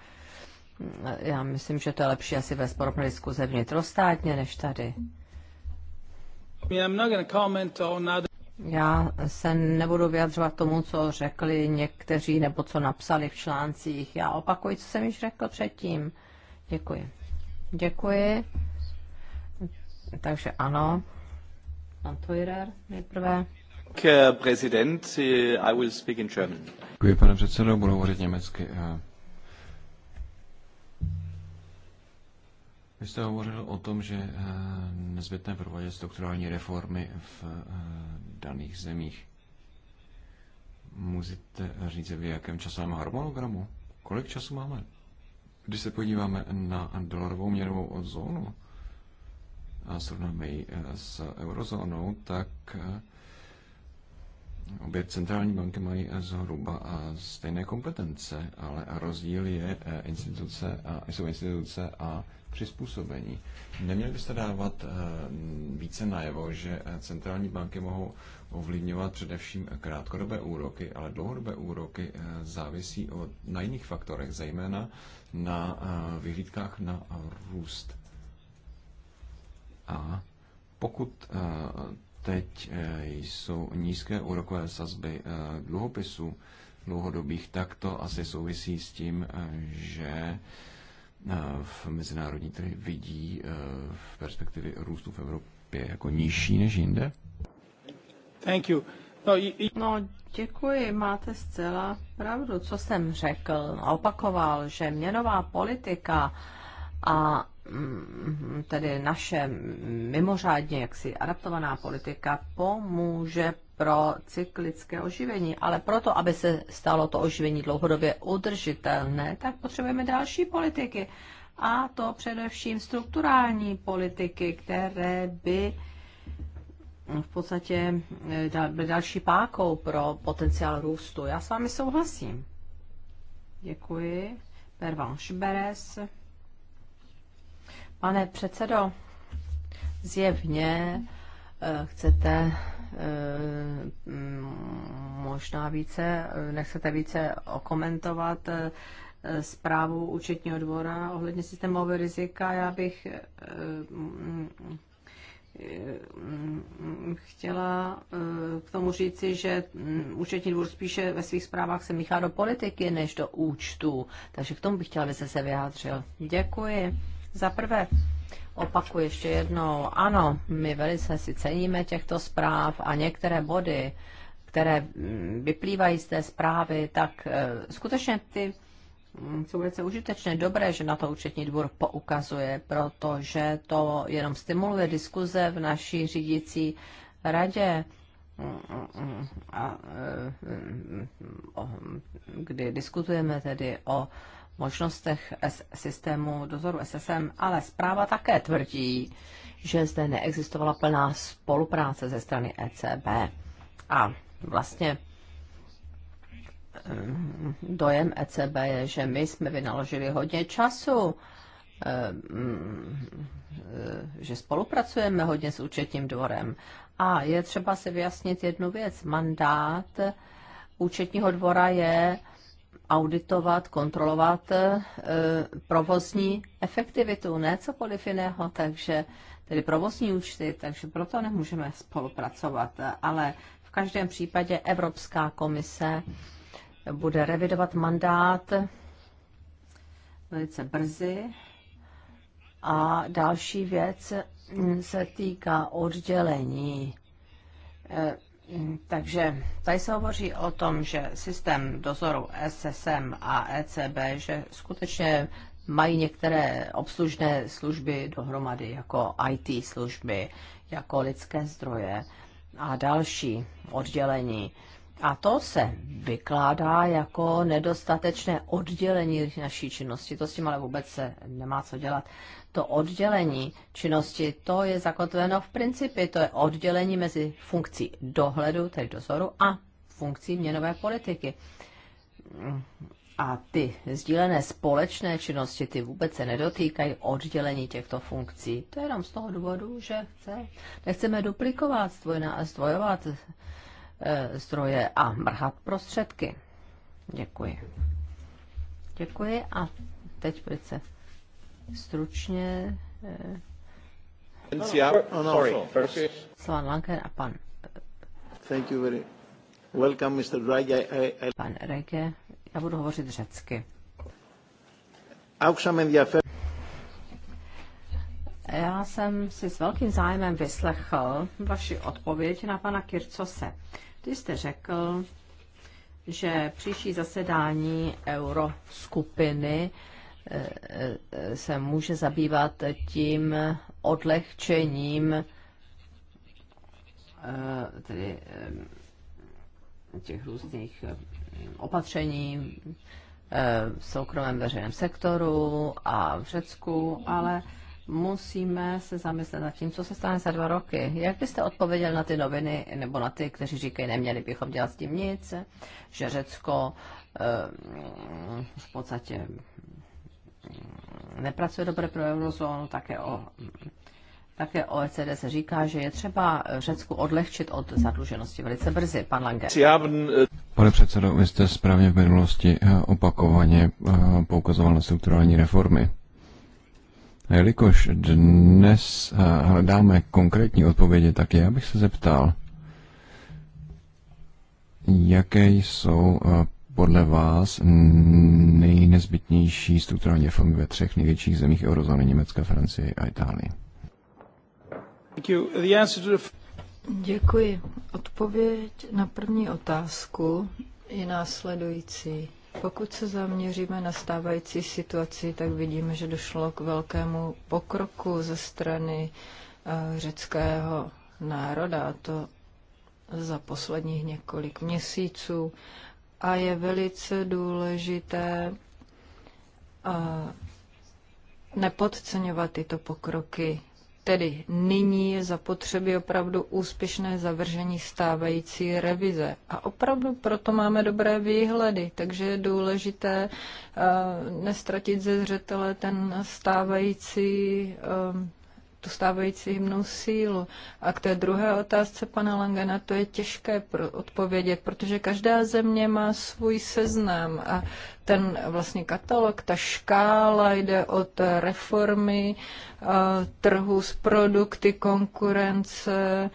Já myslím, že to je lepší asi ve sporopné diskuze vnitrostátně než tady. Yeah, I'm not comment on other... Já se nebudu vyjadřovat tomu, co řekli někteří nebo co napsali v článcích. Já opakuji, co jsem již řekl předtím. Děkuji. Děkuji. Takže ano. Pan Toirer nejprve. Děkuji, pane předsedo, budu hovořit německy. Vy jste hovořil o tom, že eh, nezbytné provádět strukturální reformy v eh, daných zemích. Můžete říct, v jakém časovém harmonogramu? Kolik času máme? Když se podíváme na dolarovou měnovou zónu a srovnáme ji eh, s eurozónou, tak Obě centrální banky mají zhruba stejné kompetence, ale rozdíl je instituce a, jsou instituce a přizpůsobení. Neměli byste dávat eh, více najevo, že eh, centrální banky mohou ovlivňovat především eh, krátkodobé úroky, ale dlouhodobé úroky závisí od, na jiných faktorech, zejména na vyhlídkách na růst. A pokud teď jsou nízké úrokové sazby dluhopisů dlouhodobých, tak to asi souvisí s tím, že v mezinárodní trhy vidí e, v perspektivě růstu v Evropě jako nižší než jinde? Thank you. No, i... i... no děkuji, máte zcela pravdu, co jsem řekl a opakoval, že měnová politika a mm, tedy naše mimořádně jaksi adaptovaná politika pomůže pro cyklické oživení, ale proto, aby se stalo to oživení dlouhodobě udržitelné, tak potřebujeme další politiky. A to především strukturální politiky, které by v podstatě eh, byly další pákou pro potenciál růstu. Já s vámi souhlasím. Děkuji. Pervan Beres. Pane předsedo, zjevně eh, chcete Eh, možná více, nechcete více okomentovat eh, zprávu účetního dvora ohledně systémového rizika. Já bych eh, chtěla k tomu říci, že mm, účetní dvůr spíše ve svých zprávách se míchá do politiky než do účtu. Takže k tomu bych chtěla, aby se se vyjádřil. Děkuji. Za prvé, opakuji ještě jednou, ano, my velice si ceníme těchto zpráv a některé body, které vyplývají z té zprávy, tak skutečně ty jsou velice užitečné. Dobré, že na to účetní dvůr poukazuje, protože to jenom stimuluje diskuze v naší řídící radě, a, kdy diskutujeme tedy o možnostech systému dozoru SSM, ale zpráva také tvrdí, že zde neexistovala plná spolupráce ze strany ECB. A vlastně mm, dojem ECB je, že my jsme vynaložili hodně času, eh, mm, eh, že spolupracujeme hodně s účetním dvorem. A je třeba si vyjasnit jednu věc. Mandát účetního dvora je auditovat, kontrolovat eh, provozní efektivitu, ne cokoliv jiného, takže tedy provozní účty, takže proto nemůžeme spolupracovat. Ale v každém případě Evropská komise bude revidovat mandát velice brzy. A další věc mm, se týká oddělení eh, takže tady se hovoří o tom, že systém dozoru SSM a ECB, že skutečně mají některé obslužné služby dohromady, jako IT služby, jako lidské zdroje a další oddělení. A to se vykládá jako nedostatečné oddělení naší činnosti. To s tím ale vůbec se nemá co dělat. To oddělení činnosti, to je zakotveno v principi, to je oddělení mezi funkcí dohledu, tedy dozoru, a funkcí měnové politiky. A ty sdílené společné činnosti, ty vůbec se nedotýkají oddělení těchto funkcí. To je jenom z toho důvodu, že chce, nechceme duplikovat, zdvojovat, Eh, zdroje a mrhat prostředky. Děkuji. Děkuji a teď přece stručně. Eh, oh, no, no, no, Slan Lanker a pan. Thank you very Welcome, Mr. I, I, I... Pan Rege, já budu hovořit řecky. Já jsem si s velkým zájmem vyslechl vaši odpověď na pana Kircose. Ty jste řekl, že příští zasedání euroskupiny eh, eh, se může zabývat tím odlehčením eh, tedy těch různých opatření v soukromém veřejném sektoru a v Řecku, ale musíme se zamyslet nad tím, co se stane za dva roky. Jak byste odpověděl na ty noviny, nebo na ty, kteří říkají, neměli bychom dělat s tím nic, že Řecko eh, v podstatě mm, nepracuje dobře pro eurozónu, také o také OECD se říká, že je třeba Řecku odlehčit od zadluženosti velice brzy. Pan Lange. Pane předsedo, vy jste správně v minulosti eh, opakovaně eh, poukazoval na strukturální reformy. A jelikož dnes eh, hledáme konkrétní odpovědi, tak já bych se zeptal, jaké jsou eh, podle vás nejnezbytnější strukturální reformy ve třech největších zemích eurozóny Německa, Francie a Itálii? Děkuji. Odpověď na první otázku je následující. Pokud se zaměříme na stávající situaci, tak vidíme, že došlo k velkému pokroku ze strany eh, řeckého národa, a to za posledních několik měsíců. A je velice důležité eh, nepodceňovat tyto pokroky Tedy nyní je zapotřebí opravdu úspěšné zavržení stávající revize. A opravdu proto máme dobré výhledy, takže je důležité uh, nestratit ze zřetele ten stávající eh, tu stávající hymnou sílu. A k té druhé otázce pana Langana to je těžké pro, odpovědět, protože každá země má svůj seznam a ten vlastně katalog, ta škála jde od reformy, trhu s produkty, konkurence,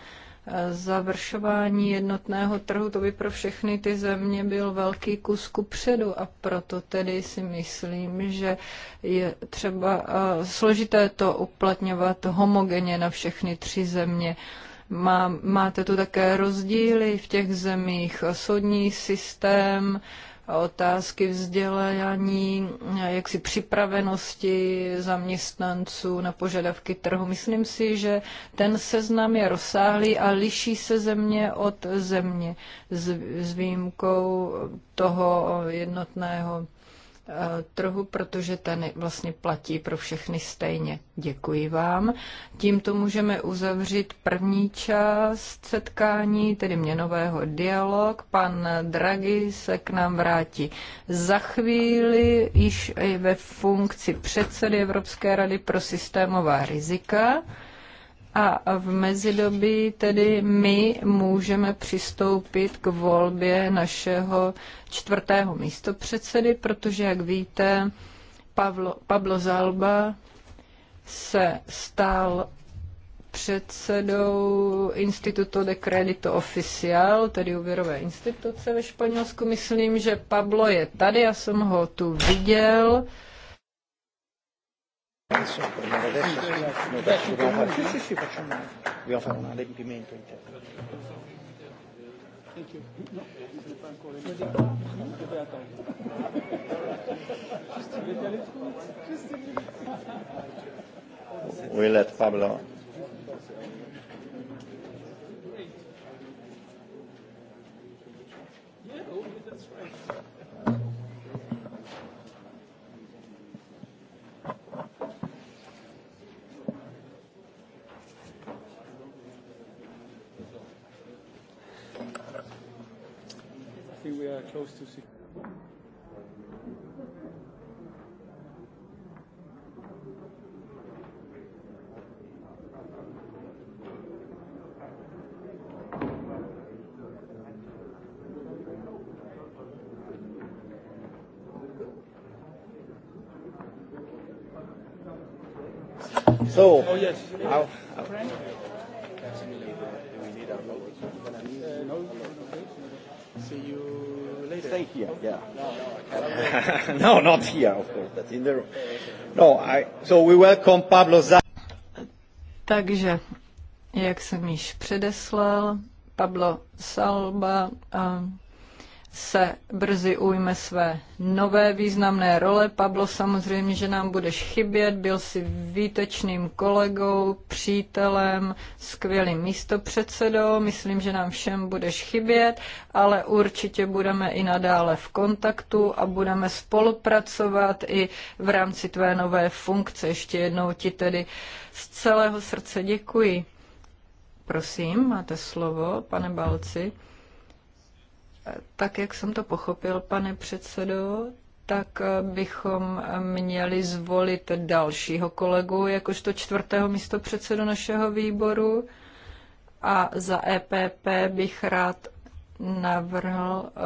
završování jednotného trhu, to by pro všechny ty země byl velký kus ku předu a proto tedy si myslím, že je třeba eh, složité to uplatňovat homogenně na všechny tři země. Má, máte tu také rozdíly v těch zemích, soudní systém, otázky vzdělání, jaksi připravenosti zaměstnanců na požadavky trhu. Myslím si, že ten seznam je rozsáhlý a liší se země od země s, výjimkou toho jednotného Eh, trhu, protože ten vlastně platí pro všechny stejně. Děkuji vám. Tímto můžeme uzavřít první část setkání, tedy měnového dialog. Pan Draghi se k nám vrátí za chvíli, již i ve funkci předsedy Evropské rady pro systémová rizika a v mezidobí tedy my můžeme přistoupit k volbě našeho čtvrtého místopředsedy, protože, jak víte, Pavlo, Pablo Zalba se stal předsedou Instituto de Credito Oficial, tedy úvěrové instituce ve Španělsku. Myslím, že Pablo je tady, já jsem ho tu viděl. Adesso prendiamo adesso, noi facciamo dobbiamo fare un adempimento interno. We'll let Pablo uh, close to six. So, oh, yes. I'll, I'll, stay here, yeah. no, not here, of course, but in the room. No, I, so we welcome Pablo Zá... Takže, jak jsem již předeslal, Pablo Salba, um, se brzy ujme své nové významné role. Pablo, samozřejmě, že nám budeš chybět, byl si výtečným kolegou, přítelem, skvělým místopředsedou, myslím, že nám všem budeš chybět, ale určitě budeme i nadále v kontaktu a budeme spolupracovat i v rámci tvé nové funkce. Ještě jednou ti tedy z celého srdce děkuji. Prosím, máte slovo, pane Balci tak jak jsem to pochopil, pane předsedo, tak bychom měli zvolit dalšího kolegu, jakožto čtvrtého místo předsedu našeho výboru. A za EPP bych rád navrhl eh,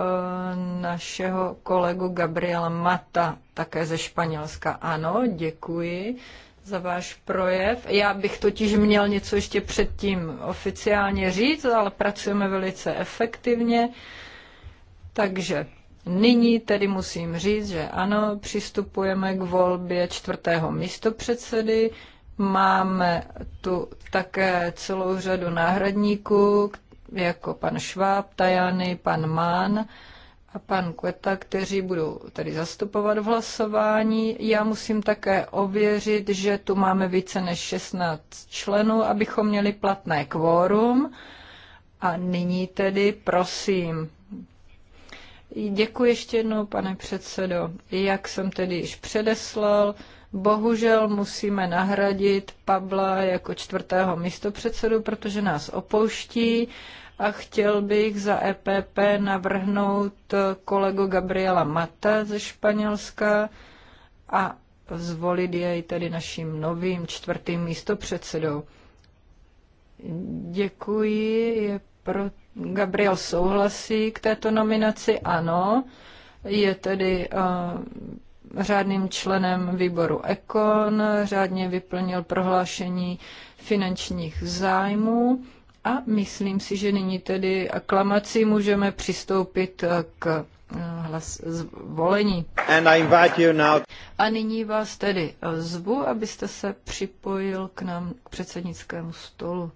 našeho kolegu Gabriela Mata, také ze Španělska. Ano, děkuji za váš projev. Já bych totiž měl něco ještě předtím oficiálně říct, ale pracujeme velice efektivně. Takže nyní tedy musím říct, že ano, přistupujeme k volbě čtvrtého místopředsedy. Máme tu také celou řadu náhradníků, jako pan Šváb, Tajany, pan Mán a pan Kveta, kteří budou tedy zastupovat v hlasování. Já musím také ověřit, že tu máme více než 16 členů, abychom měli platné kvórum. A nyní tedy prosím, Děkuji ještě jednou, pane předsedo. Jak jsem tedy již předeslal, bohužel musíme nahradit Pavla jako čtvrtého místopředsedu, protože nás opouští a chtěl bych za EPP navrhnout kolegu Gabriela Mata ze Španělska a zvolit jej tedy naším novým čtvrtým místopředsedou. Děkuji, je pro Gabriel souhlasí k této nominaci, ano. Je tedy uh, řádným členem výboru Ekon, řádně vyplnil prohlášení finančních zájmů a myslím si, že nyní tedy aklamací můžeme přistoupit eh, k eh, hlas zvolení. And I invite you now. A nyní vás tedy zvu, abyste se připojil k nám k předsednickému stolu.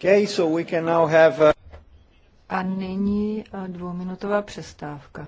Okay, so we can now have uh, a minutová přestávka.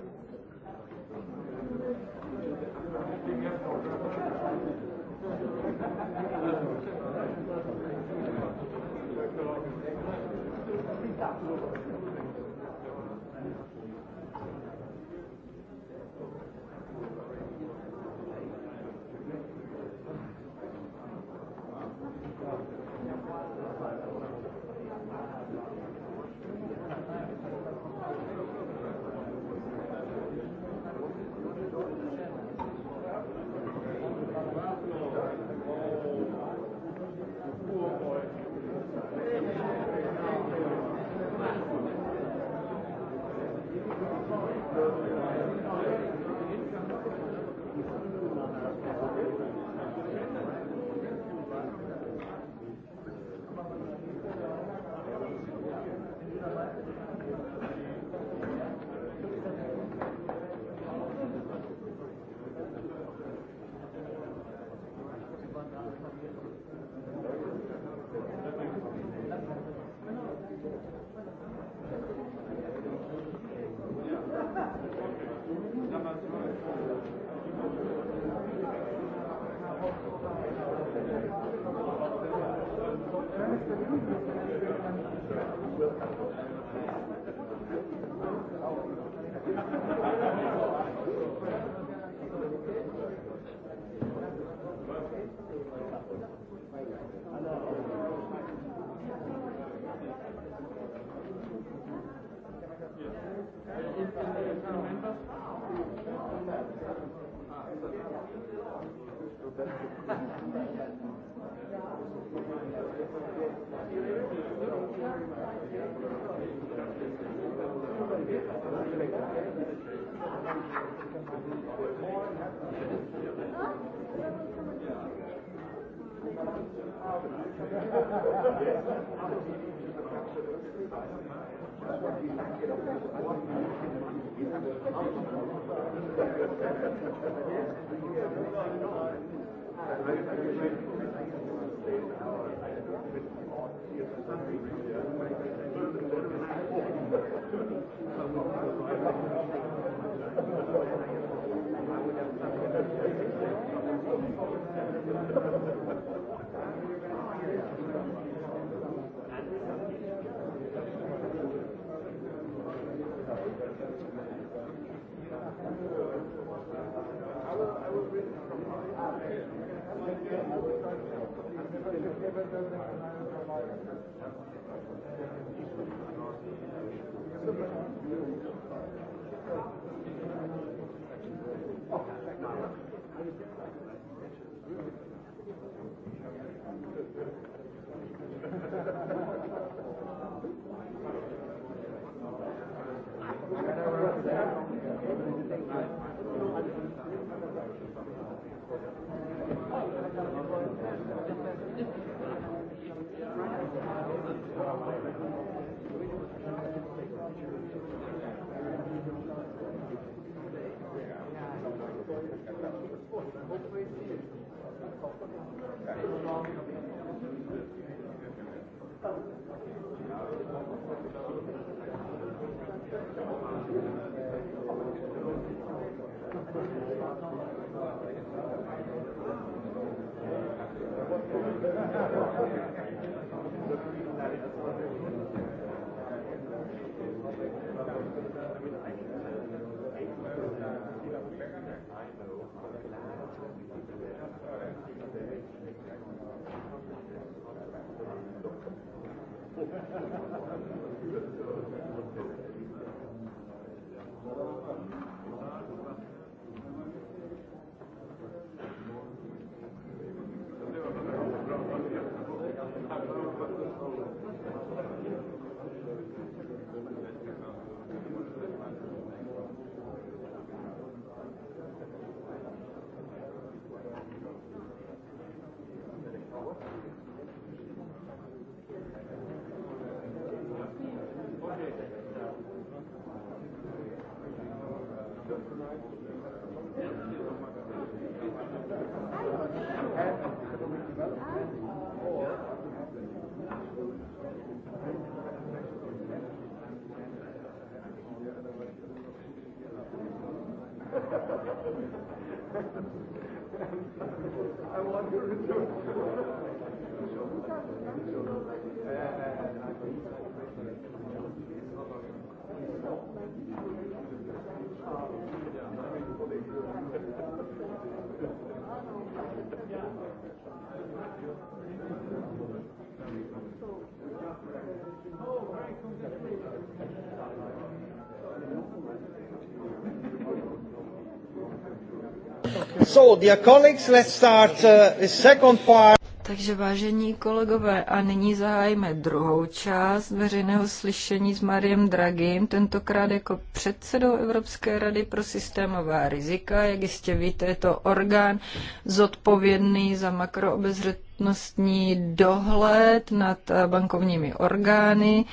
So, dear colleagues, let's start uh, the second part. Takže vážení kolegové, a nyní zahájíme druhou část veřejného slyšení s Mariem Dragim, tentokrát jako předsedou Evropské rady pro systémová rizika. Jak jistě víte, je to orgán zodpovědný za makroobezřetnostní dohled nad eh, bankovními orgány.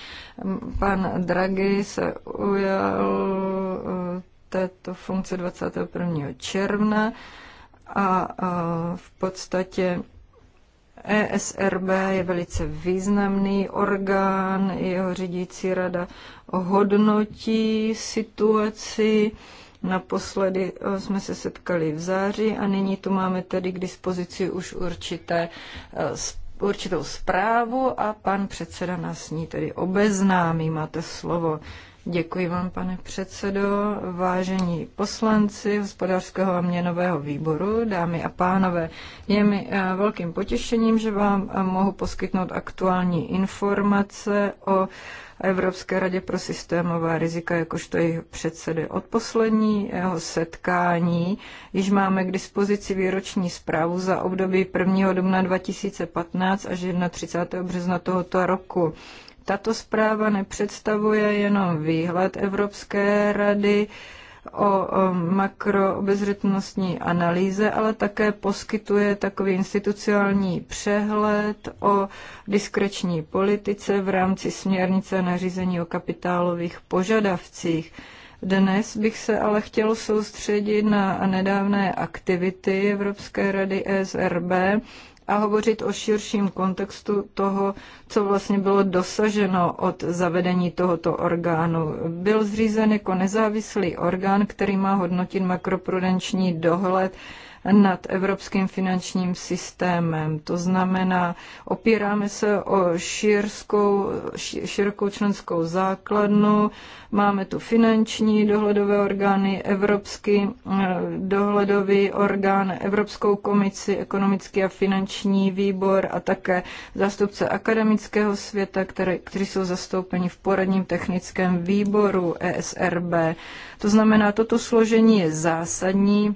Pan Draghi se ujal eh, této funkce 21. června a v podstatě ESRB je velice významný orgán, jeho řídící rada hodnotí situaci. Naposledy e, jsme se setkali v září a nyní tu máme tedy k dispozici už určité, e, určitou zprávu a pan předseda nás s ní tedy obeznámí. Máte slovo. Děkuji vám, pane předsedo, vážení poslanci hospodářského a měnového výboru, dámy a pánové. Je mi eh, velkým potěšením, že vám eh, mohu poskytnout aktuální informace o Evropské radě pro systémová rizika, jakožto jejich předsedy. Od posledního setkání již máme k dispozici výroční zprávu za období 1. dubna 2015 až 31. března tohoto roku. Tato zpráva nepředstavuje jenom výhled Evropské rady, o makroobezřetnostní analýze, ale také poskytuje takový institucionální přehled o diskreční politice v rámci směrnice a nařízení o kapitálových požadavcích. Dnes bych se ale chtěl soustředit na nedávné aktivity Evropské rady ESRB a hovořit o širším kontextu toho, co vlastně bylo dosaženo od zavedení tohoto orgánu. Byl zřízen jako nezávislý orgán, který má hodnotit makroprudenční dohled nad evropským finančním systémem. To znamená, opíráme se o širskou, širokou členskou základnu, máme tu finanční dohledové orgány, evropský eh, dohledový orgán, Evropskou komici, ekonomický a finanční výbor a také zástupce akademického světa, které, kteří jsou zastoupeni v poradním technickém výboru ESRB. To znamená, toto složení je zásadní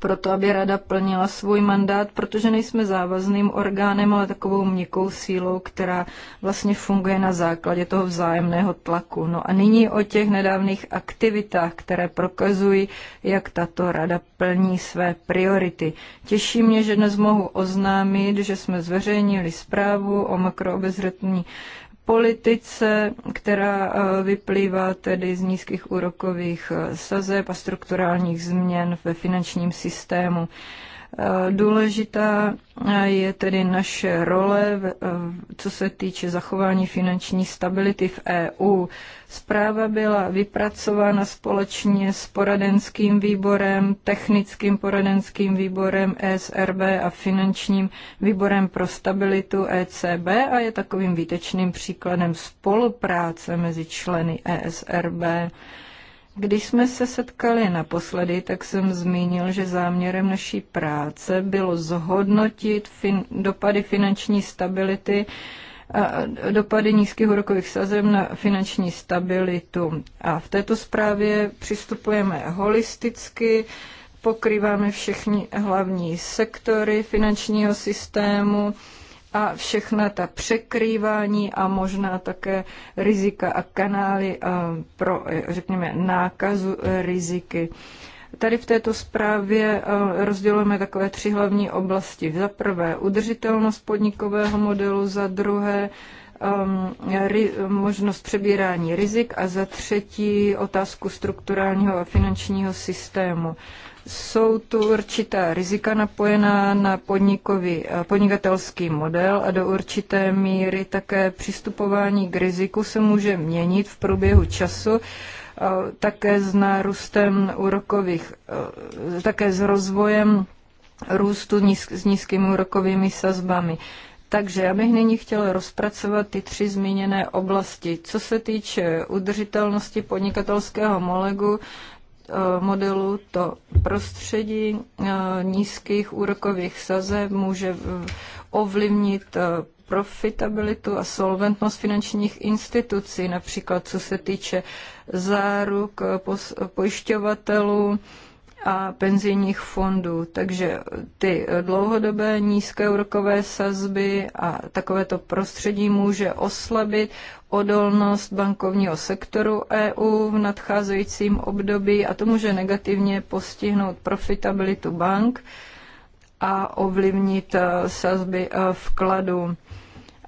proto, aby rada plnila svůj mandát, protože nejsme závazným orgánem, ale takovou měkkou sílou, která vlastně funguje na základě toho vzájemného tlaku. No a nyní o těch nedávných aktivitách, které prokazují, jak tato rada plní své priority. Těší mě, že dnes mohu oznámit, že jsme zveřejnili zprávu o makroobezřetní politice, která eh, vyplývá tedy z nízkých úrokových eh, sazeb a strukturálních změn ve finančním systému. Eh, důležitá eh, je tedy naše role, eh, co se týče zachování finanční stability v EU. Zpráva byla vypracována společně s poradenským výborem, technickým poradenským výborem ESRB a finančním výborem pro stabilitu ECB a je takovým výtečným příkladem spolupráce mezi členy ESRB. Když jsme se setkali naposledy, tak jsem zmínil, že záměrem naší práce bylo zhodnotit fin- dopady finanční stability a dopady nízkých úrokových sazeb na finanční stabilitu. A v této zprávě přistupujeme holisticky, pokrýváme všechny hlavní sektory finančního systému, a všechna ta překrývání a možná také rizika a kanály pro, řekněme, nákazu e, riziky. Tady v této zprávě e, rozdělujeme takové tři hlavní oblasti. Za prvé udržitelnost podnikového modelu, za druhé možnost přebírání rizik a za třetí otázku strukturálního a finančního systému. Jsou tu určitá rizika napojená na podnikový, eh, podnikatelský model a do určité míry také přistupování k riziku se může měnit v průběhu času eh, také s nárůstem úrokových, eh, také s rozvojem růstu nízk, s nízkými úrokovými sazbami. Takže já bych nyní chtěla rozpracovat ty tři zmíněné oblasti. Co se týče udržitelnosti podnikatelského molegu, Eh, modelu to prostředí eh, nízkých úrokových sazeb může eh, ovlivnit profitabilitu a solventnost finančních institucí, například co se týče záruk pojišťovatelů, a penzijních fondů. Takže ty dlouhodobé nízké úrokové sazby a takovéto prostředí může oslabit odolnost bankovního sektoru EU v nadcházejícím období a to může negativně postihnout profitabilitu bank a ovlivnit eh, sazby eh, vkladu.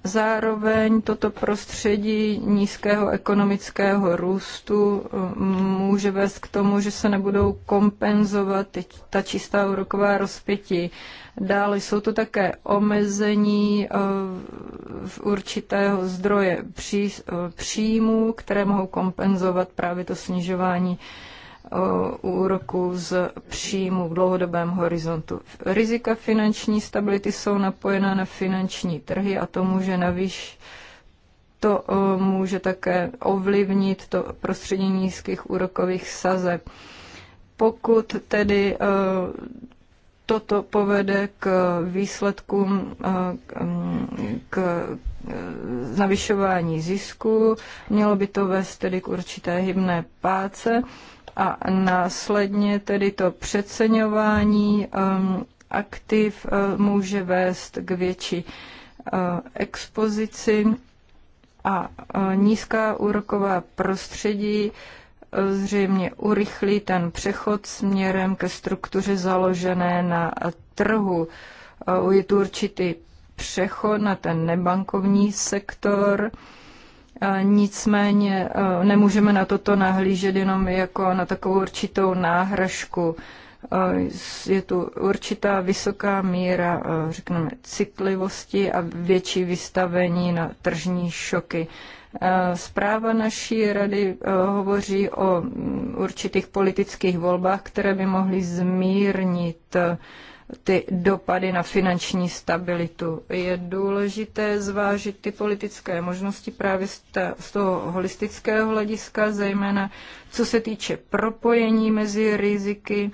Zároveň toto prostředí nízkého ekonomického růstu um, může vést k tomu, že se nebudou kompenzovat ta čistá úroková rozpětí. Dále jsou to také omezení uh, v určitého zdroje uh, příjmů, které mohou kompenzovat právě to snižování úroku z příjmu v dlouhodobém horizontu. Rizika finanční stability jsou napojena na finanční trhy a to může navíc to eh, může také ovlivnit to prostředí nízkých úrokových sazeb. Pokud tedy eh, toto povede k výsledkům, eh, k navyšování zisku, mělo by to vést tedy k určité hybné páce a následně tedy to přeceňování um, aktiv uh, může vést k větší uh, expozici a uh, nízká úroková prostředí zřejmě urychlí ten přechod směrem ke struktuře založené na trhu. Je tu určitý přechod na ten nebankovní sektor, Nicméně e, nemůžeme na toto nahlížet jenom jako na takovou určitou náhražku. E, je tu určitá vysoká míra, e, řekneme, citlivosti a větší vystavení na tržní šoky. Zpráva naší rady hovoří o určitých politických volbách, které by mohly zmírnit ty dopady na finanční stabilitu. Je důležité zvážit ty politické možnosti právě z toho holistického hlediska, zejména co se týče propojení mezi riziky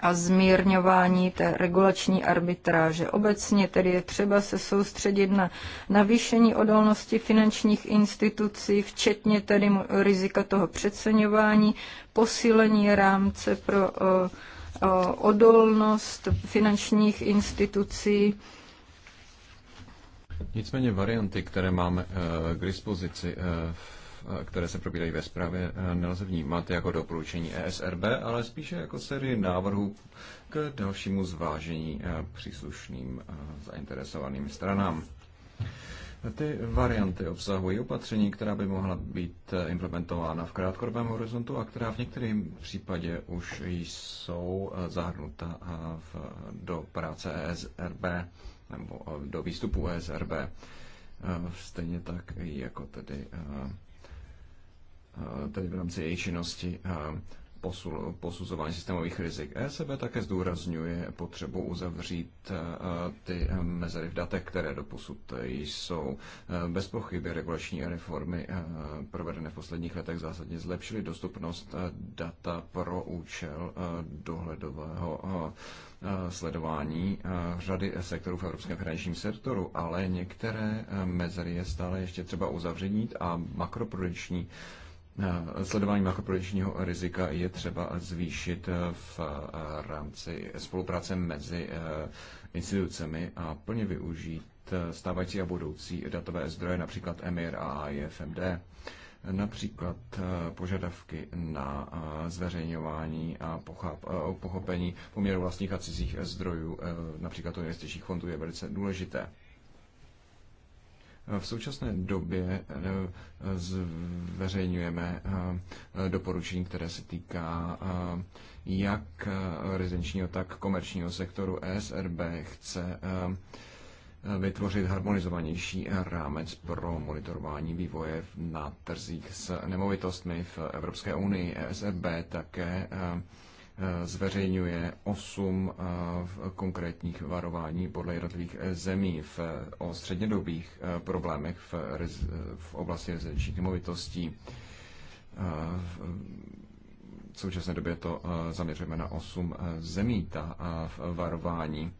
a zmírňování té regulační arbitráže. Obecně tedy je třeba se soustředit na navýšení odolnosti finančních institucí, včetně tedy rizika toho přeceňování, posílení rámce pro uh, odolnost finančních institucí. Nicméně varianty, které máme eh, k dispozici, eh, eh, které se probírají ve zprávě, nelze vnímat jako doporučení ESRB, ale spíše jako sérii návrhů k dalšímu zvážení příslušným zainteresovaným stranám. Ty varianty obsahují opatření, která by mohla být eh, implementována v krátkodobém horizontu a která v některém případě už jsou eh, zahrnuta eh, v, do práce ESRB nebo do výstupu ESRB. Stejně tak jako tedy tedy v rámci její činnosti posuzování systémových rizik. ESB také zdůrazňuje potřebu uzavřít e, ty mezery v datech, které doposud jsou. E, bez pochyby regulační reformy e, provedené v posledních letech zásadně zlepšily dostupnost data pro účel dohledového sledování řady sektorů v evropském finančním sektoru, ale některé mezery je stále ještě třeba uzavřenit a makroprudenční Eh, sledování makroprodičního rizika je třeba zvýšit eh, v eh, rámci spolupráce mezi institucemi a plně využít stávající a budoucí datové zdroje, například EMIR a IFMD například požadavky na zveřejňování a pochopení poměru vlastních a cizích zdrojů, například u investičních fondů, je velice důležité. V současné době eh, zveřejňujeme eh, doporučení, které se týká eh, jak rezidenčního, tak komerčního sektoru. ESRB chce vytvořit harmonizovanější rámec pro monitorování vývoje na trzích s nemovitostmi v Evropské unii. ESRB také Eh, zveřejňuje osm eh, konkrétních varování podle jednotlivých eh, zemí v, o střednědobých problémech v, v oblasti rezidenčních nemovitostí. V současné době to zaměřujeme na osm zemí, ta varování.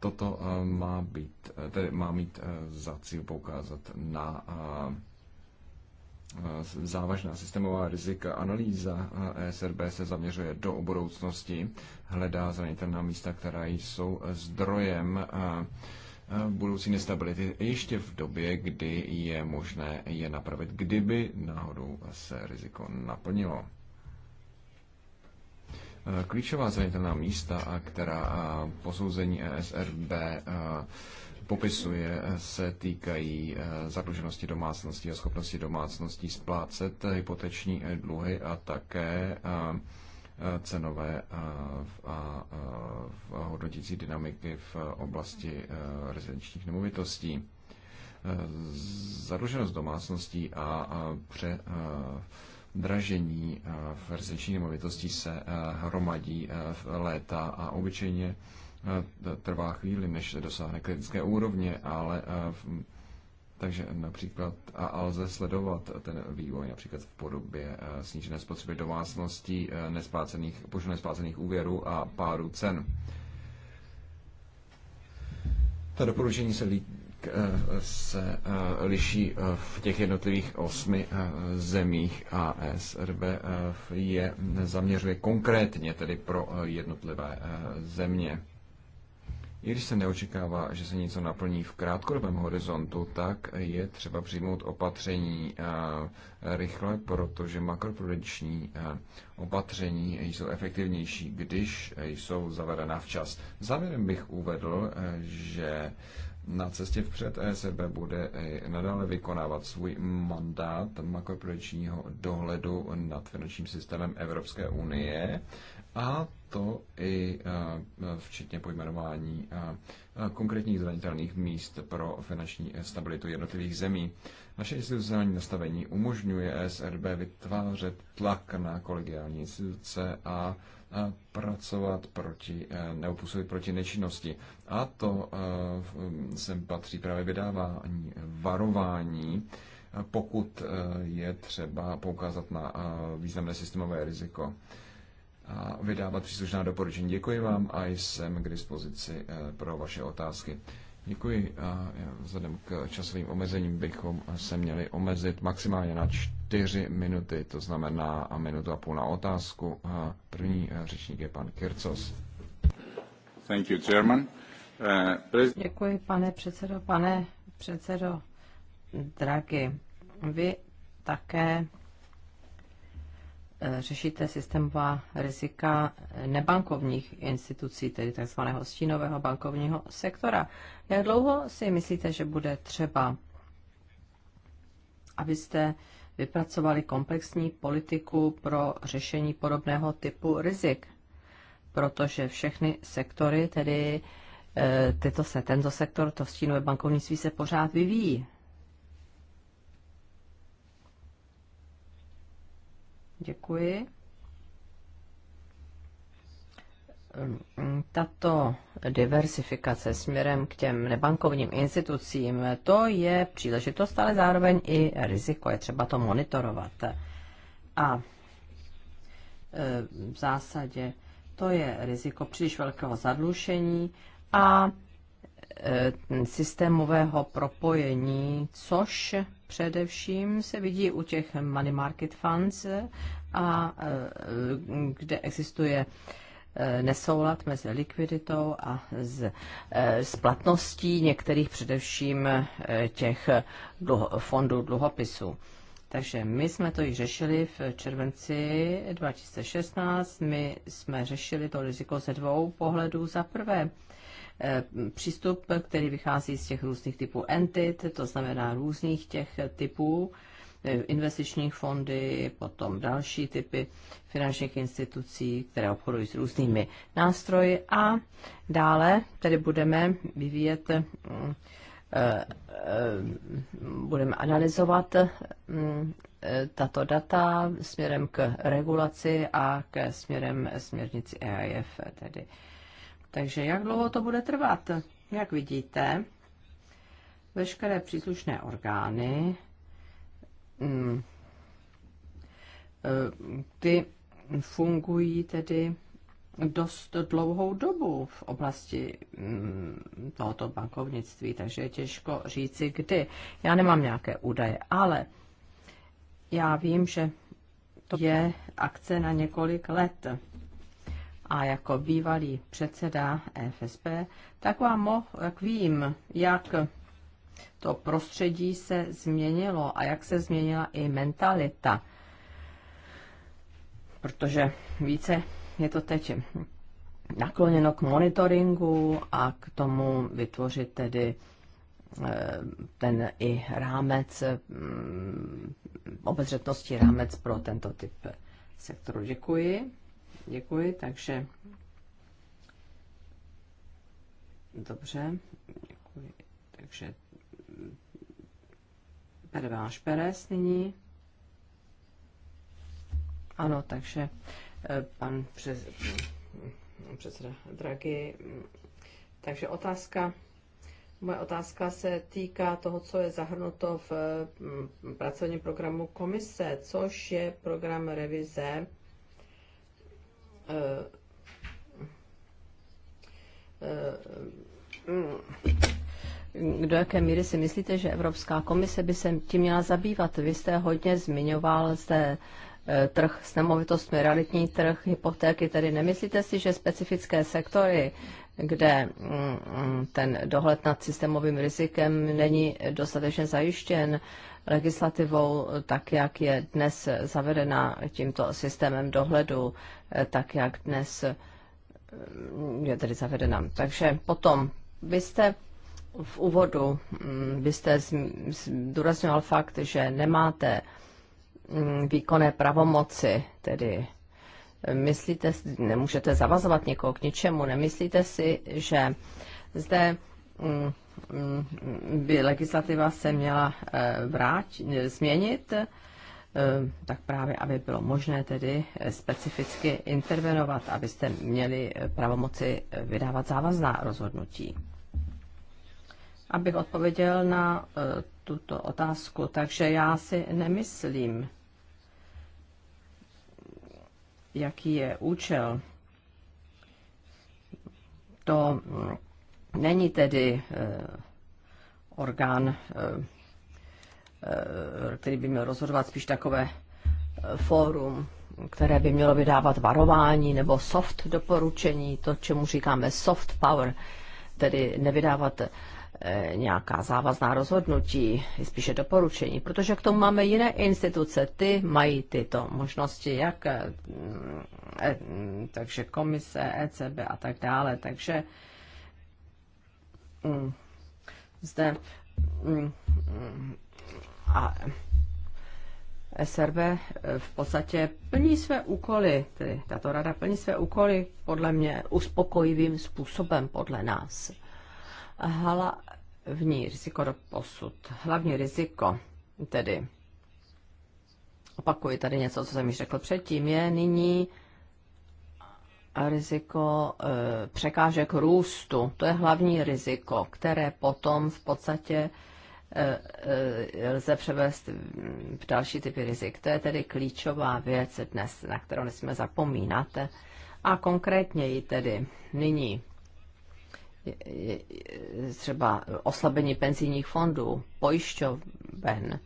Toto má, být, tedy má mít za cíl poukázat na Eh, závažná systémová rizika. Analýza ESRB eh, se zaměřuje do budoucnosti, hledá zranitelná místa, která jsou eh, zdrojem budoucí nestability ještě v době, kdy je možné je napravit, kdyby náhodou se riziko naplnilo. Klíčová zranitelná místa, která posouzení ESRB popisuje, eh, se týkají eh, zadluženosti domácností a schopnosti domácností splácet eh, hypoteční dluhy a také cenové a hodnotící dynamiky v oblasti rezidenčních nemovitostí. Zadluženost domácností a pře dražení v rezidenční nemovitosti se hromadí v léta a obyčejně Eh, trvá chvíli, než dosáhne kritické úrovně, ale eh, takže například a lze sledovat ten vývoj například v podobě eh, snížené spotřeby domácností, nesplácených, počtu úvěrů a páru cen. Ta doporučení se se liší v těch jednotlivých osmi zemích a SRB je zaměřuje konkrétně tedy pro jednotlivé země. I když se neočekává, že se něco naplní v krátkodobém horizontu, tak je třeba přijmout opatření rychle, protože makroprudenční opatření jsou efektivnější, když jsou zavedena včas. Závěrem bych uvedl, e, že na cestě vpřed ESB bude nadále vykonávat svůj mandát makroprudenčního dohledu nad finančním systémem Evropské unie a to i e, včetně pojmenování e, e, konkrétních zranitelných míst pro finanční stabilitu jednotlivých zemí. Naše institucionální nastavení umožňuje SRB vytvářet tlak na kolegiální instituce a pracovat proti, nebo proti nečinnosti. A to sem patří právě vydávání varování, pokud je třeba poukázat na významné systémové riziko a vydávat příslušná doporučení. Děkuji vám a jsem k dispozici eh, pro vaše otázky. Děkuji. A eh, vzhledem k časovým omezením bychom se měli omezit maximálně na čtyři minuty, to znamená a minutu a půl na otázku. A první eh, řečník je pan Kircos. Thank you, chairman. Uh, Děkuji, pane předsedo. Pane předsedo Draghi, vy také Eh, řešíte systémová rizika nebankovních institucí, tedy tzv. stínového bankovního sektora. Jak dlouho si myslíte, že bude třeba, abyste vypracovali komplexní politiku pro řešení podobného typu rizik? Protože všechny sektory, tedy eh, tyto se, tento sektor, to stínové bankovnictví se pořád vyvíjí. Děkuji. Tato diversifikace směrem k těm nebankovním institucím, to je příležitost, ale zároveň i riziko. Je třeba to monitorovat. A e, v zásadě to je riziko příliš velkého zadlušení a Eh, systémového propojení, což především se vidí u těch money market funds, a eh, kde existuje eh, nesoulad mezi likviditou a z, splatností některých především těch dluho, fondů dluhopisů. Takže my jsme to již řešili v červenci 2016. My jsme řešili to riziko ze dvou pohledů. Za prvé, Eh, přístup, který vychází z těch různých typů entit, to znamená různých těch typů eh, investiční fondy, potom další typy finančních institucí, které obchodují s různými nástroji a dále tedy budeme vyvíjet mm, eh, budeme analyzovat mm, tato data směrem k regulaci a k směrem směrnici EIF, tedy takže jak dlouho to bude trvat? Jak vidíte, veškeré příslušné orgány mm, eh, ty fungují tedy dost dlouhou dobu v oblasti mm, tohoto bankovnictví, takže je těžko říci, kdy. Já nemám nějaké údaje, ale já vím, že to je akce na několik let. A jako bývalý předseda FSP, tak vám mohl, jak vím, jak to prostředí se změnilo a jak se změnila i mentalita. Protože více je to teď nakloněno k monitoringu a k tomu vytvořit tedy eh, ten i rámec mm, obezřetnosti rámec pro tento typ sektoru. Děkuji. Děkuji, takže dobře, děkuji, takže váš Perez nyní. Ano, takže eh, pan přes, předseda Draghi. Takže otázka, moje otázka se týká toho, co je zahrnuto v mm, pracovním programu komise, což je program revize Eh, eh, mm, do jaké míry si myslíte, že Evropská komise by se tím měla zabývat? Vy jste hodně zmiňoval zde Eh, trh s nemovitostmi, realitní trh, hypotéky, tedy nemyslíte si, že specifické sektory, kde mm, mm, ten dohled nad systémovým rizikem není dostatečně zajištěn legislativou, tak jak je dnes zavedena tímto systémem dohledu, eh, tak jak dnes mm, je tedy zavedena. Takže potom byste v úvodu byste zdůrazňoval fakt, že nemáte Mm, výkonné pravomoci, tedy eh, myslíte, nemůžete zavazovat někoho k ničemu, nemyslíte si, že zde mm, mm, by legislativa se měla eh, vrátit, eh, změnit, tak právě, aby bylo možné tedy specificky intervenovat, abyste měli pravomoci vydávat závazná rozhodnutí. Abych odpověděl na tuto otázku, takže já si nemyslím, jaký je účel. To není tedy eh, orgán, eh, eh, který by měl rozhodovat spíš takové fórum, které by mělo vydávat varování nebo soft doporučení, to, čemu říkáme soft power, tedy nevydávat Eh, nějaká závazná rozhodnutí, spíše doporučení, protože k tomu máme jiné instituce, ty mají tyto možnosti, jak eh, eh, takže komise, ECB a tak dále, takže mm, zde mm, mm, a SRB v podstatě plní své úkoly, tedy tato rada plní své úkoly podle mě uspokojivým způsobem podle nás hlavní riziko do posud. Hlavní riziko, tedy opakuji tady něco, co jsem již řekl předtím, je nyní riziko e, překážek růstu. To je hlavní riziko, které potom v podstatě e, e, lze převést v další typy rizik. To je tedy klíčová věc dnes, na kterou nesmíme zapomínat. A konkrétně ji tedy nyní třeba oslabení penzijních fondů, pojišťoven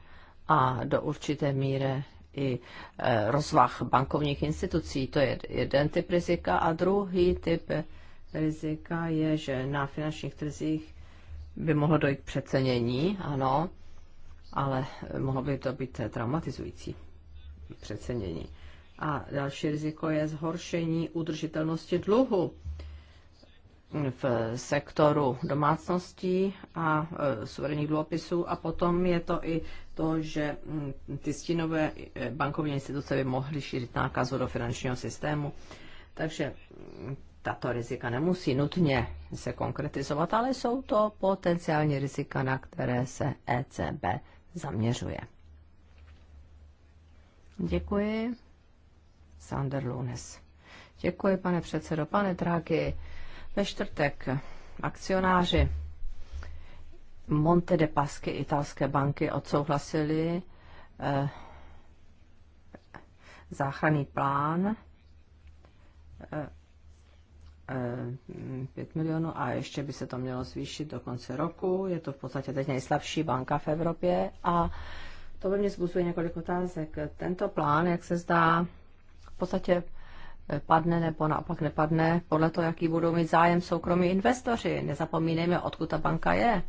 a do určité míry i e, rozvah bankovních institucí. To je jeden typ rizika. A druhý typ rizika je, že na finančních trzích by mohlo dojít k přecenění, ano, ale mohlo by to být traumatizující přecenění. A další riziko je zhoršení udržitelnosti dluhu v sektoru domácností a e, suverénních dluhopisů a potom je to i to, že mm, ty stínové e, bankovní instituce by mohly šířit nákazu do finančního systému. Takže mm, tato rizika nemusí nutně se konkretizovat, ale jsou to potenciální rizika, na které se ECB zaměřuje. Děkuji. Sander Lunes. Děkuji, pane předsedo. Pane Dráky, ve čtvrtek akcionáři Monte de Pasky italské banky odsouhlasili eh, záchranný plán eh, 5 eh, milionů a ještě by se to mělo zvýšit do konce roku. Je to v podstatě teď nejslabší banka v Evropě a to ve mně zbuzuje několik otázek. Tento plán, jak se zdá, v podstatě padne nebo naopak nepadne, podle toho, jaký budou mít zájem soukromí investoři. Nezapomínejme, odkud ta banka je.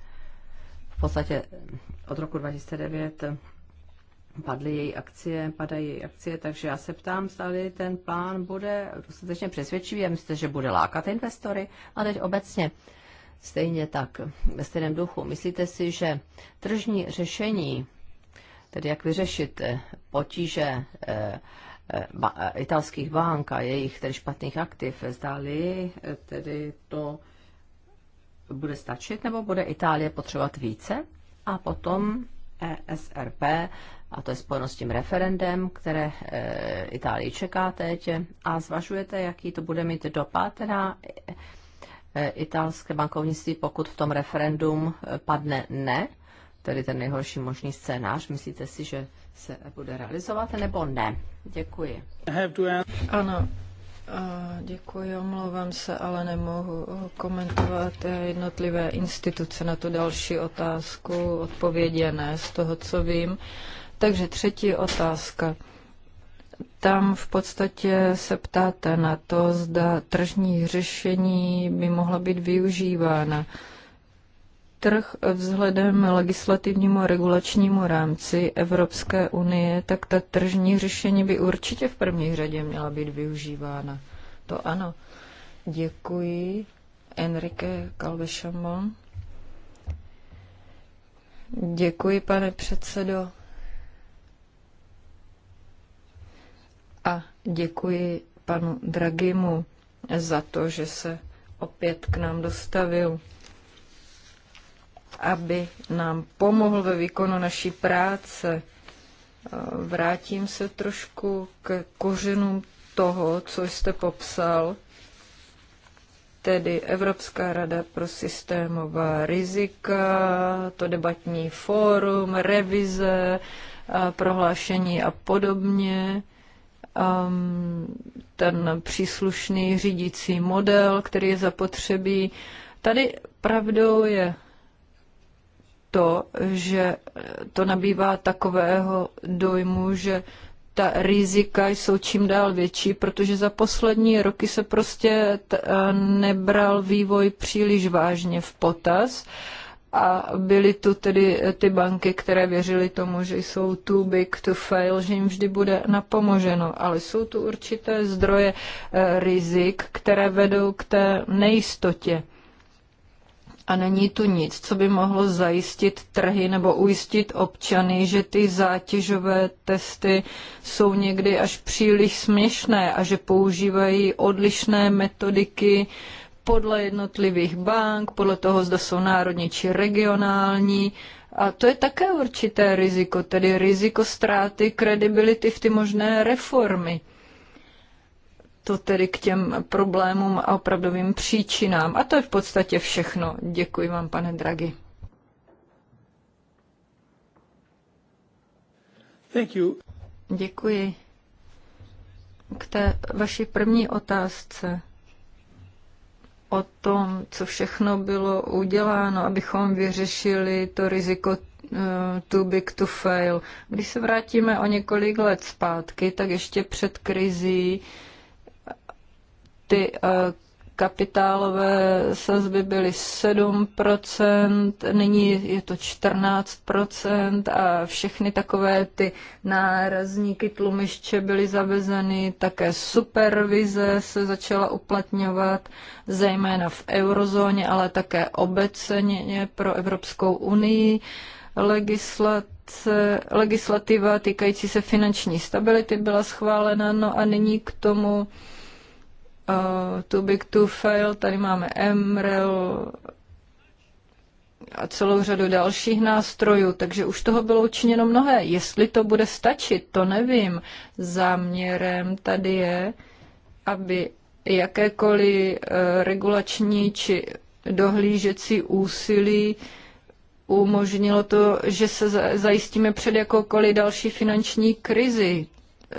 V podstatě eh, od roku 2009 eh, padly její akcie, padají její akcie, takže já se ptám, zdali ten plán bude dostatečně přesvědčivý. Já myslím, že bude lákat investory. A teď obecně stejně tak, ve stejném duchu. Myslíte si, že tržní řešení, tedy jak vyřešit eh, potíže eh, Eh, eh, italských bank a jejich tedy špatných aktiv, eh, zdali tedy to bude stačit, nebo bude Itálie potřebovat více? A potom ESRP, a to je spojeno s tím referendem, které Itálii čeká teď, a zvažujete, jaký to bude mít dopad na italské bankovnictví, pokud v tom referendum padne ne, tedy ten nejhorší možný scénář. Myslíte si, že se bude realizovat, nebo ne. Děkuji. Ano, děkuji, omlouvám se, ale nemohu komentovat jednotlivé instituce na tu další otázku odpověděné z toho, co vím. Takže třetí otázka. Tam v podstatě se ptáte na to, zda tržní řešení by mohla být využívána trh vzhledem legislativnímu a regulačnímu rámci Evropské unie, tak ta tržní řešení by určitě v první řadě měla být využívána. To ano. Děkuji. Enrique Calvešamon. Děkuji, pane předsedo. A děkuji panu Dragimu za to, že se opět k nám dostavil aby nám pomohl ve výkonu naší práce. E, vrátím se trošku k kořenům toho, co jste popsal, tedy Evropská rada pro systémová rizika, to debatní fórum, revize, e, prohlášení a podobně ehm, ten příslušný řídící model, který je zapotřebí. Tady pravdou je to, že to nabývá takového dojmu, že ta rizika jsou čím dál větší, protože za poslední roky se prostě eh, nebral vývoj příliš vážně v potaz a byly tu tedy eh, ty banky, které věřily tomu, že jsou too big to fail, že jim vždy bude napomoženo, ale jsou tu určité zdroje eh, rizik, které vedou k té nejistotě. A není tu nic, co by mohlo zajistit trhy nebo ujistit občany, že ty zátěžové testy jsou někdy až příliš směšné a že používají odlišné metodiky podle jednotlivých bank, podle toho, zda jsou národní či regionální. A to je také určité riziko, tedy riziko ztráty kredibility v ty možné reformy to tedy k těm problémům a opravdovým příčinám. A to je v podstatě všechno. Děkuji vám, pane Dragi. Thank you. Děkuji. K té vaší první otázce o tom, co všechno bylo uděláno, abychom vyřešili to riziko eh, too big to fail. Když se vrátíme o několik let zpátky, tak ještě před krizí ty eh, kapitálové sazby byly 7%, nyní je to 14% a všechny takové ty nárazníky tlumiště byly zavezeny, také supervize se začala uplatňovat, zejména v eurozóně, ale také obecně pro Evropskou unii. Legislat, legislativa týkající se finanční stability byla schválena, no a nyní k tomu Eh, too Big to Fail, tady máme MREL a celou řadu dalších nástrojů, takže už toho bylo učiněno mnohé. Jestli to bude stačit, to nevím. Záměrem tady je, aby jakékoliv eh, regulační či dohlížecí úsilí umožnilo to, že se zajistíme před jakoukoliv další finanční krizi.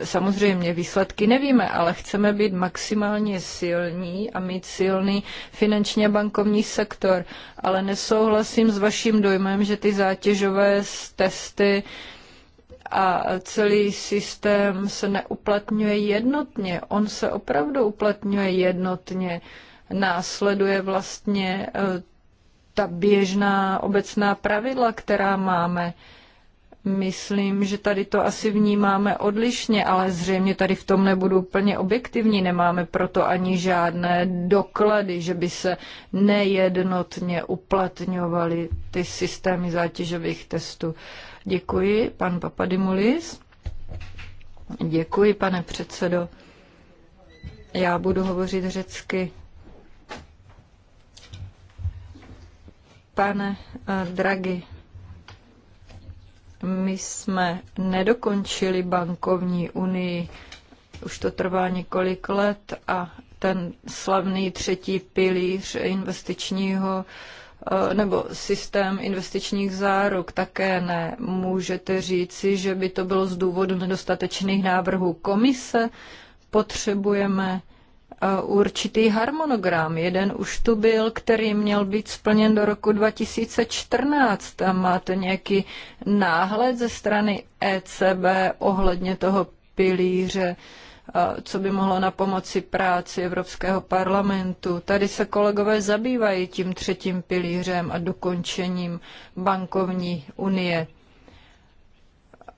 Samozřejmě výsledky nevíme, ale chceme být maximálně silní a mít silný finančně bankovní sektor. Ale nesouhlasím s vaším dojmem, že ty zátěžové testy a celý systém se neuplatňuje jednotně. On se opravdu uplatňuje jednotně. Následuje vlastně eh, ta běžná obecná pravidla, která máme. Myslím, že tady to asi vnímáme odlišně, ale zřejmě tady v tom nebudu úplně objektivní. Nemáme proto ani žádné doklady, že by se nejednotně uplatňovaly ty systémy zátěžových testů. Děkuji, pan Papadimulis. Děkuji, pane předsedo. Já budu hovořit řecky. Pane eh, Dragi, my jsme nedokončili bankovní unii, už to trvá několik let a ten slavný třetí pilíř investičního eh, nebo systém investičních záruk také ne. Můžete říci, že by to bylo z důvodu nedostatečných návrhů komise. Potřebujeme určitý harmonogram. Jeden už tu byl, který měl být splněn do roku 2014. Tam máte nějaký náhled ze strany ECB ohledně toho pilíře, co by mohlo na pomoci práci Evropského parlamentu. Tady se kolegové zabývají tím třetím pilířem a dokončením bankovní unie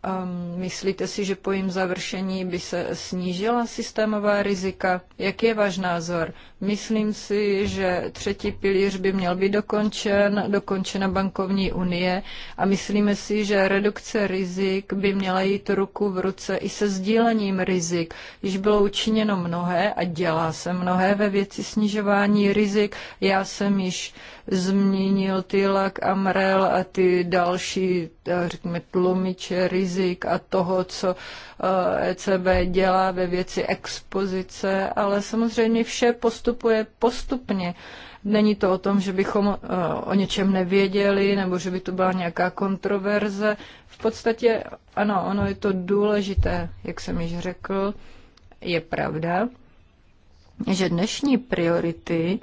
um, myslíte si, že po jejím završení by se snížila systémová rizika? Jak je váš názor? Myslím si, že třetí pilíř by měl být dokončen, dokončena bankovní unie a myslíme si, že redukce rizik by měla jít ruku v ruce i se sdílením rizik. Již bylo učiněno mnohé a dělá se mnohé ve věci snižování rizik. Já jsem již uh, zmínil Tilak, Amrel a ty další, eh, řekněme, tlumiče rizik a toho, co ECB eh, e dělá ve věci expozice, ale samozřejmě vše postupuje postupně. Není to o tom, že bychom eh, o něčem nevěděli nebo že by to byla nějaká kontroverze. V podstatě ano, ono je to důležité, jak jsem již řekl, je pravda, že dnešní priority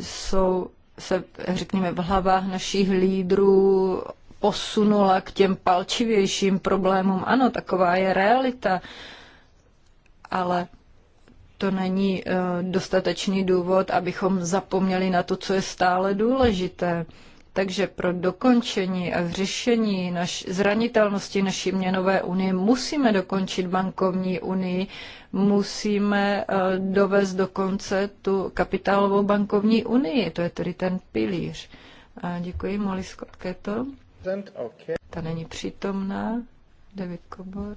jsou se, řekněme, v hlavách našich lídrů posunula k těm palčivějším problémům. Ano, taková je realita, ale to není eh, dostatečný důvod, abychom zapomněli na to, co je stále důležité. Takže pro dokončení a řešení naš, zranitelnosti naší měnové unie musíme dokončit bankovní unii, musíme eh, dovést do konce tu kapitálovou bankovní unii. To je tedy ten pilíř. A děkuji, Molly Scott Keto. Ta není přítomná. David Kobor.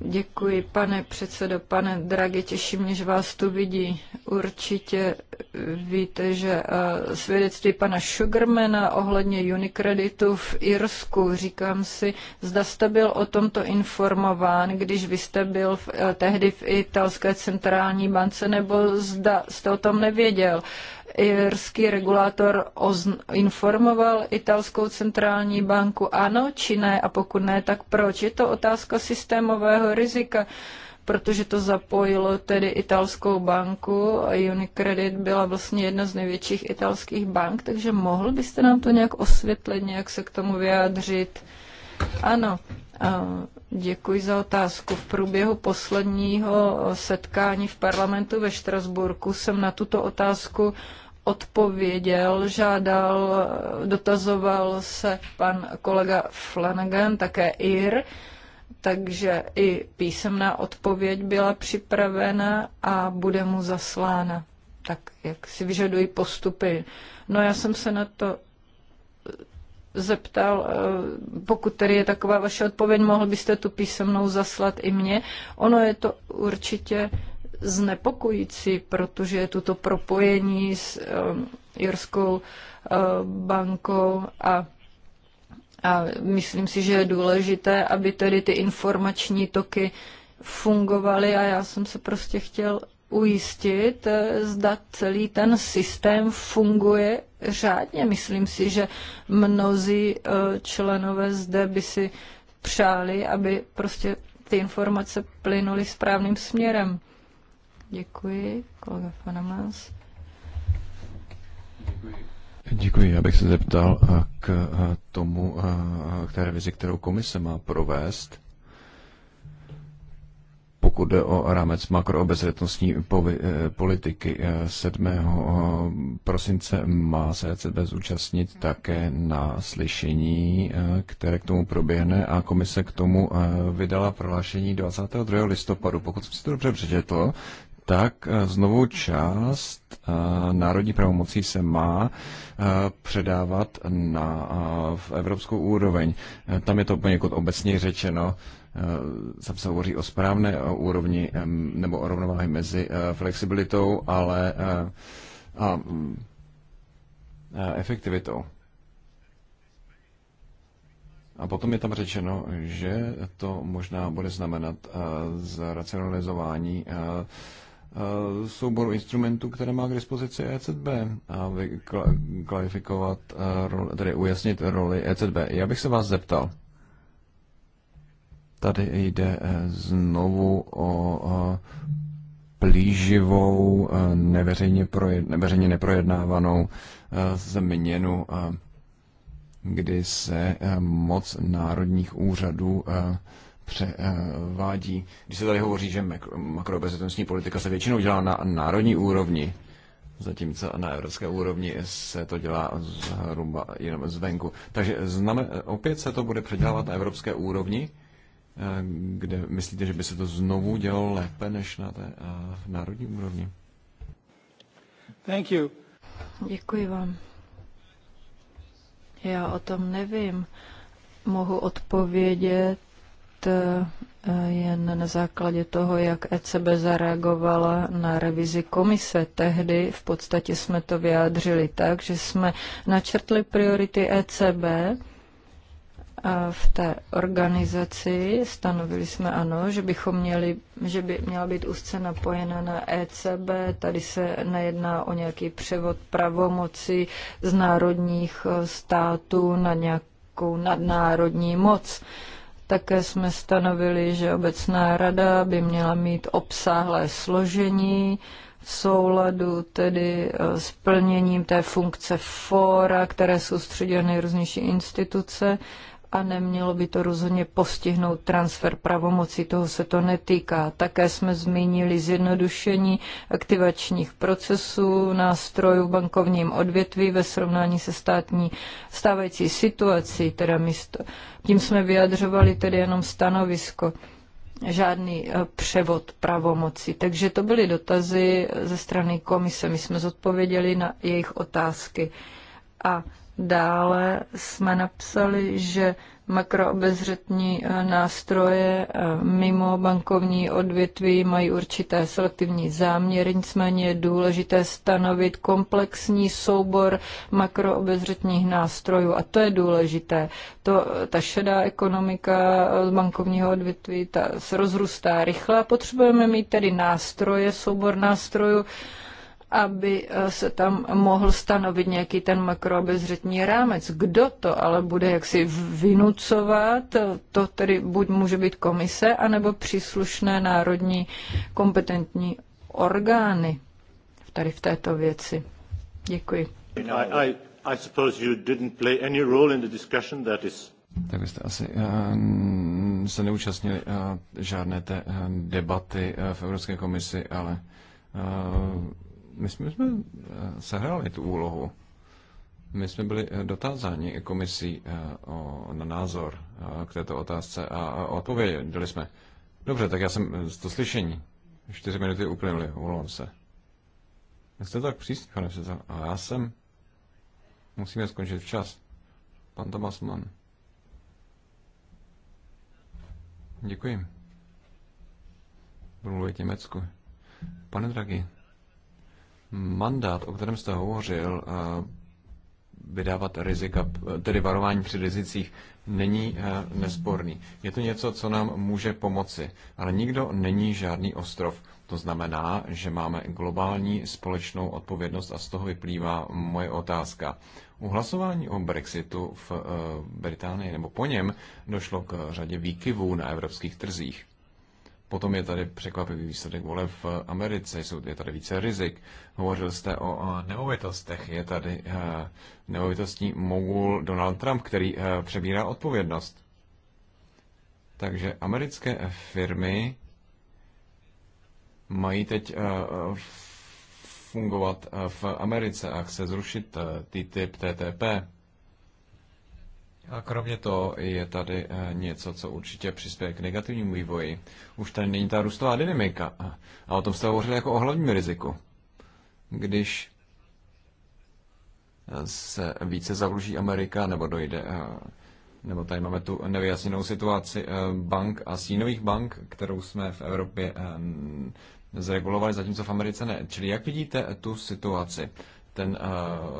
Děkuji, pane předsedo, pane Draghi, těší mě, že vás tu vidí. Určitě eh, víte, že eh, svědectví pana Sugarmana ohledně Unicreditu v Irsku, říkám si, zda jste byl o tomto informován, když vy jste byl v, eh, tehdy v italské centrální bance, nebo zda jste o tom nevěděl irský regulátor informoval italskou centrální banku ano či ne a pokud ne, tak proč? Je to otázka systémového rizika protože to zapojilo tedy italskou banku a Unicredit byla vlastně jedna z největších italských bank, takže mohl byste nám to nějak osvětlit, nějak se k tomu vyjádřit? Ano, Děkuji za otázku. V průběhu posledního setkání v parlamentu ve Štrasburku jsem na tuto otázku odpověděl, žádal, dotazoval se pan kolega Flanagan, také IR, takže i písemná odpověď byla připravena a bude mu zaslána, tak jak si vyžadují postupy. No já jsem se na to zeptal, eh, pokud tedy je taková vaše odpověď, mohl byste tu písemnou zaslat i mně. Ono je to určitě znepokojící, protože je tuto propojení s Jirskou eh, eh, bankou a a myslím si, že je důležité, aby tedy ty informační toky fungovaly a já jsem se prostě chtěl ujistit, eh, zda celý ten systém funguje řádně. Myslím si, že mnozí eh, členové zde by si přáli, aby prostě ty informace plynuly správným směrem. Děkuji, kolega Fanamans. Děkuji. Já bych se zeptal eh, k tomu, k té revizi, kterou komise má provést pokud jde o rámec makroobezřetnostní eh, politiky 7. Eh, eh, prosince má se ECB zúčastnit také na slyšení, které k tomu proběhne a komise k tomu vydala prohlášení 22. listopadu. Pokud jsem si to dobře přečetl, tak znovu část národní pravomocí se má předávat na v evropskou úroveň. Tam je to poněkud obecně řečeno se, eh, se hovoří o správné úrovni nebo o rovnováhy mezi eh, flexibilitou, ale eh, a efektivitou. A potom je tam řečeno, že to možná bude znamenat zracionalizování souboru instrumentů, které má k dispozici ECB a vyklarifikovat, tedy ujasnit roli ECB. Já bych se vás zeptal, Tady jde eh, znovu o plíživou, eh, neveřejně, projed, neveřejně neprojednávanou eh, změnu, kdy se moc národních úřadů převádí. Když se tady hovoří, že makroobezitnostní politika se většinou dělá na národní úrovni, zatímco na evropské úrovni se to dělá zhruba jenom zvenku. Takže znamen, opět se to bude předělávat na evropské úrovni, Eh, kde myslíte, že by se to znovu dělalo lépe než na té eh, národní úrovni? Thank you. Děkuji vám. Já o tom nevím. Mohu odpovědět eh, jen na základě toho, jak ECB zareagovala na revizi komise. Tehdy v podstatě jsme to vyjádřili tak, že jsme načrtli priority ECB v té organizaci stanovili jsme ano, že bychom měli, že by měla být úzce napojena na ECB. Tady se nejedná o nějaký převod pravomoci z národních e, států na nějakou nadnárodní moc. Také jsme stanovili, že obecná rada by měla mít obsáhlé složení, v souladu tedy e, s plněním té funkce fóra, které soustředí nejrůznější instituce a nemělo by to rozhodně postihnout transfer pravomoci, toho se to netýká. Také jsme zmínili zjednodušení aktivačních procesů, nástrojů v bankovním odvětví ve srovnání se státní stávající situací, teda místo. Tím jsme vyjadřovali tedy jenom stanovisko žádný eh, převod pravomoci. Takže to byly dotazy ze strany komise. My jsme zodpověděli na jejich otázky. A Dále jsme napsali, že makroobezřetní eh, nástroje eh, mimo bankovní odvětví mají určité selektivní záměry, nicméně je důležité stanovit komplexní soubor makroobezřetních nástrojů a to je důležité. To, ta šedá ekonomika z bankovního odvětví ta se rozrůstá rychle a potřebujeme mít tedy nástroje, soubor nástrojů, aby eh, se tam mohl stanovit nějaký ten makroobezřetní rámec. Kdo to ale bude jaksi vynucovat, to tedy buď může být komise, anebo příslušné národní kompetentní orgány tady v této věci. Děkuji. I, I suppose you didn't play any role in the discussion that is tak byste asi uh, se neúčastnili uh, žádné té debaty uh, v Evropské komisi, ale uh, my jsme, jsme eh, sehráli tu úlohu. My jsme byli eh, dotázáni komisí eh, o, na názor k této otázce a odpověděli jsme. Dobře, tak já jsem z to slyšení. Čtyři minuty uplynuly, volám se. Jste tak přísný, pane předsedo. A já jsem. Musíme skončit včas. Pan Tomas Mann. Děkuji. Budu mluvit Německu. Pane Dragi, Mandát, o kterém jste hovořil, eh, vydávat rizika, tedy varování při rizicích, není eh, nesporný. Je to něco, co nám může pomoci, ale nikdo není žádný ostrov. To znamená, že máme globální společnou odpovědnost a z toho vyplývá moje otázka. U hlasování o Brexitu v eh, Británii nebo po něm došlo k řadě výkyvů na evropských trzích. Potom je tady překvapivý výsledek voleb v Americe, jsou, je tady více rizik. Hovořil jste o nemovitostech, je tady eh, nemovitostní mogul Donald Trump, který eh, přebírá odpovědnost. Takže americké firmy mají teď eh, fungovat v Americe a chce zrušit TTIP, TTP. A kromě toho je tady eh, něco, co určitě přispěje k negativnímu vývoji. Už tady není ta růstová dynamika. Eh, a o tom jste hovořili jako o hlavním riziku. Když eh, se více zadluží Amerika, nebo dojde, nebo tady máme tu nevyjasněnou situaci bank a sínových bank, kterou jsme v Evropě zregulovali, zatímco v Americe ne. Čili jak vidíte tu situaci? ten eh,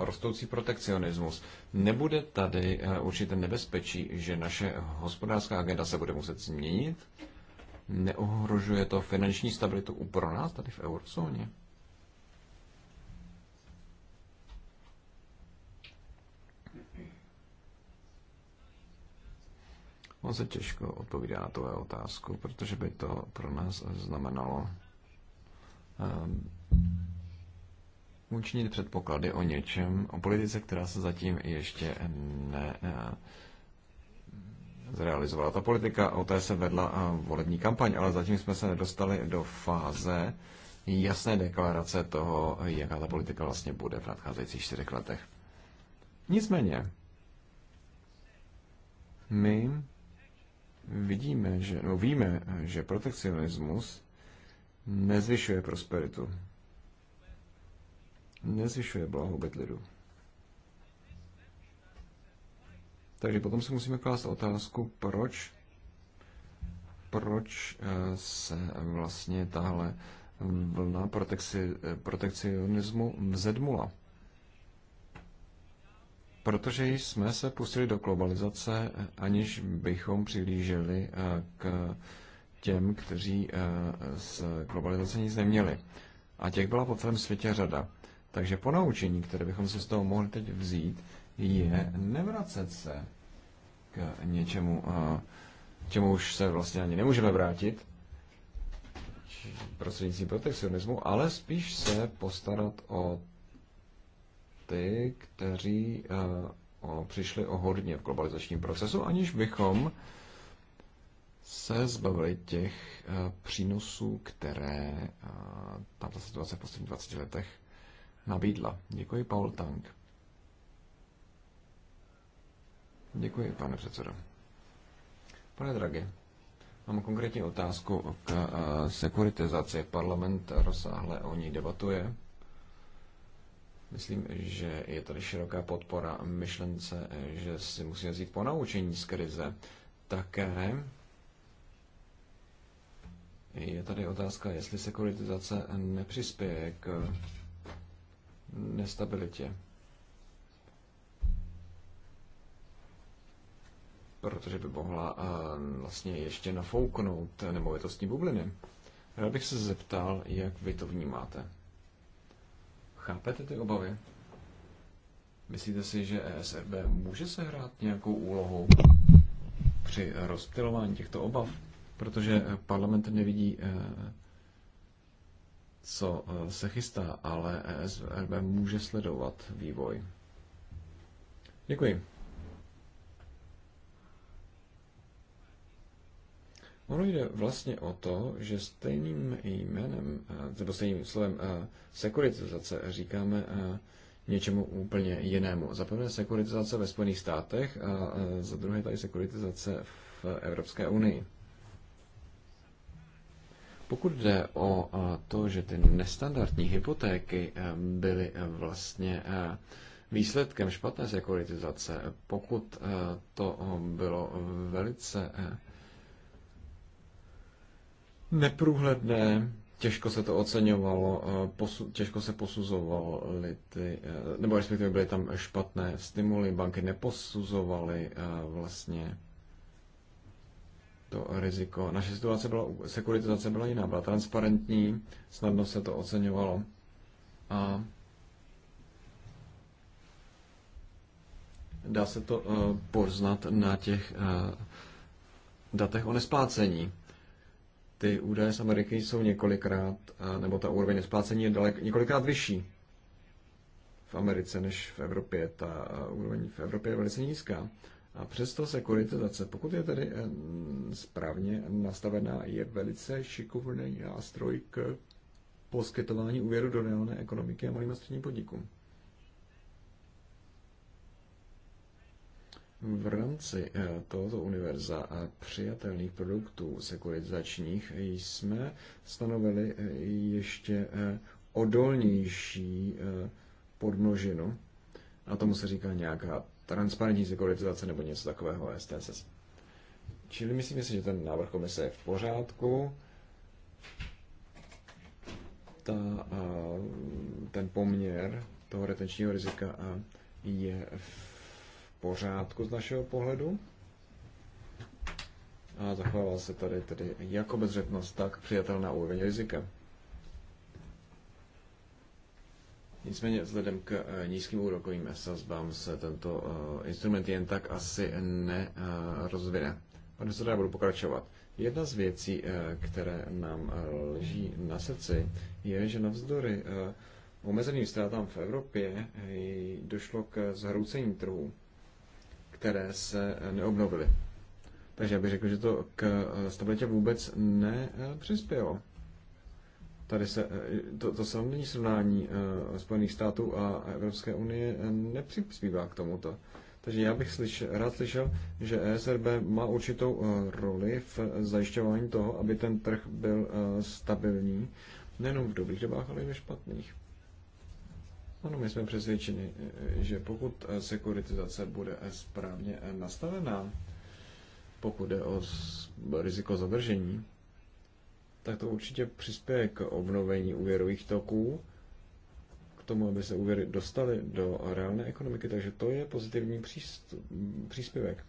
rostoucí protekcionismus. Nebude tady eh, určitě nebezpečí, že naše hospodářská agenda se bude muset změnit? Neohrožuje to finanční stabilitu pro nás tady v eurozóně? On se těžko odpovídá na tuhle otázku, protože by to pro nás znamenalo eh, učinit předpoklady o něčem, o politice, která se zatím ještě ne, eh, zrealizovala. Ta politika, o té se vedla eh, volební kampaň, ale zatím jsme se nedostali do fáze jasné deklarace toho, jaká ta politika vlastně bude v nadcházejících čtyřech letech. Nicméně, my vidíme, že, no víme, že protekcionismus nezvyšuje prosperitu nezvyšuje blahobyt lidu. Takže potom si musíme klást otázku, proč, proč eh, se vlastně tahle vlna protekci, protekcionismu vzedmula. Protože jsme se pustili do globalizace, aniž bychom přihlíželi eh, k těm, kteří eh, z globalizace nic neměli. A těch byla po celém světě řada. Takže ponaučení, které bychom si z toho mohli teď vzít, je nevracet se k něčemu, eh, čemu už se vlastně ani nemůžeme vrátit, prostřednictvím protekcionismu, ale spíš se postarat o ty, kteří eh, o, přišli o hodně v globalizačním procesu, aniž bychom se zbavili těch eh, přínosů, které tato situace v posledních 20 letech nabídla. Děkuji, Paul Tank. Děkuji, pane předsedo. Pane Dragi, mám konkrétní otázku k eh, sekuritizaci. Parlament rozsáhle o ní debatuje. Myslím, že je tady široká podpora myšlence, že si musíme vzít po naučení z krize. Také je tady otázka, jestli sekuritizace nepřispěje k nestabilitě. Protože by mohla eh, vlastně ještě nafouknout nemovitostní bubliny. Rád bych se zeptal, jak vy to vnímáte. Chápete ty obavy? Myslíte si, že ESRB může sehrát nějakou úlohu při rozptylování těchto obav? Protože eh, parlament nevidí eh, co eh, se chystá, ale ESRB může sledovat vývoj. Děkuji. Ono jde vlastně o to, že stejným jménem, eh, nebo stejným slovem eh, sekuritizace říkáme něčemu úplně jinému. Za prvé sekuritizace ve Spojených státech a za druhé tady sekuritizace v Evropské unii. Pokud jde o to, že ty nestandardní hypotéky e, byly e, vlastně e, výsledkem špatné sekuritizace, pokud to bylo velice neprůhledné, těžko se to oceňovalo, posu, těžko se posuzovaly ty, nebo respektive byly tam špatné stimuly, banky neposuzovaly vlastně to riziko. Naše situace byla, sekuritizace byla jiná, byla transparentní, snadno se to oceňovalo a dá se to eh, poznat na těch eh, datech o nesplácení. Ty údaje z Ameriky jsou několikrát, eh, nebo ta úroveň nesplácení je dalek, několikrát vyšší v Americe než v Evropě. Ta úroveň v Evropě je velice nízká. A přesto se sekuritizace, pokud je tedy eh, správně nastavená, je velice šikovný nástroj k poskytování úvěru do reálné ekonomiky a malým a středním podnikům. V rámci eh, tohoto univerza a přijatelných produktů sekuritizačních jsme stanovili eh, ještě odolnější podmnožinu, a tomu se říká nějaká transparentní sekuritizace nebo něco takového STSS. Čili myslím si, že ten návrh komise je v pořádku. Ta, ten poměr toho retenčního rizika je v pořádku z našeho pohledu. A zachovává se tady tedy jak bezřetnost, tak přijatelná úroveň rizika. Nicméně vzhledem k eh, nízkým úrokovým sazbám se tento eh, instrument jen tak asi nerozvine. Pane Sodra, budu pokračovat. Jedna z věcí, eh, které nám leží na srdci, je, že navzdory omezeným ztrátám v Evropě došlo k zhroucení trhů, které se neobnovily. Takže já bych řekl, že to k stabilitě vůbec nepřispělo. Tady se, eh, to, to samotné srovnání eh, Spojených států a Evropské unie eh, nepřispívá k tomuto. Takže já bych slyš, rád slyšel, že ESRB má určitou roli v zajišťování toho, aby ten trh byl stabilní, nejenom v dobrých dobách, ale i ve špatných. Ano, my jsme přesvědčeni, že pokud sekuritizace bude správně nastavená, pokud je o riziko zadržení, tak to určitě přispěje k obnovení úvěrových toků, k tomu, aby se úvěry dostaly do reálné ekonomiky. Takže to je pozitivní příspěvek.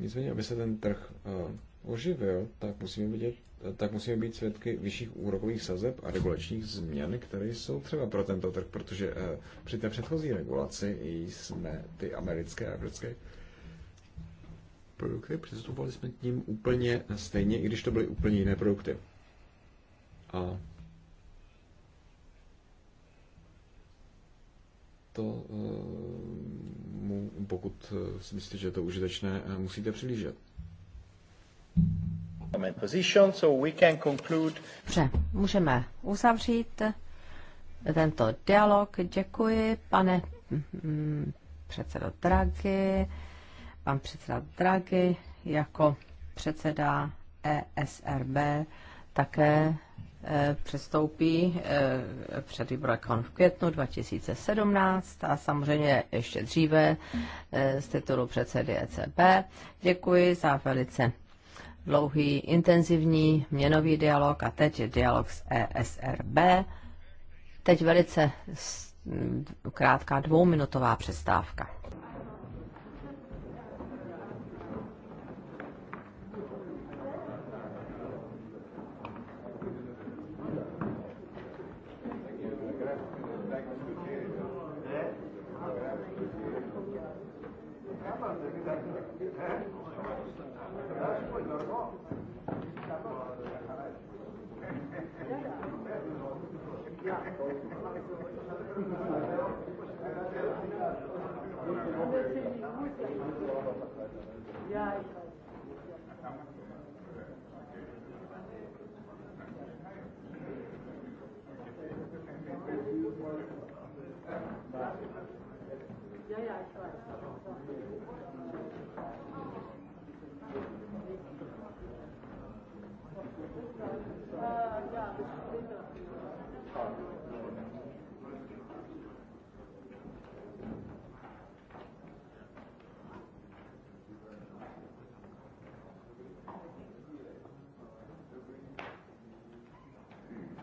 Nicméně, aby se ten trh eh, oživil, tak musíme, vidět, eh, tak musíme být svědky vyšších úrokových sazeb a regulačních změn, které jsou třeba pro tento trh, protože eh, při té předchozí regulaci jsme ty americké a evropské produkty, přistupovali jsme k ním úplně stejně, i když to byly úplně jiné produkty. A to, eh, pokud eh, si myslíte, že je to užitečné, eh, musíte přilížet. Dobře, můžeme uzavřít tento dialog. Děkuji, pane mm, předsedo Draghi pan předseda Draghi jako předseda ESRB také e, přestoupí e, před Vibrakon v květnu 2017 a samozřejmě ještě dříve e, z titulu předsedy ECB. Děkuji za velice dlouhý, intenzivní měnový dialog a teď dialog s ESRB. Teď velice krátká dvouminutová přestávka.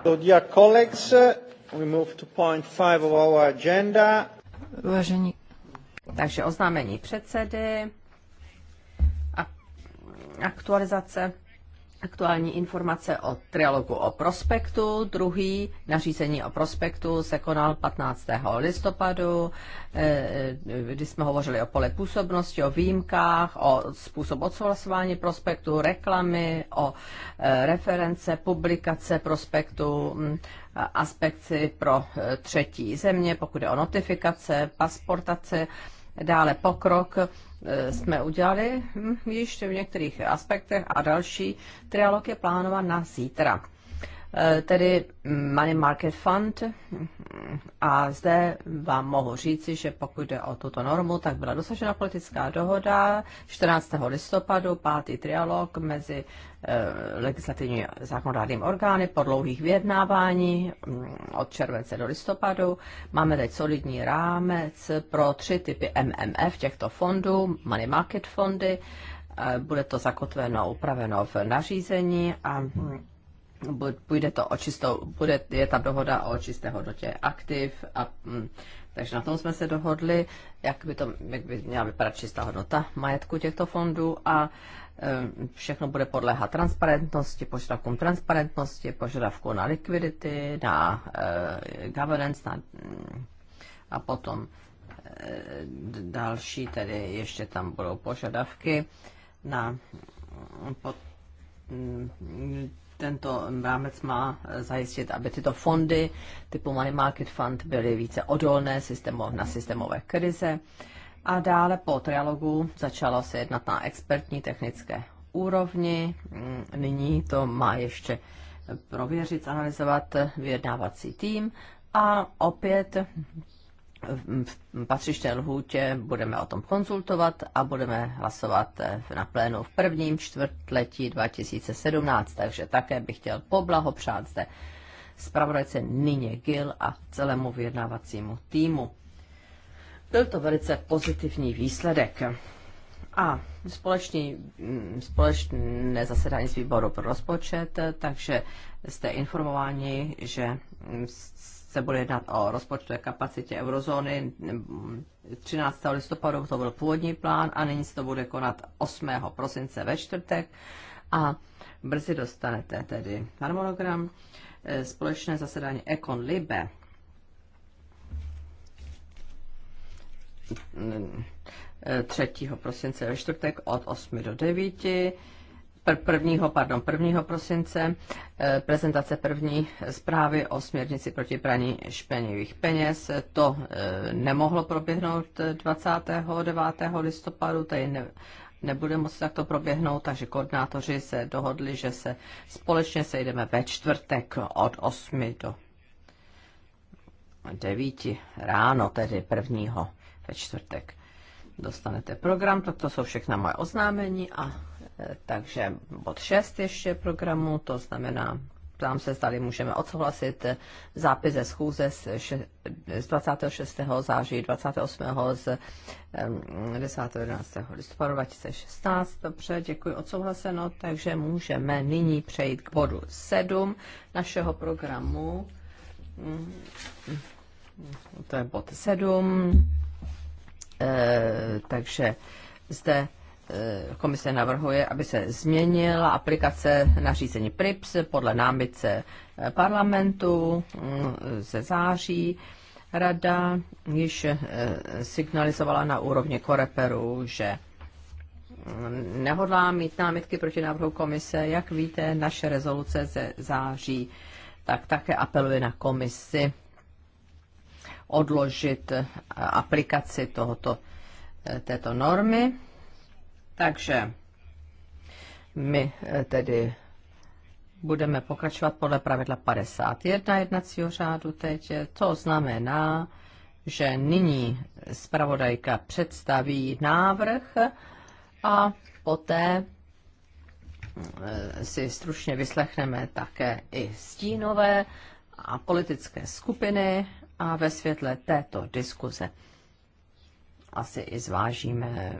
we move to point five of our agenda. Vážení. Takže oznámení předsedy a aktualizace aktuální informace o trialogu o prospektu. Druhý nařízení o prospektu se konal 15. listopadu, eh, kdy jsme hovořili o pole působnosti, o výjimkách, o způsob odsouhlasování prospektu, reklamy, o eh, reference, publikace prospektu, hm, aspekty pro eh, třetí země, pokud je o notifikace, pasportace, dále pokrok Eh, jsme udělali hm, již v některých aspektech a další trialog je plánován na zítra. Eh, tedy Money Market Fund. A zde vám mohu říci, že pokud jde o tuto normu, tak byla dosažena politická dohoda 14. listopadu, pátý trialog mezi eh, legislativní zákonodárným orgány po dlouhých vyjednávání mm, od července do listopadu. Máme teď solidní rámec pro tři typy MMF těchto fondů, money market fondy, eh, bude to zakotveno, upraveno v nařízení a mm, půjde to o čistou, bude, je ta dohoda o čisté hodnotě aktiv a mm, takže na tom jsme se dohodli, jak by, to, jak by měla vypadat čistá hodnota majetku těchto fondů a e, všechno bude podléhat transparentnosti, požadavkům transparentnosti, požadavku na likvidity, na e, governance na, mm, a potom e, další, tedy ještě tam budou požadavky na mm, tento rámec má zajistit, aby tyto fondy typu Money Market Fund byly více odolné systémo, na systémové krize. A dále po trialogu začalo se jednat na expertní technické úrovni. Nyní to má ještě prověřit, analyzovat vyjednávací tým. A opět v patřičné lhůtě budeme o tom konzultovat a budeme hlasovat eh, na plénu v prvním čtvrtletí 2017. Takže také bych chtěl poblahopřát zde zpravodajce Nyně Gil a celému vyjednávacímu týmu. Byl to velice pozitivní výsledek. A společný, mm, společné zasedání z výboru pro rozpočet, eh, takže jste informováni, že se bude jednat o rozpočtové kapacitě eurozóny 13. listopadu, to byl původní plán, a nyní se to bude konat 8. prosince ve čtvrtek a brzy dostanete tedy harmonogram eh, společné zasedání Econ Libe. Eh, třetího prosince ve čtvrtek od 8 do 9 prvního, pardon, prvního prosince eh, prezentace první zprávy o směrnici proti praní špenivých peněz. To eh, nemohlo proběhnout 29. Eh, listopadu, tady ne, nebude moci takto proběhnout, takže koordinátoři se dohodli, že se společně sejdeme ve čtvrtek od 8 do 9 ráno, tedy prvního ve čtvrtek. Dostanete program, tak to jsou všechna moje oznámení a takže bod 6 ještě programu, to znamená, ptám se, zdali můžeme odsouhlasit zápis ze schůze z 26. září, 28. z 10. 11. listopadu 2016. Dobře, děkuji, odsouhlaseno, takže můžeme nyní přejít k bodu 7 našeho programu. Mm, to je bod 7. Eh, takže zde Eh, komise navrhuje, aby se změnila aplikace nařízení PRIPS podle námitce eh, parlamentu mm, ze září. Rada již eh, signalizovala na úrovni koreperu, že mm, nehodlá mít námitky proti návrhu komise. Jak víte, naše rezoluce ze září tak také apeluje na komisi odložit aplikaci tohoto, této normy takže my eh, tedy budeme pokračovat podle pravidla 51 jednacího řádu teď. To eh, znamená, že nyní zpravodajka představí návrh a poté eh, si stručně vyslechneme také i stínové a politické skupiny a ve světle této diskuze asi i zvážíme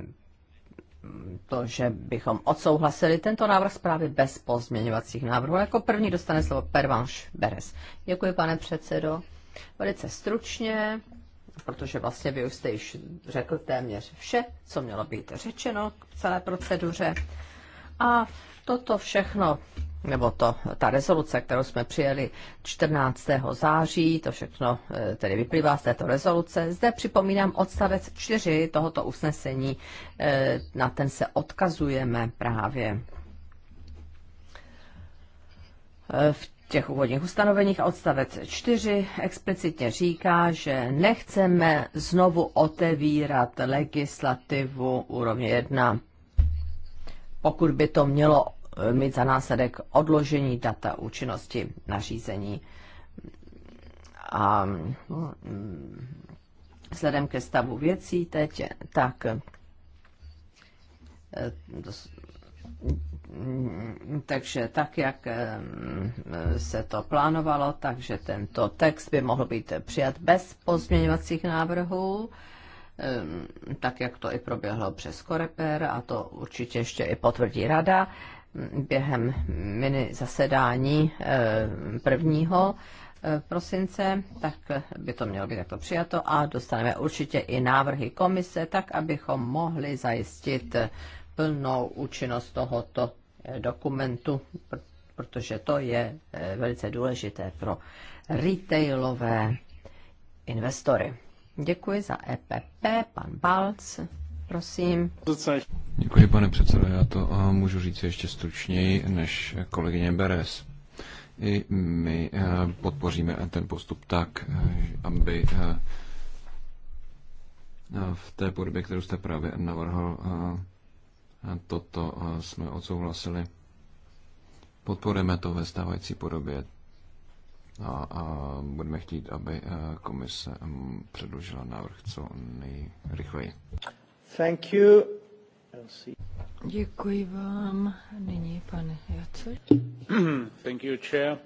to, že bychom odsouhlasili tento návrh zprávy bez pozměňovacích návrhů. Jako první dostane slovo Pervanš Beres. Děkuji, pane předsedo. Velice stručně, protože vlastně vy už jste již řekl téměř vše, co mělo být řečeno k celé proceduře. A toto všechno nebo to, ta rezoluce, kterou jsme přijeli 14. září, to všechno eh, tedy vyplývá z této rezoluce. Zde připomínám odstavec 4 tohoto usnesení, eh, na ten se odkazujeme právě eh, v těch úvodních ustanoveních odstavec 4 explicitně říká, že nechceme znovu otevírat legislativu úrovně 1, pokud by to mělo mít za následek odložení data účinnosti nařízení. A mm, vzhledem ke stavu věcí teď, tak eh, mm, takže tak, jak eh, se to plánovalo, takže tento text by mohl být přijat bez pozměňovacích návrhů, eh, tak jak to i proběhlo přes Koreper a to určitě ještě i potvrdí rada během mini zasedání eh, prvního eh, prosince, tak by to mělo být takto přijato a dostaneme určitě i návrhy komise, tak abychom mohli zajistit eh, plnou účinnost tohoto dokumentu, protože to je velice důležité pro retailové investory. Děkuji za EPP, pan Balc. Prosím. Děkuji, pane předsedo. Já to eh, můžu říct ještě stručněji než kolegyně Beres. I my eh, podpoříme ten postup tak, eh, aby v té podobě, kterou jste právě navrhl, toto jsme odsouhlasili. Podporujeme to ve stávající podobě a, a budeme chtít, aby komise mm, předložila návrh co nejrychleji. Thank you. Děkuji vám. Nyní pan Jacek. Thank you, chair.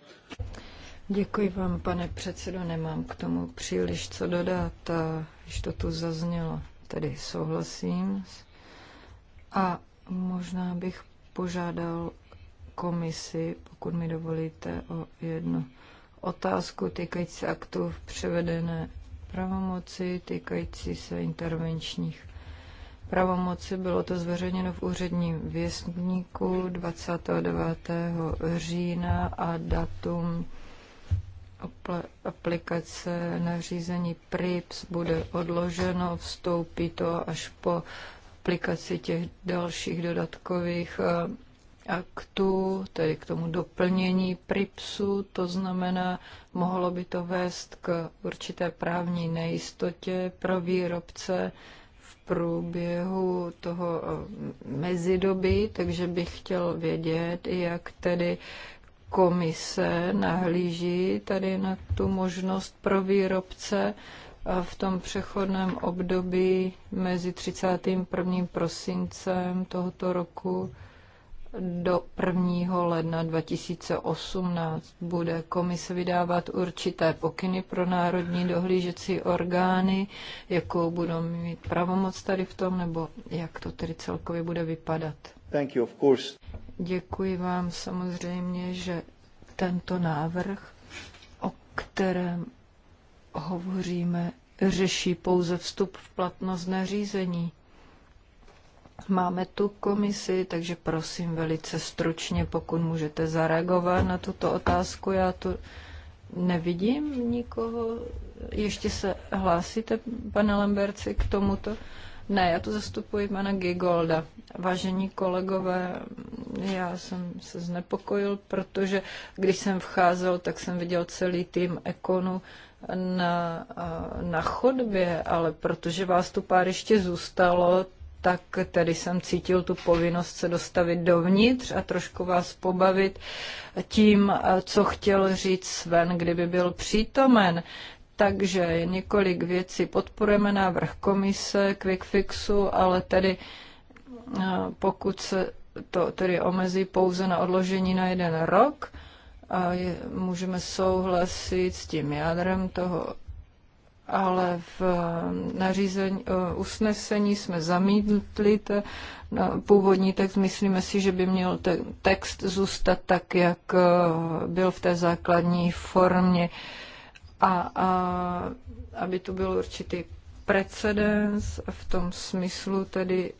Děkuji vám, pane předsedo. Nemám k tomu příliš co dodat, a, když to tu zaznělo. Tedy souhlasím. A možná bych požádal komisi, pokud mi dovolíte, o jednu otázku týkající aktu aktů v převedené pravomoci, týkající se intervenčních pravomoci. Bylo to zveřejněno v úředním věstníku 29. října a datum aplikace nařízení PRIPS bude odloženo, vstoupí to až po aplikaci těch dalších dodatkových eh, aktů, tedy k tomu doplnění PRIPSu, to znamená, mohlo by to vést k určité právní nejistotě pro výrobce průběhu toho eh, mezidoby, takže bych chtěl vědět, jak tedy komise nahlíží tady na tu možnost pro výrobce v tom přechodném období mezi 31. prosincem tohoto roku do 1. ledna 2018 bude komise vydávat určité pokyny pro národní dohlížecí orgány, jakou budou mít pravomoc tady v tom, nebo jak to tedy celkově bude vypadat. Thank you, of course. Děkuji vám samozřejmě, že tento návrh, o kterém hovoříme, řeší pouze vstup v platnost nařízení. Máme tu komisi, takže prosím velice stručně, pokud můžete zareagovat na tuto otázku. Já tu nevidím nikoho. Ještě se hlásíte, pane Lemberci, k tomuto? Ne, já tu zastupuji pana Gigolda. Vážení kolegové, já jsem se znepokojil, protože když jsem vcházel, tak jsem viděl celý tým Ekonu na, na chodbě, ale protože vás tu pár ještě zůstalo, tak tady jsem cítil tu povinnost se dostavit dovnitř a trošku vás pobavit tím, co chtěl říct Sven, kdyby byl přítomen. Takže několik věcí. Podporujeme návrh komise Quick Fixu, ale tedy eh, pokud se to tedy omezí pouze na odložení na jeden rok, a je, můžeme souhlasit s tím jádrem toho ale v eh, nařízení, eh, usnesení jsme zamítli ten původní text. Myslíme si, že by měl ten text zůstat tak, jak eh, byl v té základní formě a, a aby tu byl určitý precedens v tom smyslu tedy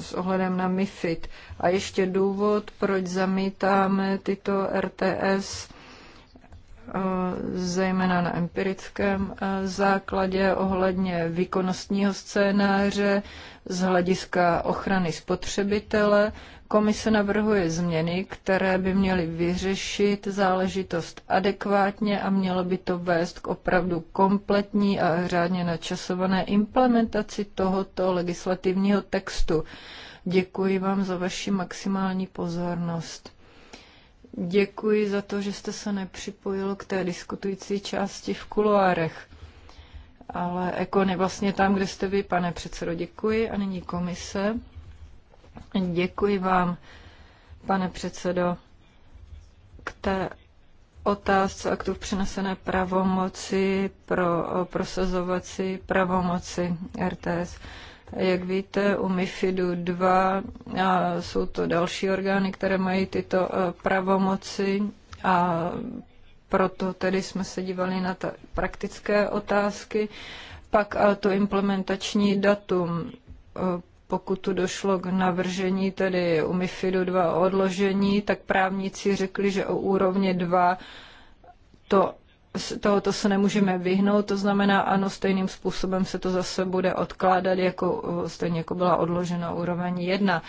s ohledem na MIFID. A ještě důvod, proč zamítáme tyto RTS, zejména na empirickém základě ohledně výkonnostního scénáře z hlediska ochrany spotřebitele. Komise navrhuje změny, které by měly vyřešit záležitost adekvátně a mělo by to vést k opravdu kompletní a řádně načasované implementaci tohoto legislativního textu. Děkuji vám za vaši maximální pozornost. Děkuji za to, že jste se nepřipojil k té diskutující části v kuloárech. Ale jako ne vlastně tam, kde jste vy, pane předsedo. Děkuji a nyní komise. Děkuji vám, pane předsedo, k té otázce aktu v přenesené pravomoci pro prosazovací pravomoci RTS. Jak víte, u MIFIDu 2 jsou to další orgány, které mají tyto e, pravomoci a proto tedy jsme se dívali na ta praktické otázky. Pak ale to implementační datum, e, pokud tu došlo k navržení, tedy u MIFIDu 2 odložení, tak právníci řekli, že o úrovně 2 to tohoto se nemůžeme vyhnout, to znamená, ano, stejným způsobem se to zase bude odkládat, jako, stejně jako byla odložena úroveň 1.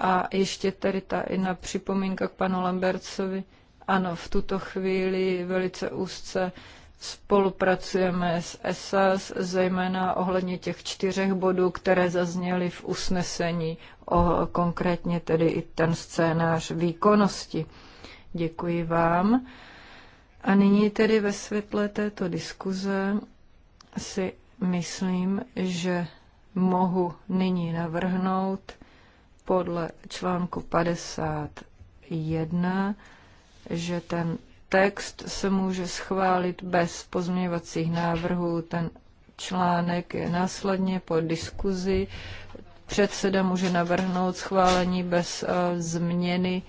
A ještě tady ta jedna připomínka k panu Lambertsovi. Ano, v tuto chvíli velice úzce spolupracujeme s ESAS, zejména ohledně těch čtyřech bodů, které zazněly v usnesení, o, konkrétně tedy i ten scénář výkonnosti. Děkuji vám. A nyní tedy ve světle této diskuze si myslím, že mohu nyní navrhnout podle článku 51, že ten text se může schválit bez pozměňovacích návrhů. Ten článek je následně po diskuzi. Předseda může navrhnout schválení bez eh, změny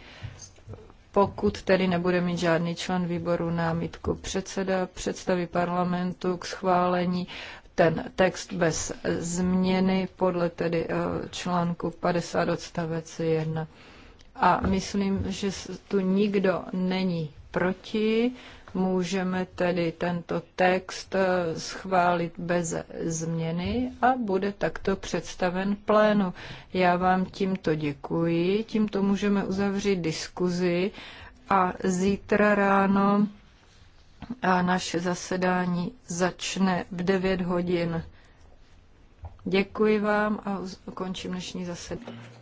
pokud tedy nebude mít žádný člen výboru námitku předseda představy parlamentu k schválení ten text bez změny podle tedy eh, článku 50 odstavec 1. A myslím, že tu nikdo není proti, Můžeme tedy tento text eh, schválit bez změny a bude takto představen plénu. Já vám tímto děkuji, tímto můžeme uzavřít diskuzi a zítra ráno a naše zasedání začne v 9 hodin. Děkuji vám a končím dnešní zasedání.